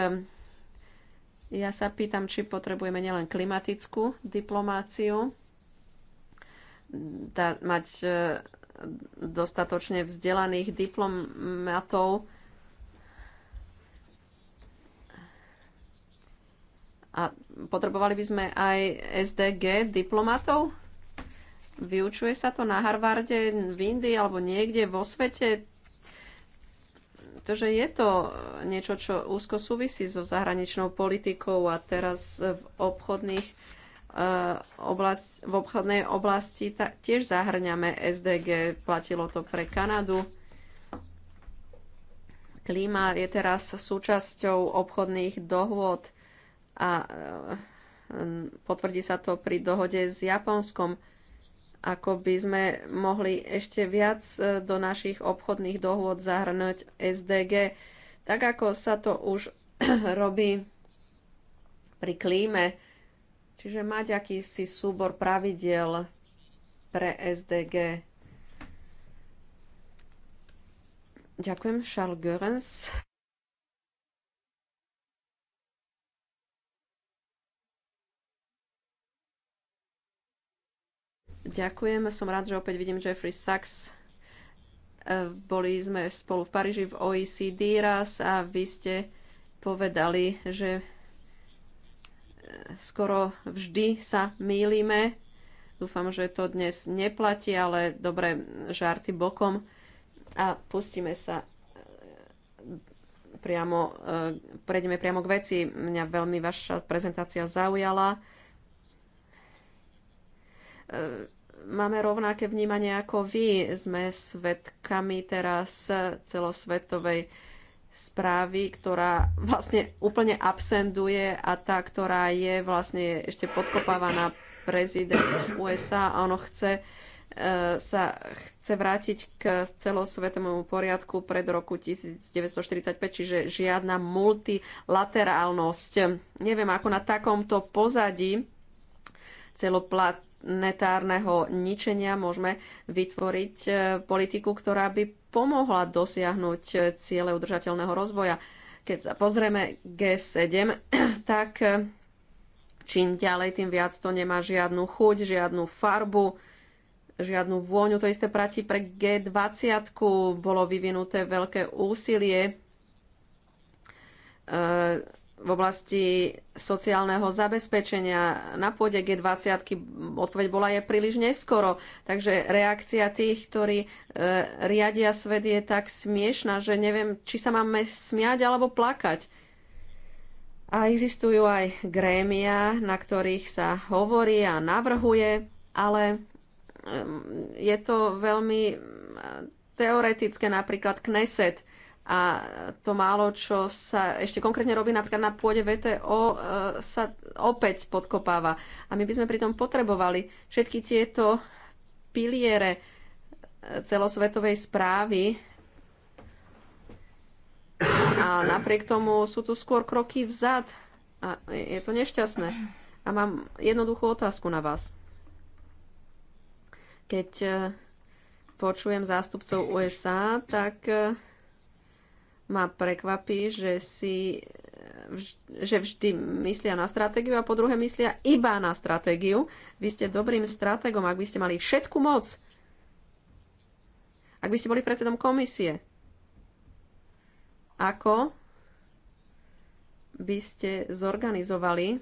ja sa pýtam, či potrebujeme nielen klimatickú diplomáciu, da, mať e, dostatočne vzdelaných diplomatov a potrebovali by sme aj SDG diplomatov? Vyučuje sa to na Harvarde, v Indii alebo niekde vo svete? to, že je to eh, niečo, čo úzko súvisí so zahraničnou politikou a teraz v obchodných eh, oblast, v obchodnej oblasti ta, tiež zahrňame SDG, platilo to pre Kanadu. Klíma je teraz súčasťou obchodných dohôd a eh, potvrdí sa to pri dohode s Japonskom ako by sme mohli ešte viac e, do našich obchodných dohôd zahrnúť SDG, tak ako sa to už robí pri klíme. Čiže mať akýsi súbor pravidiel pre SDG. Ďakujem, Charles Görens. Ďakujem, som rád, že opäť vidím Jeffrey Sachs. E, boli sme spolu v Paríži v OECD raz a vy ste povedali, že e, skoro vždy sa mýlime. Dúfam, že to dnes neplatí, ale dobre, žarty bokom. A pustíme sa e, priamo, prejdeme priamo k veci. Mňa veľmi vaša prezentácia zaujala máme rovnaké vnímanie ako vy. Sme svetkami teraz celosvetovej správy, ktorá vlastne úplne absenduje a tá, ktorá je vlastne ešte podkopávaná prezident USA a ono chce eh, sa chce vrátiť k celosvetovému poriadku pred roku 1945, čiže žiadna multilaterálnosť. Neviem, ako na takomto pozadí celoplat, planetárneho ničenia môžeme vytvoriť e, politiku, ktorá by pomohla dosiahnuť e, ciele udržateľného rozvoja. Keď sa pozrieme G7, tak e, čím ďalej, tým viac to nemá žiadnu chuť, žiadnu farbu, žiadnu vôňu. To isté platí pre G20. Bolo vyvinuté veľké úsilie v oblasti sociálneho zabezpečenia na pôde G20 odpoveď bola je príliš neskoro. Takže reakcia tých, ktorí e, riadia svet je tak smiešná, že neviem, či sa máme smiať alebo plakať. A existujú aj grémia, na ktorých sa hovorí a navrhuje, ale e, je to veľmi e, teoretické, napríklad Kneset, a to málo, čo sa ešte konkrétne robí napríklad na pôde VTO, e, sa opäť podkopáva. A my by sme pritom potrebovali všetky tieto piliere e, celosvetovej správy a napriek tomu sú tu skôr kroky vzad a je to nešťastné. A mám jednoduchú otázku na vás. Keď e, počujem zástupcov USA, tak ma prekvapí, že si že vždy myslia na stratégiu a po druhé myslia iba na stratégiu. Vy ste dobrým stratégom, ak by ste mali všetku moc. Ak by ste boli predsedom komisie. Ako by ste zorganizovali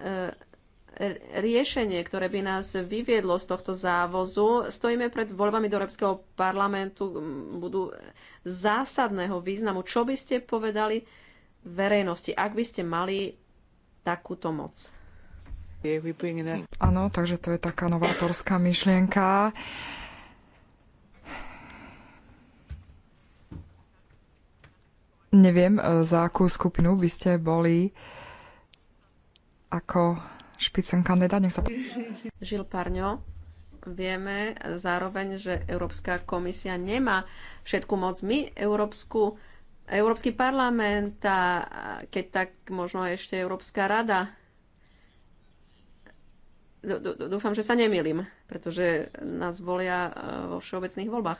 uh, riešenie, ktoré by nás vyviedlo z tohto závozu. Stojíme pred voľbami do Európskeho parlamentu, budú zásadného významu. Čo by ste povedali verejnosti, ak by ste mali takúto moc? Áno, takže to je taká novátorská myšlienka. Neviem, e, za akú skupinu by ste boli ako špicen kandidát, nech sa Žil Parňo, vieme zároveň, že Európska komisia nemá všetku moc. My, Európsku, Európsky parlament a keď tak možno ešte Európska rada. Dúfam, že sa nemýlim, pretože nás volia e, vo všeobecných voľbách.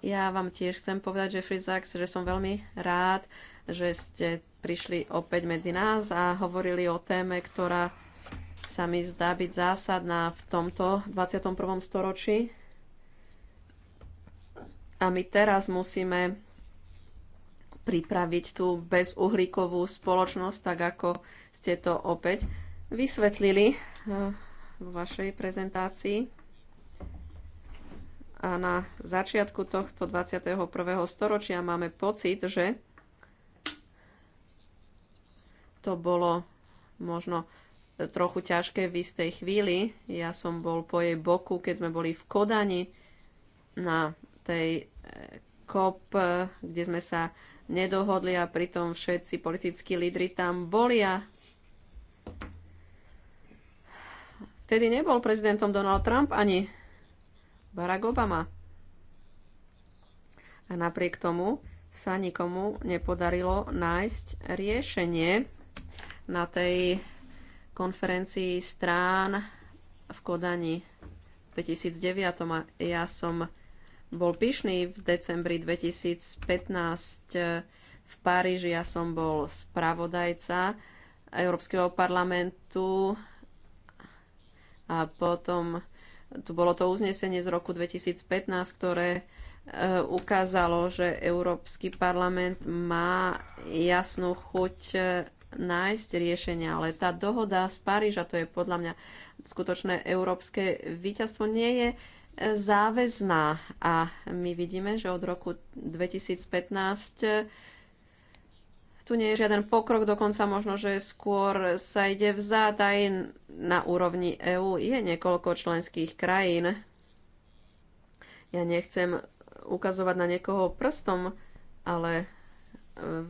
Ja vám tiež chcem povedať, Jeffrey Sachs, že som veľmi rád, že ste prišli opäť medzi nás a hovorili o téme, ktorá sa mi zdá byť zásadná v tomto 21. storočí. A my teraz musíme pripraviť tú bezuhlíkovú spoločnosť, tak ako ste to opäť vysvetlili eh, v vašej prezentácii. A na začiatku tohto 21. storočia máme pocit, že to bolo možno trochu ťažké v istej chvíli. Ja som bol po jej boku, keď sme boli v Kodani na tej e, kop, e, kde sme sa nedohodli a pritom všetci politickí lídry tam boli a vtedy nebol prezidentom Donald Trump ani Barack Obama. A napriek tomu sa nikomu nepodarilo nájsť riešenie na tej konferencii strán v Kodani v 2009 a ja som bol pyšný v decembri 2015 eh, v Paríži. Ja som bol spravodajca Európskeho parlamentu a potom tu bolo to uznesenie z roku 2015, ktoré eh, ukázalo, že Európsky parlament má jasnú chuť eh, nájsť riešenia, ale tá dohoda z Paríža, to je podľa mňa skutočné európske víťazstvo, nie je e, záväzná. A my vidíme, že od roku 2015 e, tu nie je žiaden pokrok, dokonca možno, že skôr sa ide vzad aj na úrovni EÚ. Je niekoľko členských krajín. Ja nechcem ukazovať na niekoho prstom, ale e,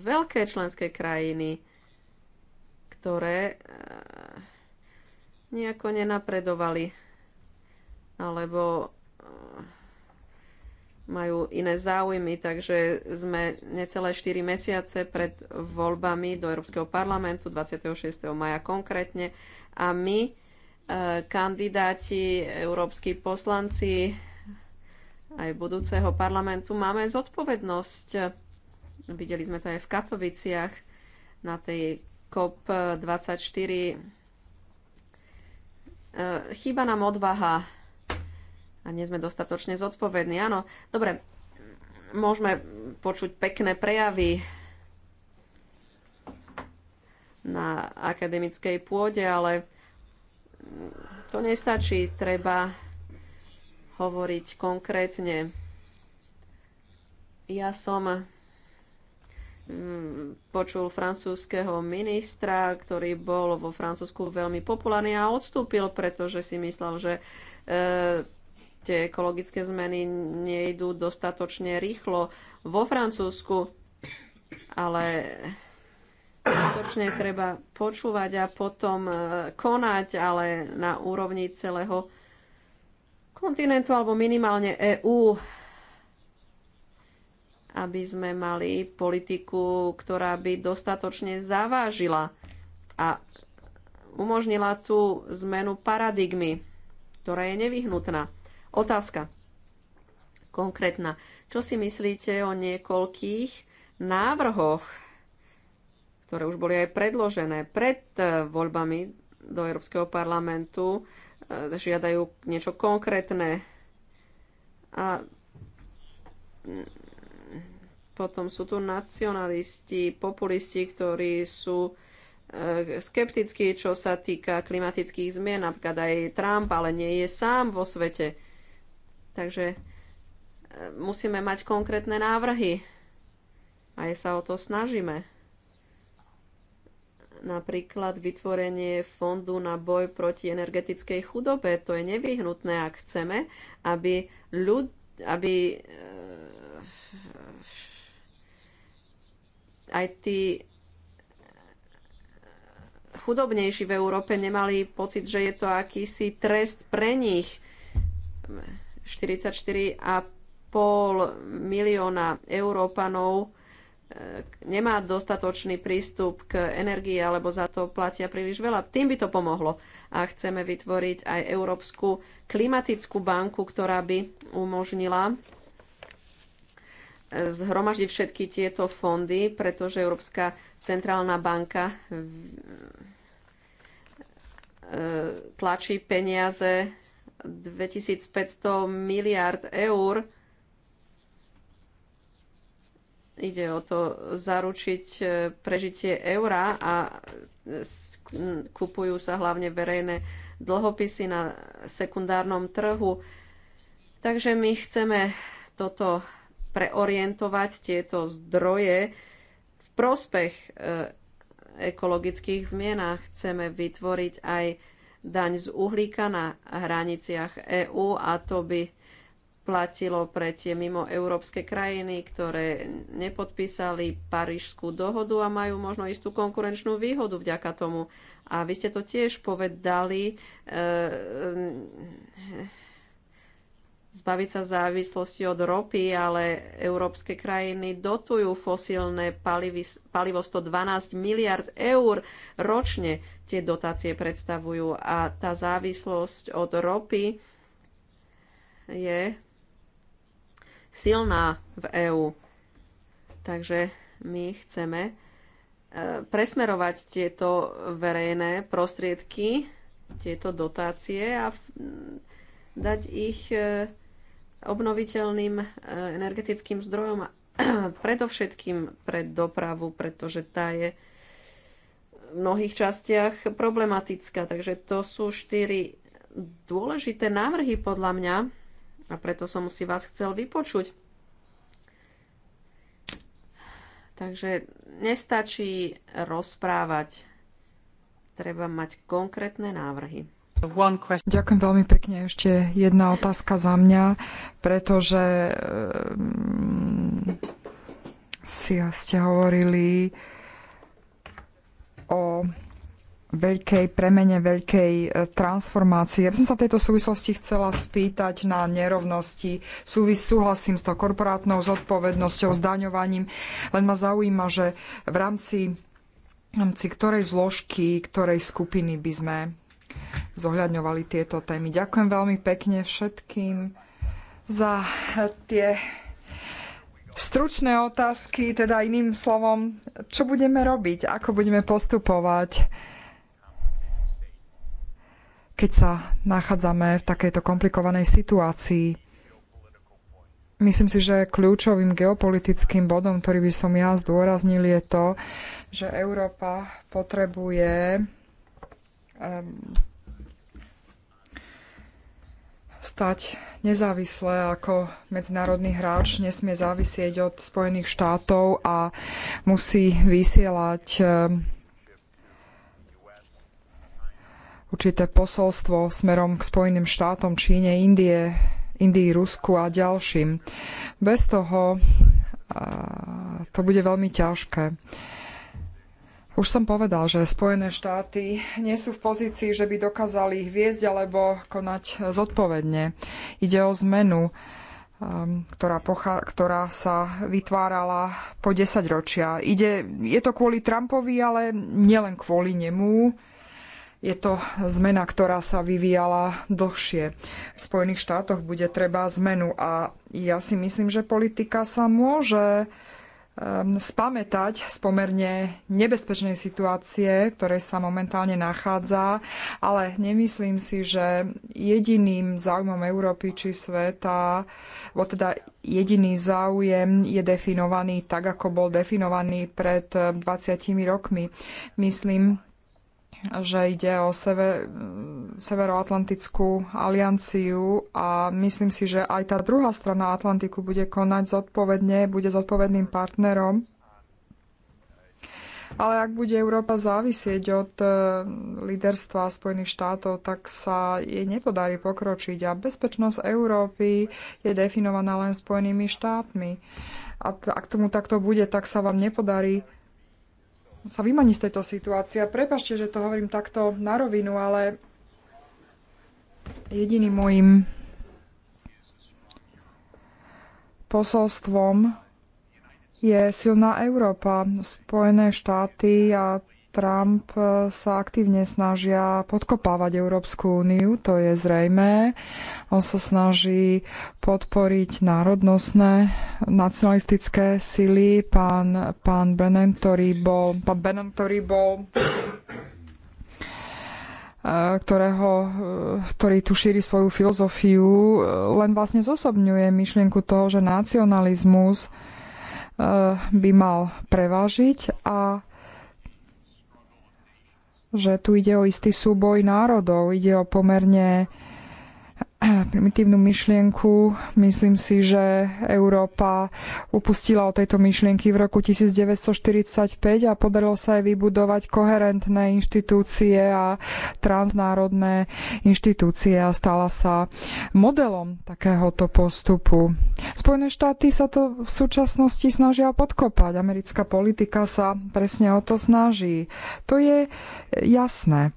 veľké členské krajiny ktoré e, nejako nenapredovali alebo e, majú iné záujmy, takže sme necelé 4 mesiace pred voľbami do Európskeho parlamentu 26. maja konkrétne a my e, kandidáti, európsky poslanci aj budúceho parlamentu máme zodpovednosť. Videli sme to aj v Katoviciach na tej COP24. E, Chýba nám odvaha a nie sme dostatočne zodpovední. Áno, dobre, môžeme počuť pekné prejavy na akademickej pôde, ale to nestačí. Treba hovoriť konkrétne. Ja som Mm, počul francúzského ministra, ktorý bol vo Francúzsku veľmi populárny a odstúpil, pretože si myslel, že e, tie ekologické zmeny nejdú dostatočne rýchlo vo Francúzsku. Ale skutočne treba počúvať a potom eh, konať, ale na úrovni celého kontinentu alebo minimálne EÚ aby sme mali politiku, ktorá by dostatočne zavážila a umožnila tú zmenu paradigmy, ktorá je nevyhnutná. Otázka konkrétna. Čo si myslíte o niekoľkých návrhoch, ktoré už boli aj predložené pred eh, voľbami do Európskeho parlamentu, eh, žiadajú niečo konkrétne a mm, potom sú tu nacionalisti, populisti, ktorí sú eh, skeptickí, čo sa týka klimatických zmien. Napríklad aj Trump, ale nie je sám vo svete. Takže eh, musíme mať konkrétne návrhy. Aj sa o to snažíme napríklad vytvorenie fondu na boj proti energetickej chudobe. To je nevyhnutné, ak chceme, aby, ľud, aby eh, aj tí chudobnejší v Európe nemali pocit, že je to akýsi trest pre nich. 44,5 milióna Európanov e, nemá dostatočný prístup k energii alebo za to platia príliš veľa. Tým by to pomohlo. A chceme vytvoriť aj Európsku klimatickú banku, ktorá by umožnila zhromaždiť všetky tieto fondy, pretože Európska centrálna banka e, tlačí peniaze 2500 miliard eur. Ide o to zaručiť e, prežitie eura a kupujú sa hlavne verejné dlhopisy na sekundárnom trhu. Takže my chceme toto preorientovať tieto zdroje v prospech e, ekologických zmien a chceme vytvoriť aj daň z uhlíka na hraniciach EÚ a to by platilo pre tie mimo európske krajiny, ktoré nepodpísali Parížskú dohodu a majú možno istú konkurenčnú výhodu vďaka tomu. A vy ste to tiež povedali. E, zbaviť sa závislosti od ropy, ale európske krajiny dotujú fosílne palivy, palivo 112 miliard eur ročne tie dotácie predstavujú a tá závislosť od ropy je silná v EÚ. Takže my chceme e, presmerovať tieto verejné prostriedky, tieto dotácie a dať ich e, obnoviteľným e, energetickým zdrojom a predovšetkým pre dopravu, pretože tá je v mnohých častiach problematická. Takže to sú štyri dôležité návrhy podľa mňa a preto som si vás chcel vypočuť. Takže nestačí rozprávať, treba mať konkrétne návrhy. Ďakujem veľmi pekne. Ešte jedna otázka za mňa, pretože ehm, si ste hovorili o veľkej premene, veľkej e, transformácii. Ja by som sa tejto súvislosti chcela spýtať na nerovnosti. Súvis súhlasím s tou korporátnou zodpovednosťou, zdaňovaním. Len ma zaujíma, že v rámci, v rámci ktorej zložky, ktorej skupiny by sme zohľadňovali tieto témy. Ďakujem veľmi pekne všetkým za tie stručné otázky, teda iným slovom, čo budeme robiť, ako budeme postupovať, keď sa nachádzame v takejto komplikovanej situácii. Myslím si, že kľúčovým geopolitickým bodom, ktorý by som ja zdôraznil, je to, že Európa potrebuje Ehm, stať nezávisle ako medzinárodný hráč, nesmie závisieť od Spojených štátov a musí vysielať ehm, určité posolstvo smerom k Spojeným štátom, Číne, Indie, Indii, Rusku a ďalším. Bez toho ehm, to bude veľmi ťažké. Už som povedal, že Spojené štáty nie sú v pozícii, že by dokázali viesť alebo konať zodpovedne. Ide o zmenu, um, ktorá, ktorá sa vytvárala po 10 ročia. Ide, je to kvôli Trumpovi, ale nielen kvôli nemu. Je to zmena, ktorá sa vyvíjala dlhšie. V Spojených štátoch bude treba zmenu a ja si myslím, že politika sa môže uh, Ehm, spamätať z pomerne nebezpečnej situácie, ktorej sa momentálne nachádza, ale nemyslím si, že jediným záujmom Európy či sveta, bo teda jediný záujem je definovaný tak, ako bol definovaný pred 20 ehm, rokmi. Myslím, že ide o sever, Severoatlantickú alianciu a myslím si, že aj tá druhá strana Atlantiku bude konať zodpovedne, bude zodpovedným partnerom. Ale ak bude Európa závisieť od e, líderstva Spojených štátov, tak sa jej nepodarí pokročiť a bezpečnosť Európy je definovaná len Spojenými štátmi. A ak tomu takto bude, tak sa vám nepodarí sa vymaní z tejto situácie. Prepašte, že to hovorím takto na rovinu, ale jediným mojim posolstvom je silná Európa, Spojené štáty a Trump e, sa aktívne snažia podkopávať Európsku úniu, to je zrejmé. On sa snaží podporiť národnostné nacionalistické sily. Pán, pán Brennan, ktorý bol, pán Brennan, ktorý bol e, ktorého, e, ktorý tu šíri svoju filozofiu, len vlastne zosobňuje myšlienku toho, že nacionalizmus by mal prevážiť a že tu ide o istý súboj národov, ide o pomerne primitívnu myšlienku. Myslím si, že Európa upustila od tejto myšlienky v roku 1945 a podarilo sa jej vybudovať koherentné inštitúcie a transnárodné inštitúcie a stala sa modelom takéhoto postupu. Spojené štáty sa to v súčasnosti snažia podkopať. Americká politika sa presne o to snaží. To je jasné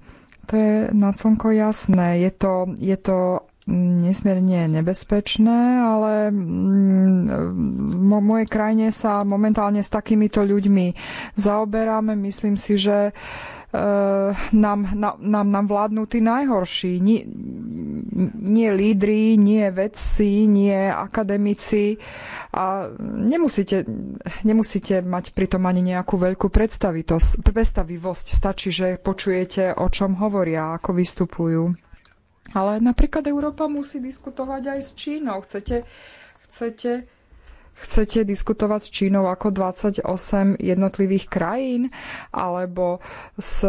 to je na slnko jasné. Je to, je to nesmierne nebezpečné, ale v mm, mojej krajine sa momentálne s takýmito ľuďmi zaoberáme. Myslím si, že e, nám, nám, nám vládnu tí najhorší. Nie, nie lídry, nie vedci, nie akademici. A nemusíte, nemusíte mať pritom ani nejakú veľkú predstavivosť. Stačí, že počujete, o čom hovoria, ako vystupujú. Ale napríklad Európa musí diskutovať aj s Čínou. Chcete, chcete, chcete diskutovať s Čínou ako 28 jednotlivých krajín alebo s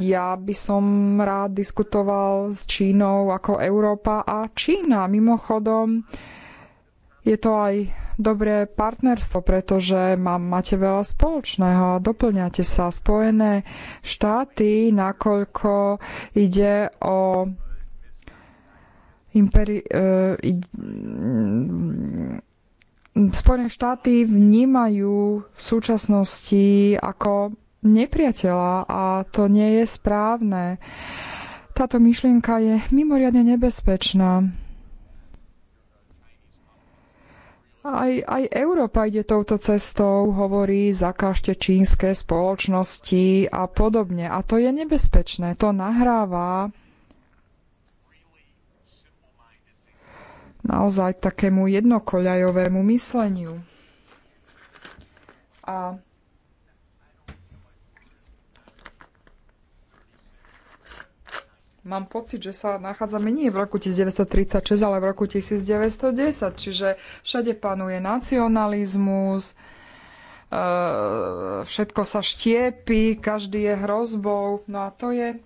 ja by som rád diskutoval s Čínou ako Európa a Čína. Mimochodom, je to aj dobré partnerstvo, pretože má, máte veľa spoločného a doplňate sa. Spojené štáty, nakoľko ide o imperi- e, Spojené štáty vnímajú v súčasnosti ako nepriateľa a to nie je správne. Táto myšlienka je mimoriadne nebezpečná. Aj, aj Európa ide touto cestou, hovorí, zakážte čínske spoločnosti a podobne. A to je nebezpečné. To nahráva naozaj takému jednokoľajovému mysleniu. A Mám pocit, že sa nachádzame nie v roku 1936, ale v roku 1910, čiže všade panuje nacionalizmus, e, všetko sa štiepi, každý je hrozbou. No a to je,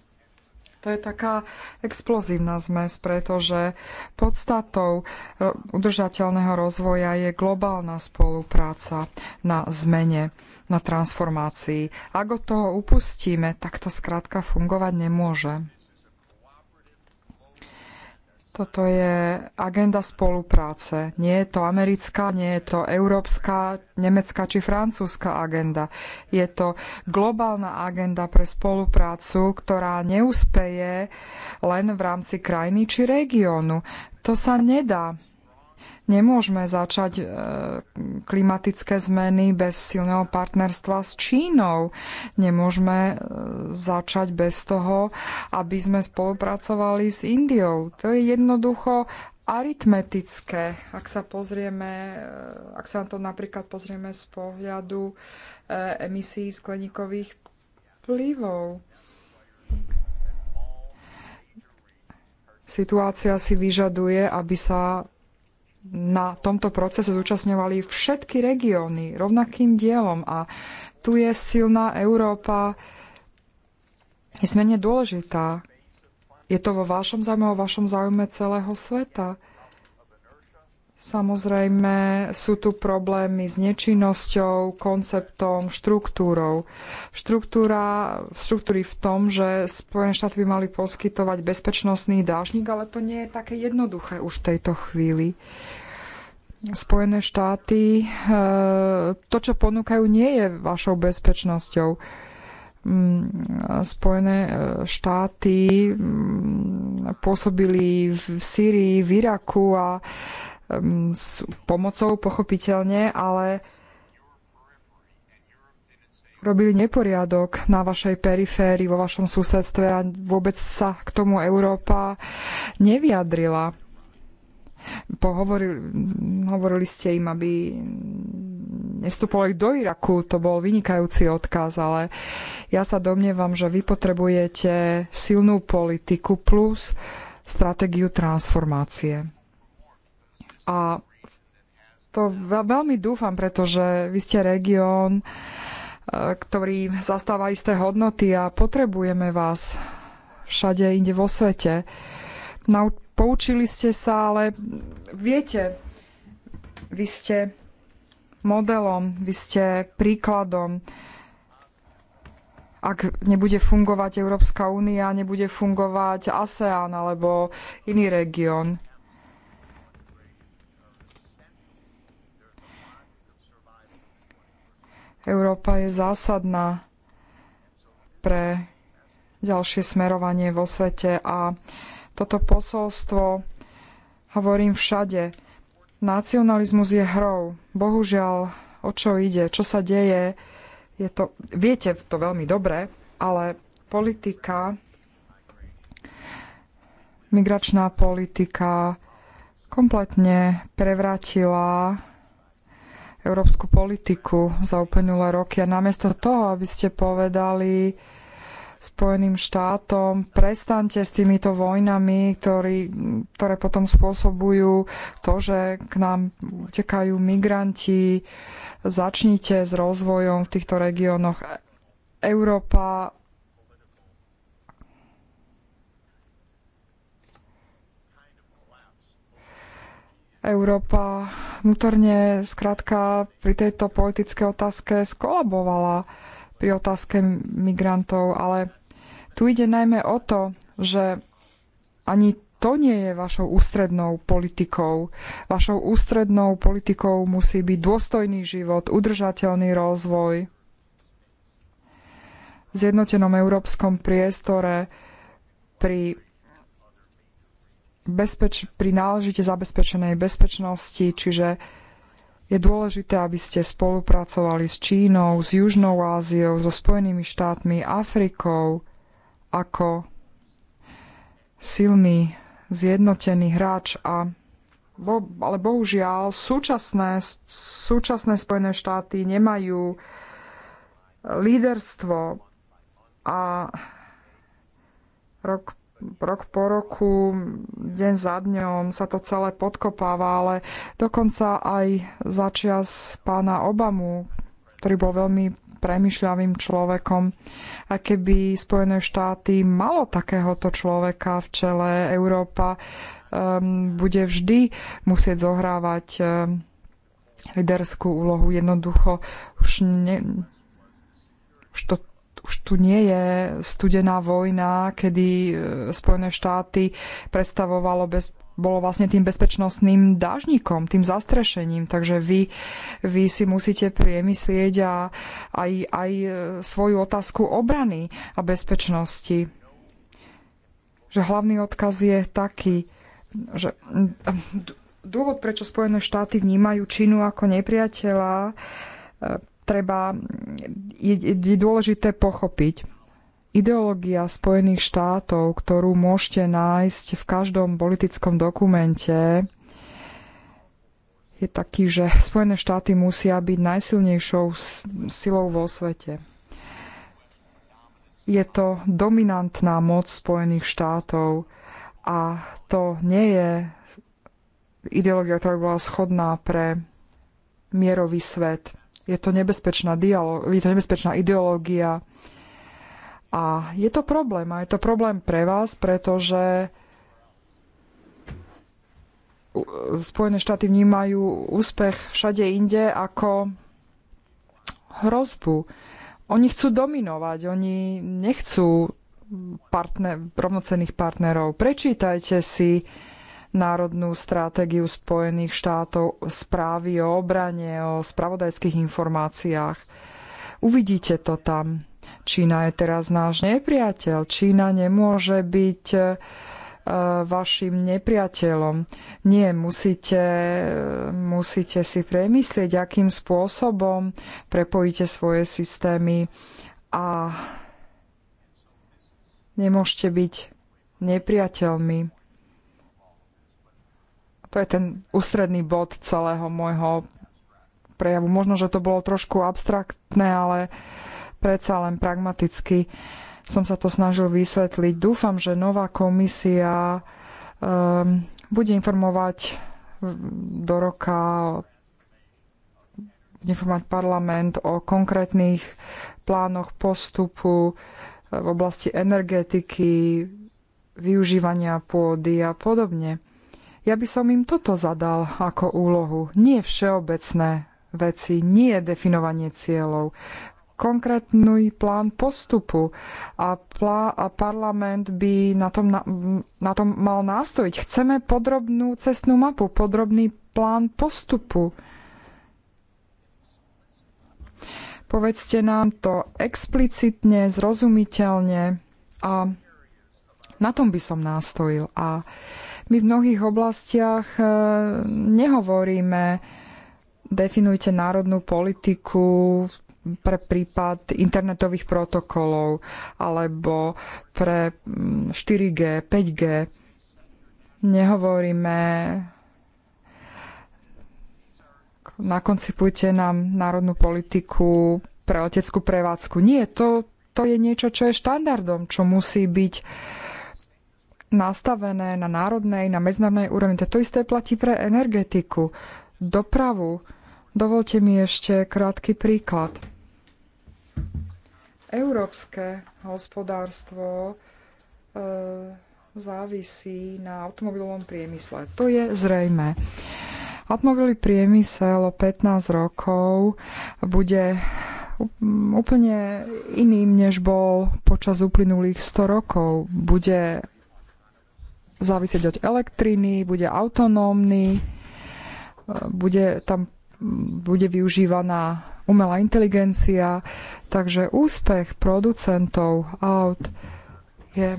to je taká explozívna zmes, pretože podstatou e, udržateľného rozvoja je globálna spolupráca na zmene na transformácii. Ak od toho upustíme, tak to skrátka fungovať nemôže. Toto je agenda spolupráce. Nie je to americká, nie je to európska, nemecká či francúzska agenda. Je to globálna agenda pre spoluprácu, ktorá neúspeje len v rámci krajiny či regiónu. To sa nedá. Nemôžeme začať e, klimatické zmeny bez silného partnerstva s Čínou. Nemôžeme e, začať bez toho, aby sme spolupracovali s Indiou. To je jednoducho aritmetické. Ak sa pozrieme, e, ak sa na to napríklad pozrieme z pohľadu emisí skleníkových plivov. Situácia si vyžaduje, aby sa na tomto procese zúčastňovali všetky regióny rovnakým dielom a tu je silná Európa nesmierne dôležitá. Je to vo vašom záujme, vo vašom záujme celého sveta. Samozrejme sú tu problémy s nečinnosťou, konceptom, štruktúrou. Štruktúra, štruktúry v tom, že Spojené štáty by mali poskytovať bezpečnostný dážnik, ale to nie je také jednoduché už v tejto chvíli. Spojené štáty, e, to, čo ponúkajú, nie je vašou bezpečnosťou. Mm, Spojené e, štáty mm, pôsobili v Sýrii, v Iraku a Um, s pomocou pochopiteľne, ale robili neporiadok na vašej periférii, vo vašom susedstve a vôbec sa k tomu Európa nevyjadrila. Pohovorili, hovorili ste im, aby nevstupovali do Iraku, to bol vynikajúci odkaz, ale ja sa domnievam, že vy potrebujete silnú politiku plus stratégiu transformácie. A to veľmi dúfam, pretože vy ste región, e, ktorý zastáva isté hodnoty a potrebujeme vás všade inde vo svete. Poučili ste sa, ale viete, vy ste modelom, vy ste príkladom. Ak nebude fungovať Európska únia, nebude fungovať ASEAN alebo iný región. Európa je zásadná pre ďalšie smerovanie vo svete a toto posolstvo hovorím všade. Nacionalizmus je hrou. Bohužiaľ, o čo ide, čo sa deje, je to, viete to veľmi dobre, ale politika, migračná politika kompletne prevrátila európsku politiku za uplynulé roky a namiesto toho, aby ste povedali Spojeným štátom, prestante s týmito vojnami, ktorý, ktoré potom spôsobujú to, že k nám utekajú migranti, začnite s rozvojom v týchto regiónoch. Európa Európa vnútorne zkrátka pri tejto politickej otázke skolabovala pri otázke migrantov, ale tu ide najmä o to, že ani to nie je vašou ústrednou politikou. Vašou ústrednou politikou musí byť dôstojný život, udržateľný rozvoj v zjednotenom európskom priestore pri bezpeč- pri náležite zabezpečenej bezpečnosti, čiže je dôležité, aby ste spolupracovali s Čínou, s Južnou Áziou, so Spojenými štátmi, Afrikou ako silný zjednotený hráč a bo, ale bohužiaľ súčasné, súčasné Spojené štáty nemajú líderstvo a rok rok po roku, deň za dňom sa to celé podkopáva, ale dokonca aj začias pána Obamu, ktorý bol veľmi premyšľavým človekom. A keby Spojené štáty malo takéhoto človeka v čele, Európa um, bude vždy musieť zohrávať um, liderskú úlohu. Jednoducho už, ne, už to už tu nie je studená vojna, kedy e, Spojené štáty predstavovalo bez, bolo vlastne tým bezpečnostným dážnikom, tým zastrešením. Takže vy, vy si musíte priemyslieť a, aj, aj e, svoju otázku obrany a bezpečnosti. Že hlavný odkaz je taký, že dôvod, prečo Spojené štáty vnímajú Čínu ako nepriateľa, e, treba, je, je dôležité pochopiť. Ideológia Spojených štátov, ktorú môžete nájsť v každom politickom dokumente, je taký, že Spojené štáty musia byť najsilnejšou silou vo svete. Je to dominantná moc Spojených štátov a to nie je ideológia, ktorá bola schodná pre mierový svet je to nebezpečná, dialog, je to nebezpečná ideológia. A je to problém. A je to problém pre vás, pretože Spojené štáty vnímajú úspech všade inde ako hrozbu. Oni chcú dominovať, oni nechcú partner, rovnocenných partnerov. Prečítajte si národnú stratégiu Spojených štátov, správy o obrane, o spravodajských informáciách. Uvidíte to tam. Čína je teraz náš nepriateľ. Čína nemôže byť e, vašim nepriateľom. Nie, musíte, musíte si premyslieť, akým spôsobom prepojíte svoje systémy a nemôžete byť nepriateľmi. To je ten ústredný bod celého môjho prejavu. Možno, že to bolo trošku abstraktné, ale predsa len pragmaticky som sa to snažil vysvetliť. Dúfam, že nová komisia um, bude informovať do roka informovať parlament o konkrétnych plánoch postupu e, v oblasti energetiky, využívania pôdy a podobne. Ja by som im toto zadal ako úlohu. Nie všeobecné veci, nie definovanie cieľov konkrétny plán postupu a, plá, a parlament by na tom, na, na tom mal nástojiť. Chceme podrobnú cestnú mapu, podrobný plán postupu. Povedzte nám to explicitne, zrozumiteľne a na tom by som nástojil. A my v mnohých oblastiach e, nehovoríme, definujte národnú politiku pre prípad internetových protokolov alebo pre 4G, mm, 5G. Nehovoríme nakoncipujte nám národnú politiku pre leteckú prevádzku. Nie, to, to je niečo, čo je štandardom, čo musí byť uh, nastavené na národnej, na medzinárodnej úrovni. To isté platí pre energetiku, dopravu. Dovolte mi ešte krátky príklad. Európske hospodárstvo e, závisí na automobilovom priemysle. To je zrejme. Automobilový priemysel o 15 rokov bude úplne iným, než bol počas uplynulých 100 rokov. Bude závisieť od elektriny, bude autonómny, e, bude tam bude využívaná umelá inteligencia, takže úspech producentov aut je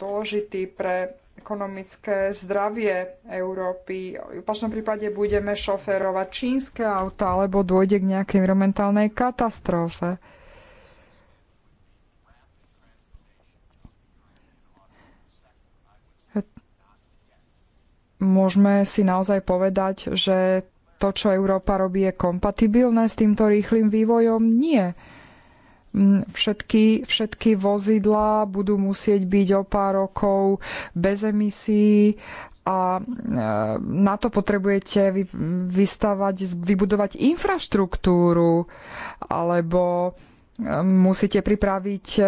dôležitý pre ekonomické zdravie Európy. V opačnom prípade budeme šoférovať čínske auta alebo dôjde k nejakej environmentálnej katastrofe. môžeme si naozaj povedať, že to, čo Európa robí, je kompatibilné s týmto rýchlým vývojom? Nie. Mm, všetky, všetky vozidlá budú musieť byť o pár rokov bez emisí a e, na to potrebujete vystavať, vybudovať infraštruktúru alebo e, musíte pripraviť e,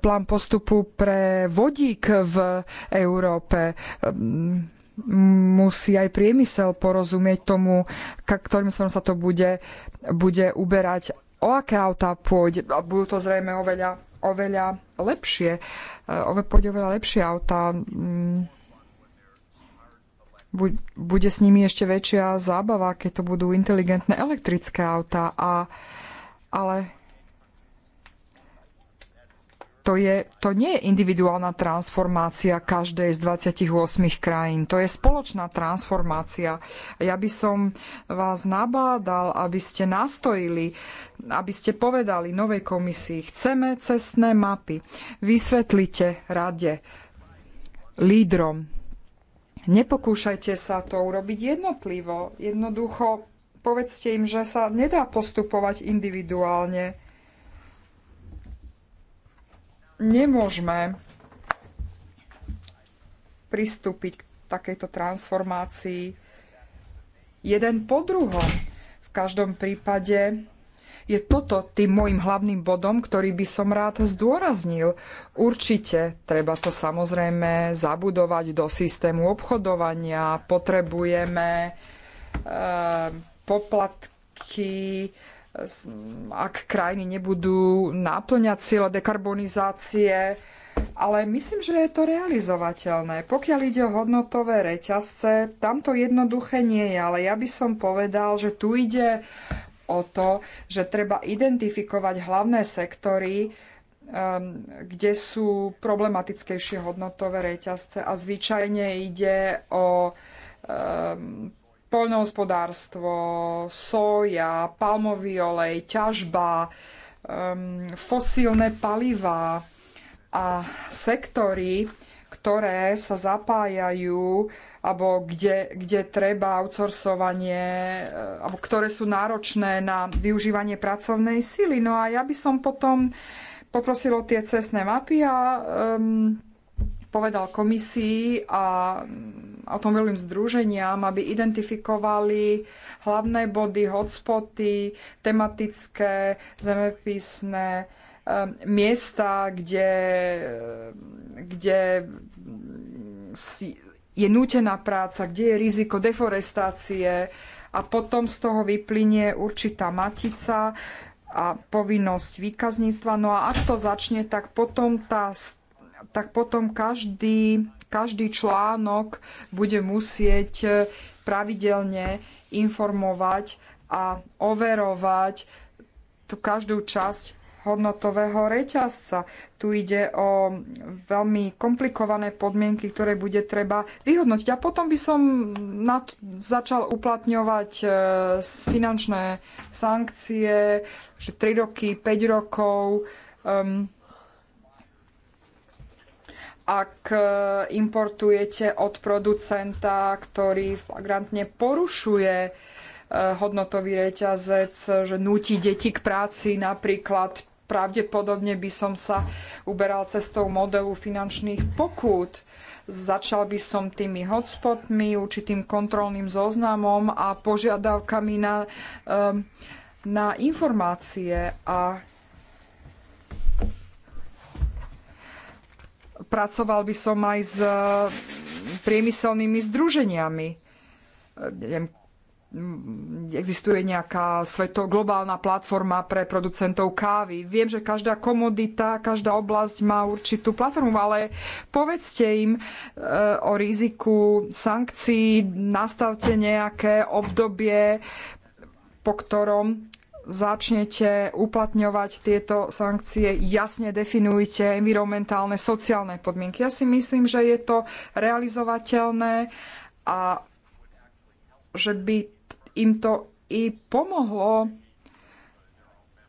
plán postupu pre vodík v Európe musí aj priemysel porozumieť tomu, ktorým smerom sa to bude, bude uberať, o aké autá pôjde. A budú to zrejme oveľa, oveľa lepšie. Eh, ove, pôjde oveľa lepšie autá. Mm. Bude s nimi ešte väčšia zábava, keď to budú inteligentné elektrické autá. A, ale to, je, to nie je individuálna transformácia každej z 28 krajín. To je spoločná transformácia. Ja by som vás nabádal, aby ste nastojili, aby ste povedali novej komisii, chceme cestné mapy. Vysvetlite rade, lídrom. Nepokúšajte sa to urobiť jednotlivo. Jednoducho povedzte im, že sa nedá postupovať individuálne nemôžeme pristúpiť k takejto transformácii jeden po druhom. V každom prípade je toto tým môjim hlavným bodom, ktorý by som rád zdôraznil. Určite treba to samozrejme zabudovať do systému obchodovania, potrebujeme e, poplatky, e, ak krajiny nebudú náplňať cieľa dekarbonizácie, ale myslím, že je to realizovateľné. Pokiaľ ide o hodnotové reťazce, tam to jednoduché nie je, ale ja by som povedal, že tu ide o to, že treba identifikovať hlavné sektory, ehm, kde sú problematickejšie hodnotové reťazce a zvyčajne ide o ehm, poľnohospodárstvo, soja, palmový olej, ťažba, um, fosílne paliva a sektory, ktoré sa zapájajú alebo kde, kde treba outsourcovanie, eh, alebo ktoré sú náročné na využívanie pracovnej sily. No a ja by som potom poprosil o tie cestné mapy a um, povedal komisii a mm, automobilovým združeniam, aby identifikovali hlavné body, hotspoty, tematické, zemepisné miesta, kde, kde si, je nútená práca, kde je riziko deforestácie a potom z toho vyplynie určitá matica a povinnosť výkazníctva. No a ak to začne, tak potom tá tak potom každý, každý článok bude musieť e, pravidelne informovať a overovať tú každú časť hodnotového reťazca. Tu ide o veľmi komplikované podmienky, ktoré bude treba vyhodnotiť. A potom by som začal uplatňovať e, finančné sankcie, že 3 roky, 5 rokov. Um, ak e, importujete od producenta, ktorý flagrantne porušuje e, hodnotový reťazec, že nutí deti k práci napríklad, pravdepodobne by som sa uberal cestou modelu finančných pokút. Začal by som tými hotspotmi, určitým kontrolným zoznamom a požiadavkami na, e, na informácie a pracoval by som aj s eh, priemyselnými združeniami. Neviem, existuje nejaká sveto, globálna platforma pre producentov kávy. Viem, že každá komodita, každá oblasť má určitú platformu, ale povedzte im eh, o riziku sankcií, nastavte nejaké obdobie, po ktorom začnete uplatňovať tieto sankcie, jasne definujte environmentálne, sociálne podmienky. Ja si myslím, že je to realizovateľné a že by im to i pomohlo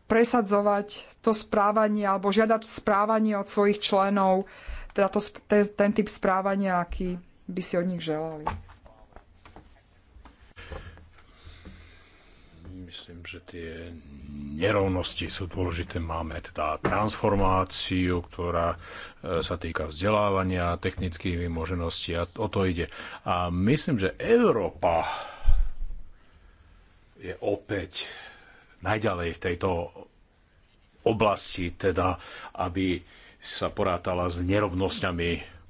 presadzovať to správanie alebo žiadať správanie od svojich členov, teda to, ten, ten typ správania, aký by si od nich želali. myslím, že tie nerovnosti sú dôležité. Máme teda transformáciu, ktorá e, sa týka vzdelávania, technických vymožeností a o to ide. A myslím, že Európa je opäť najďalej v tejto oblasti, teda aby sa porátala s nerovnosťami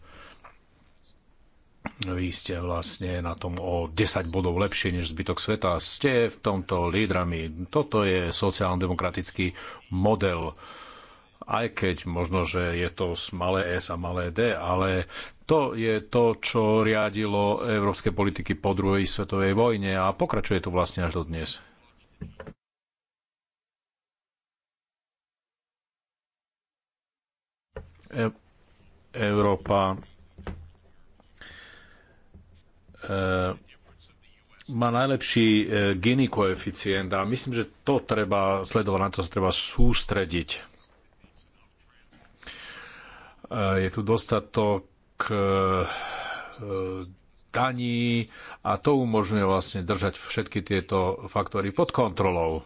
vy ste vlastne na tom o 10 bodov lepšie než zbytok sveta. Ste v tomto lídrami. Toto je sociálno-demokratický model. Aj keď možno, že je to malé S a malé D, ale to je to, čo riadilo európske politiky po druhej svetovej vojne a pokračuje to vlastne až do dnes. E- Európa E, má najlepší e, Gini koeficient a myslím, že to treba sledovať, na to sa treba sústrediť. E, je tu dostatok daní a to umožňuje vlastne držať všetky tieto faktory pod kontrolou.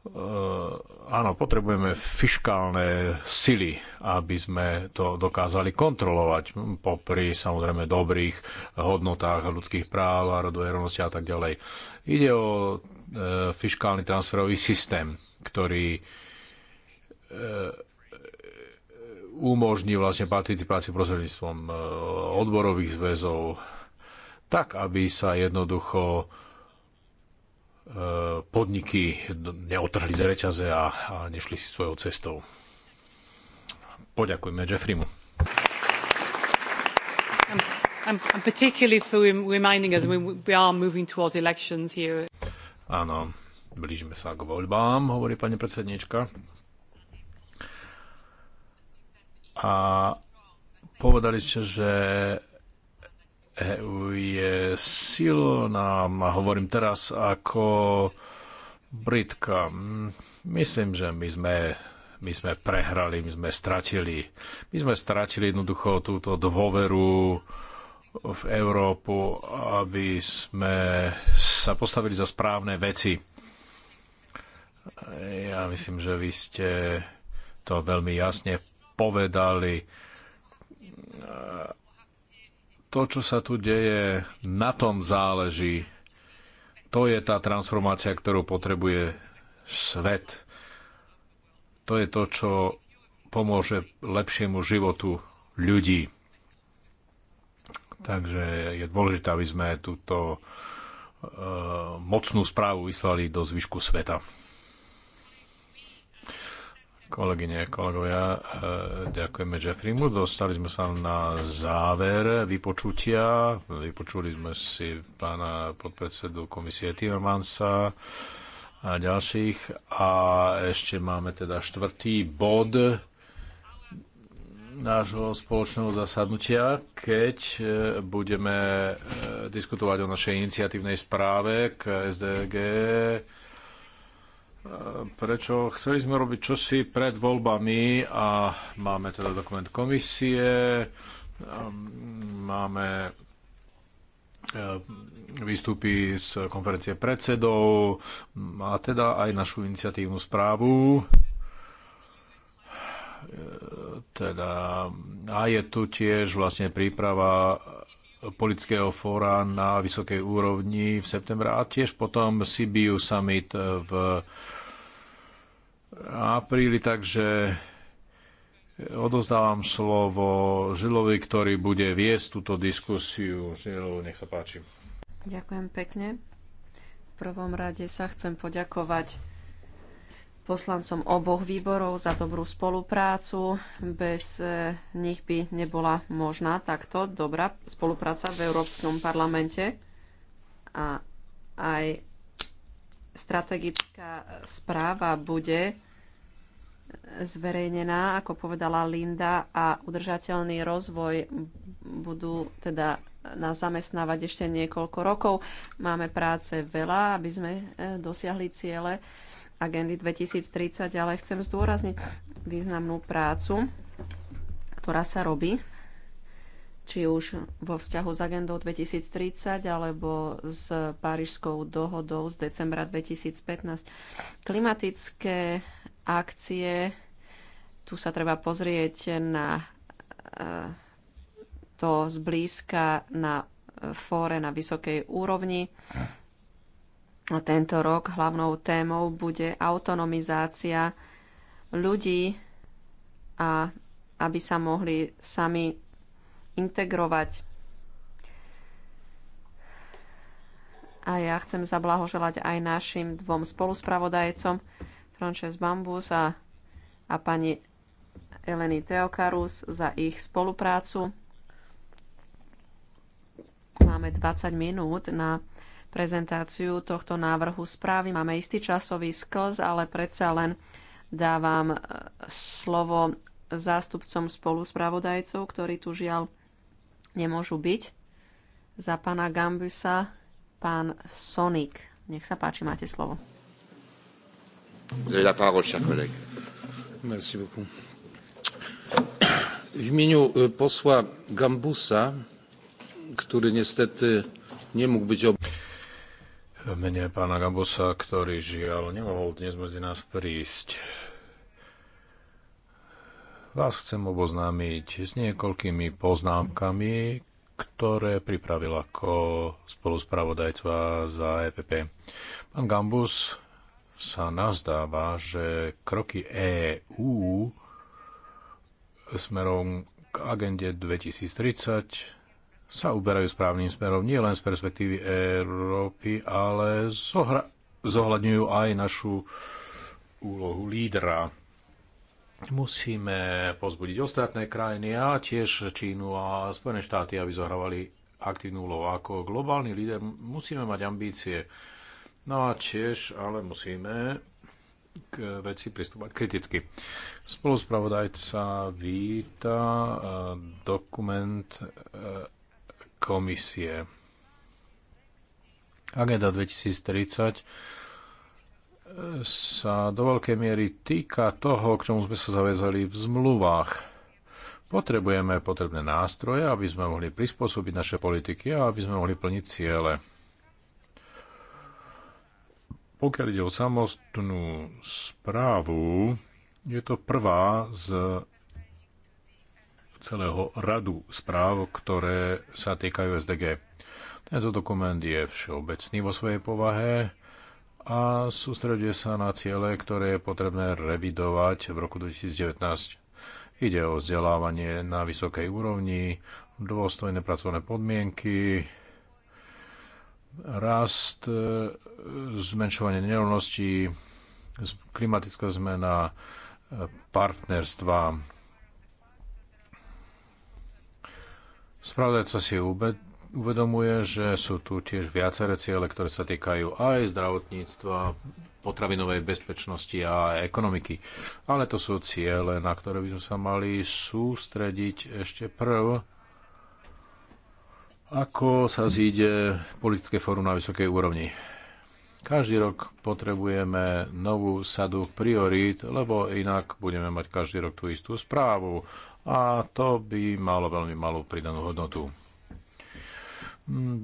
Eh, áno, potrebujeme fiškálne sily, aby sme to dokázali kontrolovať popri samozrejme dobrých hodnotách ľudských práv a rodovej rovnosti a tak ďalej. Ide o e, fiškálny transferový systém, ktorý e, umožní vlastne participáciu prostredníctvom odborových zväzov, tak aby sa jednoducho podniky neotrhli z reťaze a, a nešli si svojou cestou. Poďakujme Jeffrimu. Áno, blížime sa k voľbám, hovorí pani predsednička. A povedali ste, že EU je silná, a hovorím teraz ako Britka. Myslím, že my sme, my sme prehrali, my sme stratili. My sme stratili jednoducho túto dôveru v Európu, aby sme sa postavili za správne veci. Ja myslím, že vy ste to veľmi jasne povedali to, čo sa tu deje, na tom záleží. To je tá transformácia, ktorú potrebuje svet. To je to, čo pomôže lepšiemu životu ľudí. Takže je dôležité, aby sme túto eh, mocnú správu vyslali do zvyšku sveta. Kolegyne, kolegovia, e, ďakujeme Jeffreymu. Dostali sme sa na záver vypočutia. Vypočuli sme si pána podpredsedu komisie Timmermansa a ďalších. A ešte máme teda štvrtý bod nášho spoločného zasadnutia, keď e, budeme e, diskutovať o našej iniciatívnej správe k SDG prečo chceli sme robiť čosi pred voľbami a máme teda dokument komisie, um, máme um, výstupy z konferencie predsedov a teda aj našu iniciatívnu správu. E, teda a je tu tiež vlastne príprava politického fóra na vysokej úrovni v septembra a tiež potom Sibiu summit v apríli, takže odozdávam slovo Žilovi, ktorý bude viesť túto diskusiu. Žilov, nech sa páči. Ďakujem pekne. V prvom rade sa chcem poďakovať poslancom oboch výborov za dobrú spoluprácu. Bez e, nich by nebola možná takto dobrá spolupráca v Európskom parlamente a aj strategická správa bude zverejnená, ako povedala Linda, a udržateľný rozvoj budú teda nás zamestnávať ešte niekoľko rokov. Máme práce veľa, aby sme e, dosiahli ciele agendy 2030, ale chcem zdôrazniť významnú prácu, ktorá sa robí, či už vo vzťahu s agendou 2030 alebo s Parížskou dohodou z decembra 2015. Klimatické akcie, tu sa treba pozrieť na eh, to zblízka na eh, fóre na vysokej úrovni tento rok hlavnou témou bude autonomizácia ľudí a aby sa mohli sami integrovať. A ja chcem zablahoželať aj našim dvom spoluspravodajcom, Frances Bambus a, a pani Eleni Teokarus za ich spoluprácu. Máme 20 minút na prezentáciu tohto návrhu správy. Máme istý časový sklz, ale predsa len dávam e, slovo zástupcom spoluspravodajcov, ktorí tu žiaľ nemôžu byť. Za pána Gambusa pán Sonik. Nech sa páči, máte slovo. Merci beaucoup. V imieniu e, posla Gambusa, ktorý niestety nie byť obrý v mene pána Gabosa, ktorý žiaľ nemohol dnes medzi nás prísť. Vás chcem oboznámiť s niekoľkými poznámkami, ktoré pripravil ako spoluspravodajca za EPP. Pán Gambus sa nazdáva, že kroky EÚ smerom k agende 2030 sa uberajú správnym smerom nie len z perspektívy Európy, ale zohra- zohľadňujú aj našu úlohu lídra. Musíme pozbudiť ostatné krajiny a tiež Čínu a Spojené štáty, aby zohrávali aktívnu úlohu. Ako globálny líder musíme mať ambície. No a tiež ale musíme k veci pristúpať kriticky. Spoluspravodajca víta eh, dokument eh, komisie. Agenda 2030 e, sa do veľkej miery týka toho, k čomu sme sa zavezali v zmluvách. Potrebujeme potrebné nástroje, aby sme mohli prispôsobiť naše politiky a aby sme mohli plniť ciele. Pokiaľ ide o samotnú správu, je to prvá z celého radu správ, ktoré sa týkajú SDG. Tento dokument je všeobecný vo svojej povahe a sústreduje sa na ciele, ktoré je potrebné revidovať v roku 2019. Ide o vzdelávanie na vysokej úrovni, dôstojné pracovné podmienky, rast, zmenšovanie nerovností, klimatická zmena, partnerstva, Spravodajca si uvedomuje, že sú tu tiež viaceré ciele, ktoré sa týkajú aj zdravotníctva, potravinovej bezpečnosti a ekonomiky. Ale to sú ciele, na ktoré by sme sa mali sústrediť ešte prv, ako sa zíde politické fórum na vysokej úrovni. Každý rok potrebujeme novú sadu priorít, lebo inak budeme mať každý rok tú istú správu a to by malo veľmi malú pridanú hodnotu.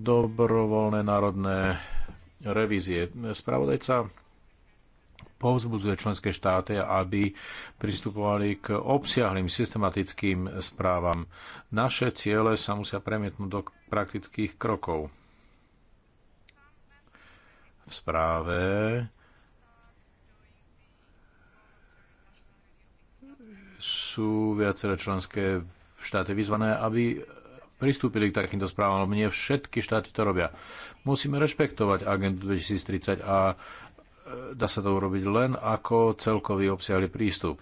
Dobrovoľné národné revízie. Spravodajca povzbudzuje členské štáty, aby pristupovali k obsiahlým systematickým správam. Naše ciele sa musia premietnúť do praktických krokov. V správe sú viaceré členské štáty vyzvané, aby pristúpili k takýmto správam, lebo nie všetky štáty to robia. Musíme rešpektovať agendu 2030 a e, dá sa to urobiť len ako celkový obsiahly prístup.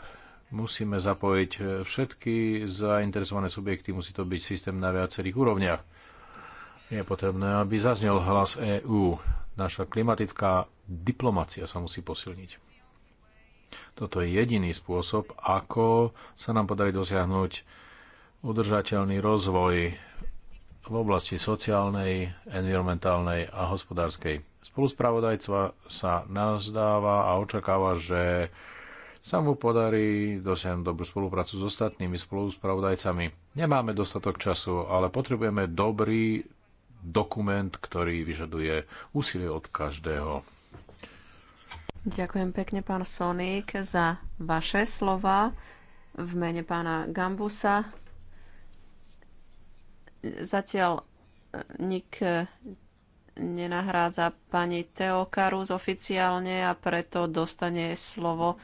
Musíme zapojiť e, všetky zainteresované subjekty, musí to byť systém na viacerých úrovniach. Je potrebné, aby zaznel hlas EÚ. Naša klimatická diplomacia sa musí posilniť. Toto je jediný spôsob, ako sa nám podarí dosiahnuť udržateľný rozvoj v oblasti sociálnej, environmentálnej a hospodárskej. Spoluspravodajca sa nazdáva a očakáva, že sa mu podarí dosiahnuť dobrú spoluprácu s ostatnými spoluspravodajcami. Nemáme dostatok času, ale potrebujeme dobrý dokument, ktorý vyžaduje úsilie od každého. Ďakujem pekne, pán Sonik, za vaše slova v mene pána Gambusa. Zatiaľ e, nik e, nenahrádza pani Teokarus oficiálne a preto dostane slovo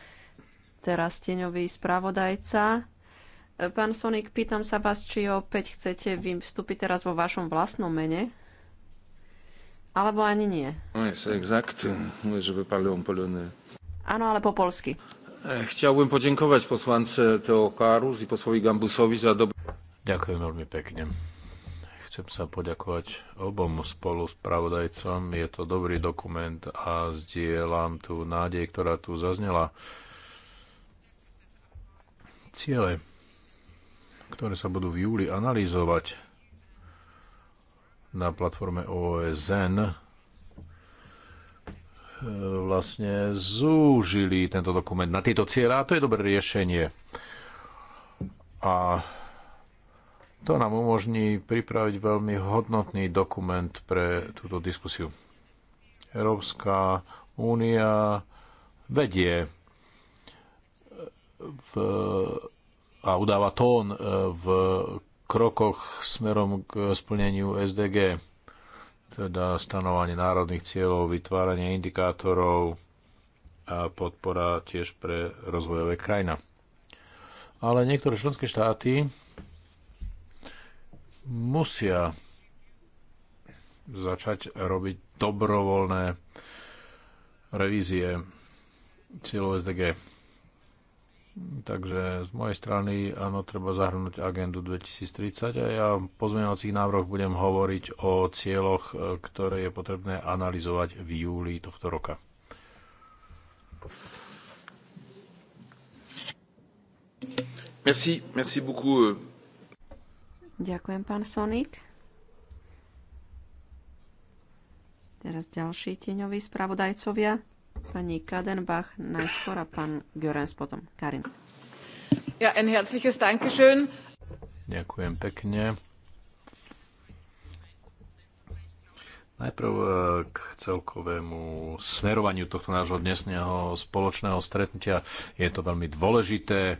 teraz teňový spravodajca. E, pán Sonik, pýtam sa vás, či opäť chcete vystúpiť teraz vo vašom vlastnom mene? Alebo ani nie. Áno, ale po polsky. E, chciałbym podziękować posłance Teo Karus i posłowi Gambusowi za dobrý... Ďakujem veľmi pekne. Chcem sa poďakovať obom spolu spravodajcom. Je to dobrý dokument a zdieľam tú nádej, ktorá tu zaznela. Ciele, ktoré sa budú v júli analyzovať, na platforme OSN e, vlastne zúžili tento dokument na tieto cieľa a to je dobré riešenie. A to nám umožní pripraviť veľmi hodnotný dokument pre túto diskusiu. Európska únia vedie e, v, a udáva tón e, v krokoch smerom k splneniu SDG, teda stanovanie národných cieľov, vytváranie indikátorov a podpora tiež pre rozvojové krajina. Ale niektoré členské štáty musia začať robiť dobrovoľné revízie cieľov SDG Takže z mojej strany áno, treba zahrnúť agendu 2030 a ja v pozmeňovacích návrhoch budem hovoriť o cieľoch, e, ktoré je potrebné analyzovať v júli tohto roka. Merci, merci beaucoup. E. Ďakujem, pán Sonik. Teraz ďalší tieňoví spravodajcovia. Pani Kadenbach najskôr a pán Görens potom. Karin. Ja, ein herzliches Dankeschön. Ďakujem pekne. Najprv eh, k celkovému smerovaniu tohto nášho dnesného spoločného stretnutia. Je to veľmi dôležité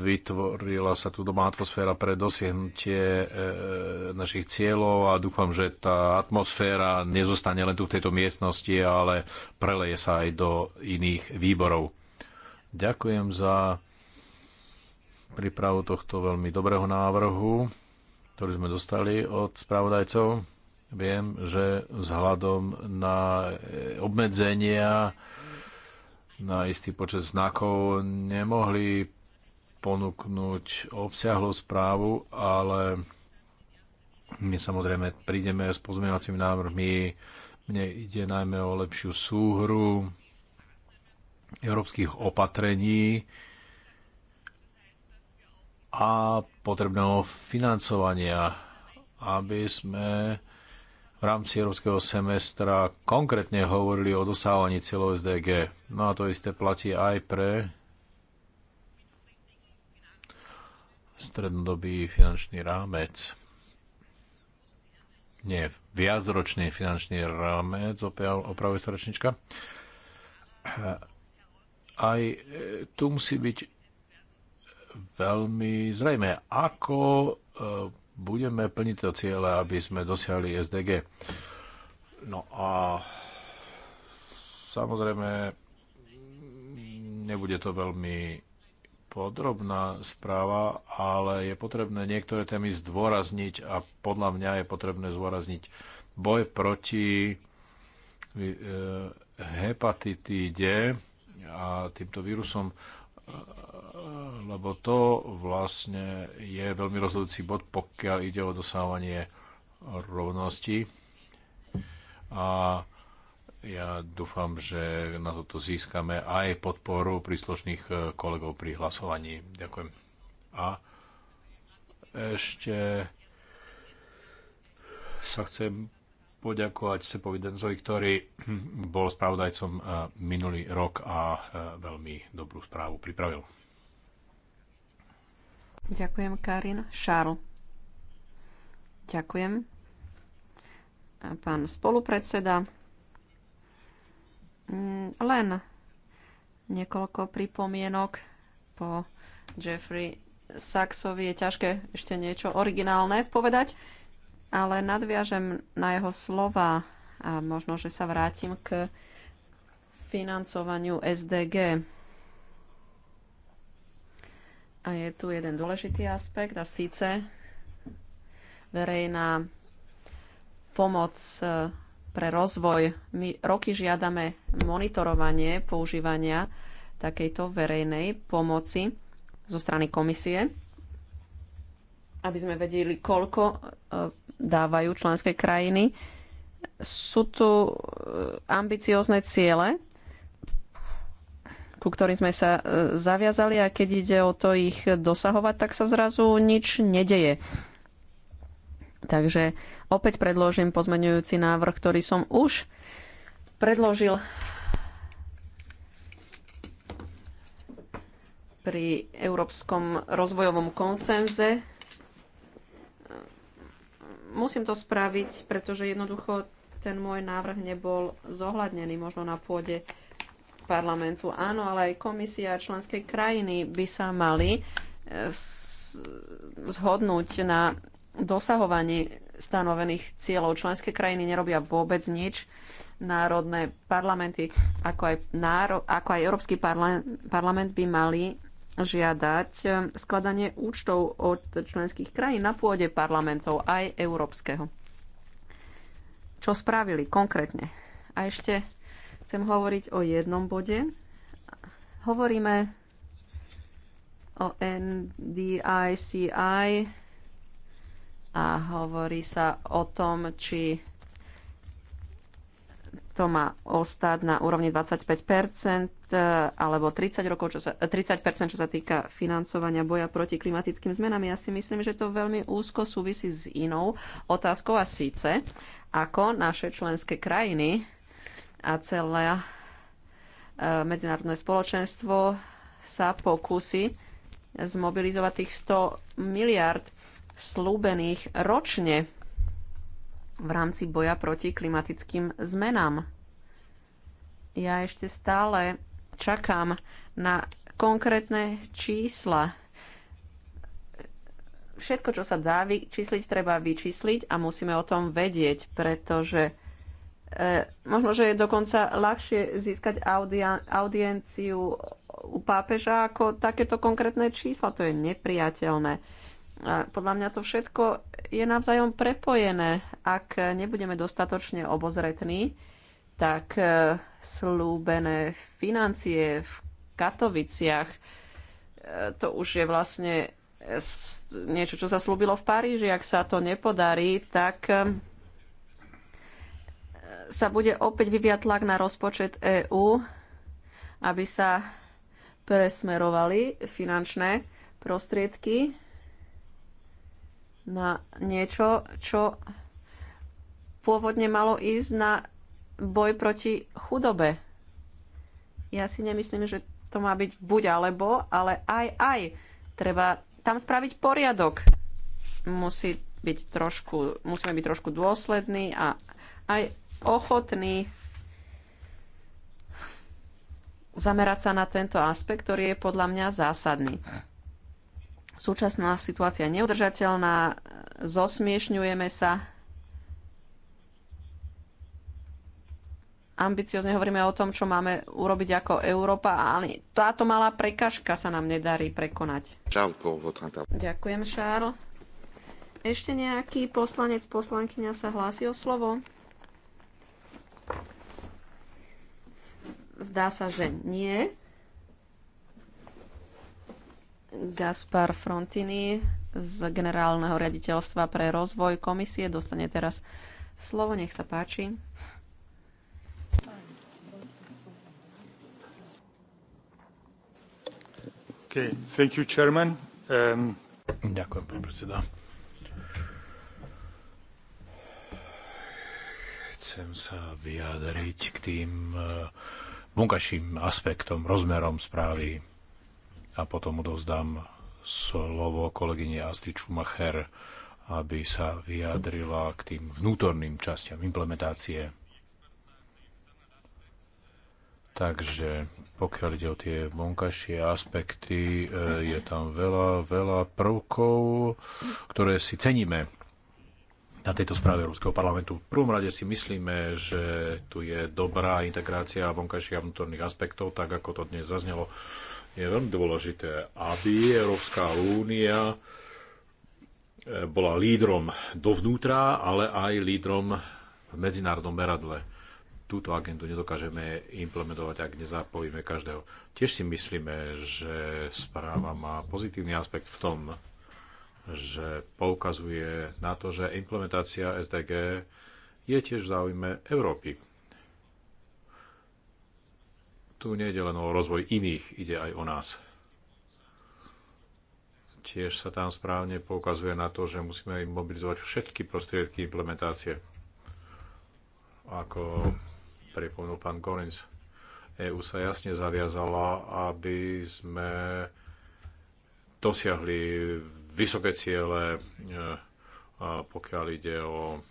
vytvorila sa tu doma atmosféra pre dosiahnutie e, našich cieľov a dúfam, že tá atmosféra nezostane len tu v tejto miestnosti, ale preleje sa aj do iných výborov. Ďakujem za prípravu tohto veľmi dobrého návrhu, ktorý sme dostali od spravodajcov. Viem, že vzhľadom na e, obmedzenia na istý počet znakov nemohli ponúknuť obsiahlu správu, ale my samozrejme prídeme s pozmeňovacími návrhmi. Mne ide najmä o lepšiu súhru európskych opatrení a potrebného financovania, aby sme v rámci európskeho semestra konkrétne hovorili o dosávaní cieľov SDG. No a to isté platí aj pre strednodobý finančný rámec. Nie, viacročný finančný rámec, opravuje sa ročnička, Aj e, tu musí byť veľmi zrejme, ako e, budeme plniť to cieľe, aby sme dosiahli SDG. No a samozrejme nebude to veľmi podrobná správa, ale je potrebné niektoré témy zdôrazniť a podľa mňa je potrebné zdôrazniť boj proti e, hepatitíde a týmto vírusom, e, lebo to vlastne je veľmi rozhodujúci bod, pokiaľ ide o dosávanie rovnosti. A ja dúfam, že na toto získame aj podporu príslušných e, kolegov pri hlasovaní. Ďakujem. A ešte sa chcem poďakovať Sepovi Denzovi, ktorý bol spravodajcom e, minulý rok a e, veľmi dobrú správu pripravil. Ďakujem, Karin. Šarl. Ďakujem. Pán spolupredseda, Mm, len niekoľko pripomienok po Jeffrey Saxovi je ťažké ešte niečo originálne povedať, ale nadviažem na jeho slova a možno, že sa vrátim k financovaniu SDG. A je tu jeden dôležitý aspekt a síce verejná pomoc eh, pre rozvoj. My roky žiadame monitorovanie používania takejto verejnej pomoci zo strany komisie, aby sme vedeli, koľko e, dávajú členské krajiny. Sú tu e, ambiciózne ciele, ku ktorým sme sa e, zaviazali a keď ide o to ich dosahovať, tak sa zrazu nič nedeje. Takže opäť predložím pozmeňujúci návrh, ktorý som už predložil pri Európskom rozvojovom konsenze. Musím to spraviť, pretože jednoducho ten môj návrh nebol zohľadnený možno na pôde parlamentu. Áno, ale aj komisia a členské krajiny by sa mali eh, zhodnúť na dosahovaní stanovených cieľov. Členské krajiny nerobia vôbec nič. Národné parlamenty, ako aj, náro, ako aj Európsky parlament by mali žiadať eh, skladanie účtov od členských krajín na pôde parlamentov aj európskeho. Čo spravili konkrétne? A ešte chcem hovoriť o jednom bode. Hovoríme o NDICI, a hovorí sa o tom, či to má ostať na úrovni 25 e, alebo 30, rokov, čo sa, 30 čo sa týka financovania boja proti klimatickým zmenám. Ja si myslím, že to veľmi úzko súvisí s inou otázkou a síce, ako naše členské krajiny a celé e, medzinárodné spoločenstvo sa pokusí zmobilizovať tých 100 miliard slúbených ročne v rámci boja proti klimatickým zmenám. Ja ešte stále čakám na konkrétne čísla. Všetko, čo sa dá vyčísliť, treba vyčísliť a musíme o tom vedieť, pretože e, možno, že je dokonca ľahšie získať audia, audienciu u pápeža ako takéto konkrétne čísla. To je nepriateľné a podľa mňa to všetko je navzájom prepojené. Ak nebudeme dostatočne obozretní, tak e, slúbené financie v Katoviciach, e, to už je vlastne e, niečo, čo sa slúbilo v Paríži. Ak sa to nepodarí, tak sa bude opäť vyviať tlak na rozpočet EÚ, aby sa presmerovali finančné prostriedky na niečo, čo pôvodne malo ísť na boj proti chudobe. Ja si nemyslím, že to má byť buď alebo, ale aj aj. Treba tam spraviť poriadok. Musí byť trošku, musíme byť trošku dôslední a aj ochotní zamerať sa na tento aspekt, ktorý je podľa mňa zásadný. Súčasná situácia neudržateľná, zosmiešňujeme sa. Ambiciozne hovoríme o tom, čo máme urobiť ako Európa, ale táto malá prekažka sa nám nedarí prekonať. Ďakujem, Šárl. Ešte nejaký poslanec, poslankyňa sa hlási o slovo? Zdá sa, že nie. Gaspar Frontini z Generálneho riaditeľstva pre rozvoj komisie dostane teraz slovo. Nech sa páči. Okay. You, um... Ďakujem, pán predseda. Chcem sa vyjadriť k tým eh, vonkajším aspektom, rozmerom správy a potom odovzdám slovo kolegyne Astrid Schumacher, aby sa vyjadrila k tým vnútorným častiam implementácie. Takže pokiaľ ide o tie vonkajšie aspekty, eh, je tam veľa, veľa prvkov, ktoré si ceníme na tejto správe Európskeho parlamentu. V prvom rade si myslíme, že tu je dobrá integrácia vonkajších a vnútorných aspektov, tak ako to dnes zaznelo je veľmi dôležité, aby Európska únia eh, bola lídrom dovnútra, ale aj lídrom v medzinárodnom meradle. Túto agendu nedokážeme implementovať, ak nezapojíme každého. Tiež si myslíme, že správa má pozitívny aspekt v tom, že poukazuje na to, že implementácia SDG je tiež v záujme Európy tu nejde len o rozvoj iných, ide aj o nás. Tiež sa tam správne poukazuje na to, že musíme mobilizovať všetky prostriedky implementácie. Ako pripomenul pán Gorins, EU sa jasne zaviazala, aby sme dosiahli vysoké ciele, e, pokiaľ ide o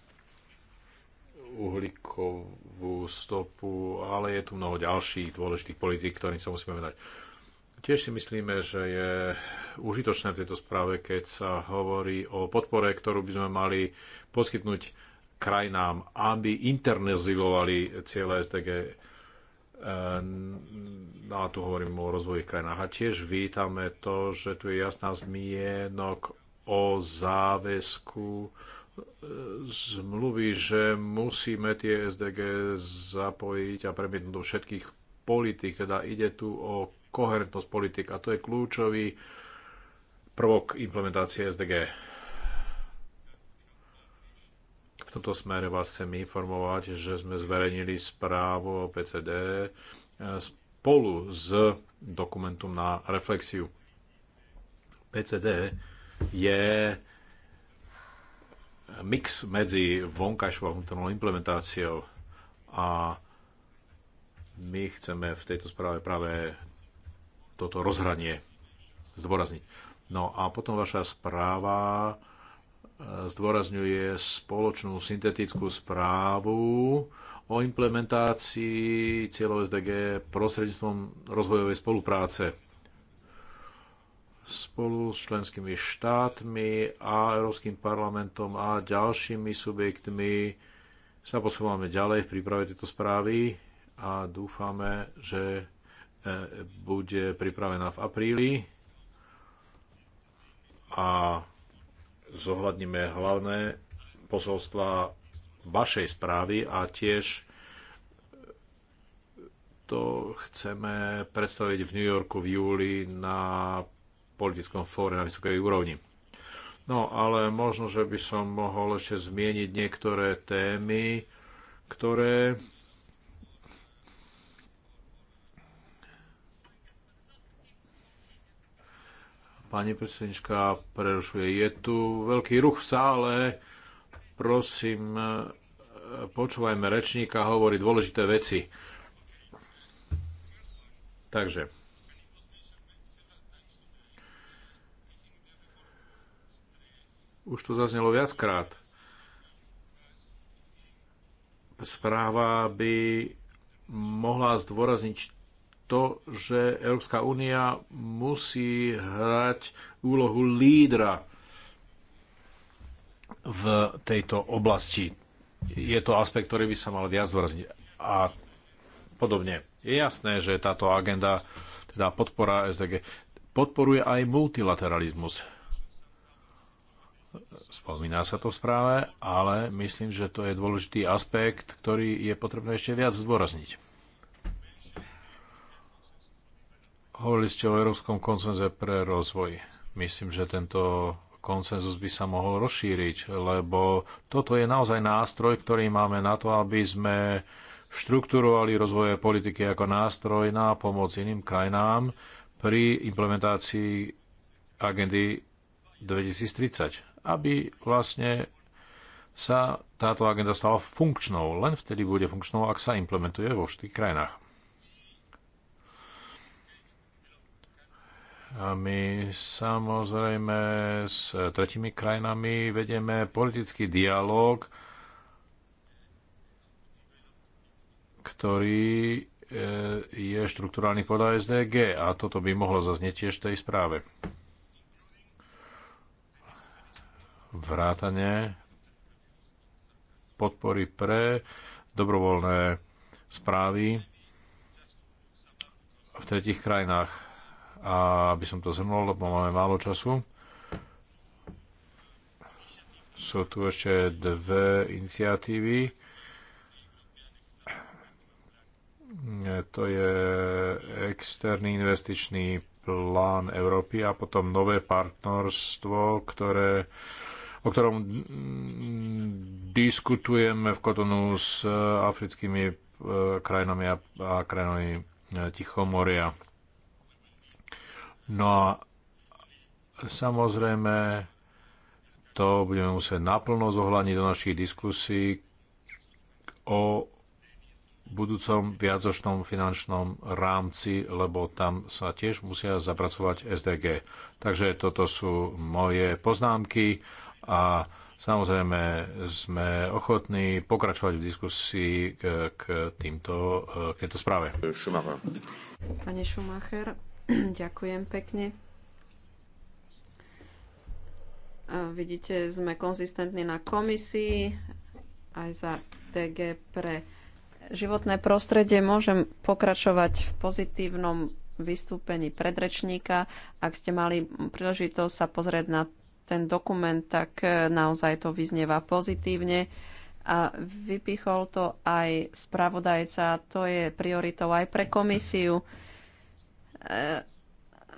uhlíkovú stopu, ale je tu mnoho ďalších dôležitých politík, ktorým sa musíme venovať. Tiež si myslíme, že je užitočné v tejto správe, keď sa hovorí o podpore, ktorú by sme mali poskytnúť krajinám, aby internezilovali cieľe SDG. E, no a tu hovorím o rozvojových krajinách. A tiež vítame to, že tu je jasná zmienok o záväzku zmluvy, že musíme tie SDG zapojiť a premietnúť do všetkých politik, teda ide tu o koherentnosť politik a to je kľúčový prvok implementácie SDG. V tomto smere vás chcem informovať, že sme zverejnili správu o PCD e, spolu s dokumentom na reflexiu. PCD je mix medzi vonkajšou a vnútornou implementáciou a my chceme v tejto správe práve toto rozhranie zdôrazniť. No a potom vaša správa e, zdôrazňuje spoločnú syntetickú správu o implementácii cieľov SDG prostredníctvom rozvojovej spolupráce spolu s členskými štátmi a Európskym parlamentom a ďalšími subjektmi sa posúvame ďalej v príprave tejto správy a dúfame, že e, bude pripravená v apríli a zohľadníme hlavné posolstva vašej správy a tiež to chceme predstaviť v New Yorku v júli na politickom fóre na vysokej úrovni. No ale možno, že by som mohol ešte zmieniť niektoré témy, ktoré Pani predsednička prerušuje. Je tu veľký ruch v sále. Prosím, počúvajme rečníka, hovorí dôležité veci. Takže už to zaznelo viackrát. Správa by mohla zdôrazniť to, že Európska únia musí hrať úlohu lídra v tejto oblasti. Je to aspekt, ktorý by sa mal viac zvrazniť. A podobne. Je jasné, že táto agenda, teda podpora SDG, podporuje aj multilateralizmus Spomína sa to v správe, ale myslím, že to je dôležitý aspekt, ktorý je potrebné ešte viac zdôrazniť. Hovorili ste o Európskom koncenze pre rozvoj. Myslím, že tento konsenzus by sa mohol rozšíriť, lebo toto je naozaj nástroj, ktorý máme na to, aby sme štruktúrovali rozvoje politiky ako nástroj na pomoc iným krajinám pri implementácii agendy 2030 aby vlastne sa táto agenda stala funkčnou. Len vtedy bude funkčnou, ak sa implementuje vo všetkých krajinách. A my samozrejme s tretimi krajinami vedieme politický dialog, ktorý e, je štruktúrálny podľa SDG a toto by mohlo zaznieť tiež v tej správe vrátane podpory pre dobrovoľné správy v tretich krajinách. A aby som to zhrnul, lebo máme málo času, sú tu ešte dve iniciatívy. To je externý investičný plán Európy a potom nové partnerstvo, ktoré o ktorom mm, diskutujeme v Kotonu s e, africkými e, krajinami a, a krajinami e, Tichomoria. No a samozrejme to budeme musieť naplno zohľadniť do našich diskusí o budúcom viacočnom finančnom rámci, lebo tam sa tiež musia zapracovať SDG. Takže toto sú moje poznámky a samozrejme sme ochotní pokračovať v diskusii k, e, k, týmto, e, k tejto správe. Schumacher. Pane Schumacher, ďakujem pekne. E, vidíte, sme konzistentní na komisii aj za TG pre životné prostredie. Môžem pokračovať v pozitívnom vystúpení predrečníka. Ak ste mali príležitosť sa pozrieť na ten dokument, tak e, naozaj to vyznieva pozitívne. A vypichol to aj spravodajca, to je prioritou aj pre komisiu. E,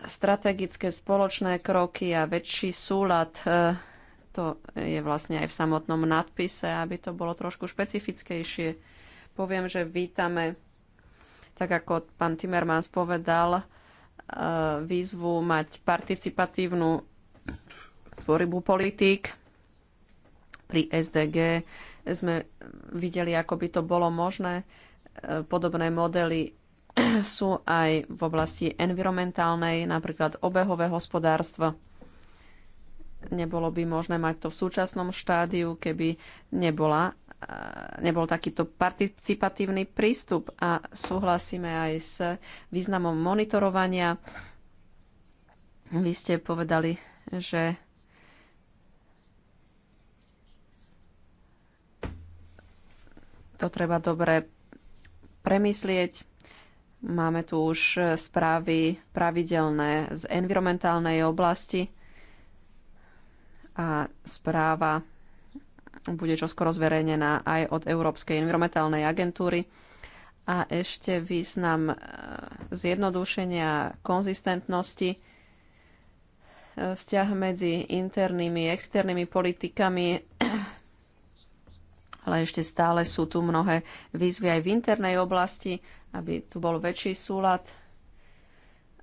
strategické spoločné kroky a väčší súlad, e, to je vlastne aj v samotnom nadpise, aby to bolo trošku špecifickejšie. Poviem, že vítame, tak ako pán Timmermans povedal, výzvu mať participatívnu tvorbu politík. Pri SDG sme videli, ako by to bolo možné. E, podobné modely sú aj v oblasti environmentálnej, napríklad obehové hospodárstvo. Nebolo by možné mať to v súčasnom štádiu, keby nebola e, nebol takýto participatívny prístup a súhlasíme aj s významom monitorovania. Vy ste povedali, že To treba dobre premyslieť. Máme tu už správy pravidelné z environmentálnej oblasti a správa bude čoskoro zverejnená aj od Európskej environmentálnej agentúry. A ešte význam e, zjednodušenia konzistentnosti e, vzťah medzi internými a externými politikami ale ešte stále sú tu mnohé výzvy aj v internej oblasti, aby tu bol väčší súlad.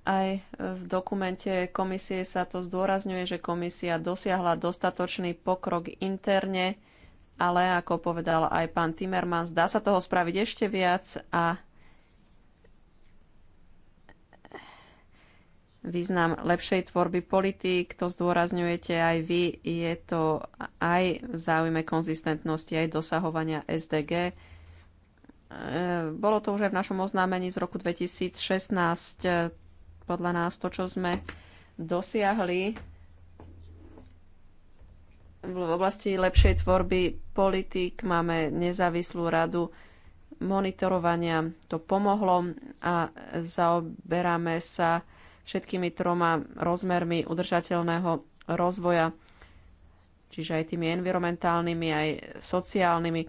Aj v dokumente komisie sa to zdôrazňuje, že komisia dosiahla dostatočný pokrok interne, ale ako povedal aj pán Timmermans, dá sa toho spraviť ešte viac a význam lepšej tvorby politík, to zdôrazňujete aj vy, je to aj v záujme konzistentnosti, aj dosahovania SDG. E, bolo to už aj v našom oznámení z roku 2016. E, podľa nás to, čo sme dosiahli v oblasti lepšej tvorby politík, máme nezávislú radu monitorovania, to pomohlo a zaoberáme sa všetkými troma rozmermi udržateľného rozvoja, čiže aj tými environmentálnymi, aj sociálnymi.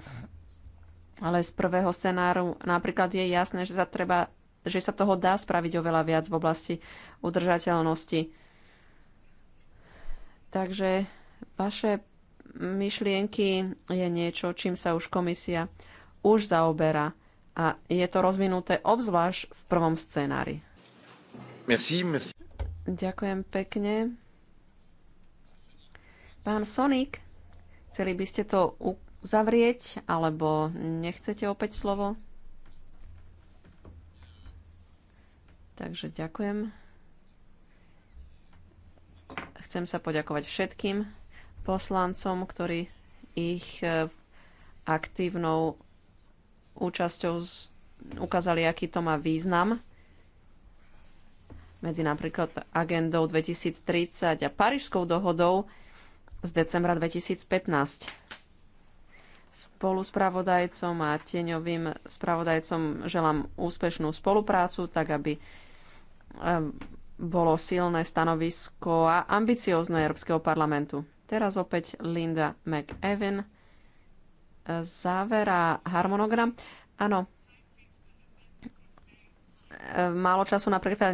Ale z prvého scenáru napríklad je jasné, že sa, treba, že sa toho dá spraviť oveľa viac v oblasti udržateľnosti. Takže vaše myšlienky je niečo, čím sa už komisia už zaoberá a je to rozvinuté obzvlášť v prvom scenári. Merci, merci. Ďakujem pekne. Pán Sonik, chceli by ste to uzavrieť, alebo nechcete opäť slovo? Takže ďakujem. Chcem sa poďakovať všetkým poslancom, ktorí ich e, aktívnou účasťou ukázali, aký to má význam medzi napríklad agendou 2030 a Parížskou dohodou z decembra 2015. Spolu pravodajcom a tieňovým spravodajcom želám úspešnú spoluprácu, tak aby ehm, bolo silné stanovisko a ambiciozne Európskeho parlamentu. Teraz opäť Linda McEwen. Záver a harmonogram. Áno, ehm, málo času napríklad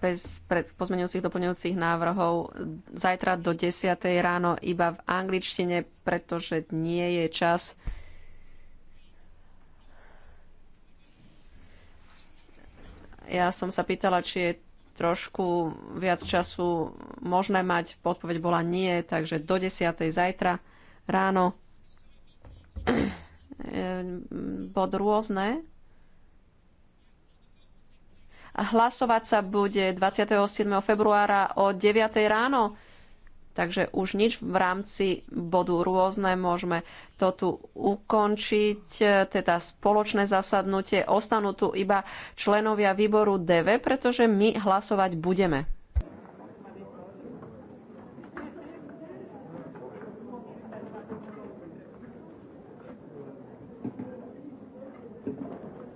bez pozmeňujúcich doplňujúcich návrhov zajtra do 10. ráno iba v angličtine, pretože nie je čas Ja som sa pýtala, či je trošku viac času možné mať. Podpoveď bola nie, takže do 10. zajtra ráno. Bod rôzne. Hlasovať sa bude 27. februára o 9. ráno. Takže už nič v rámci bodu rôzne môžeme to tu ukončiť, teda spoločné zasadnutie. Ostanú tu iba členovia výboru DV, pretože my hlasovať budeme.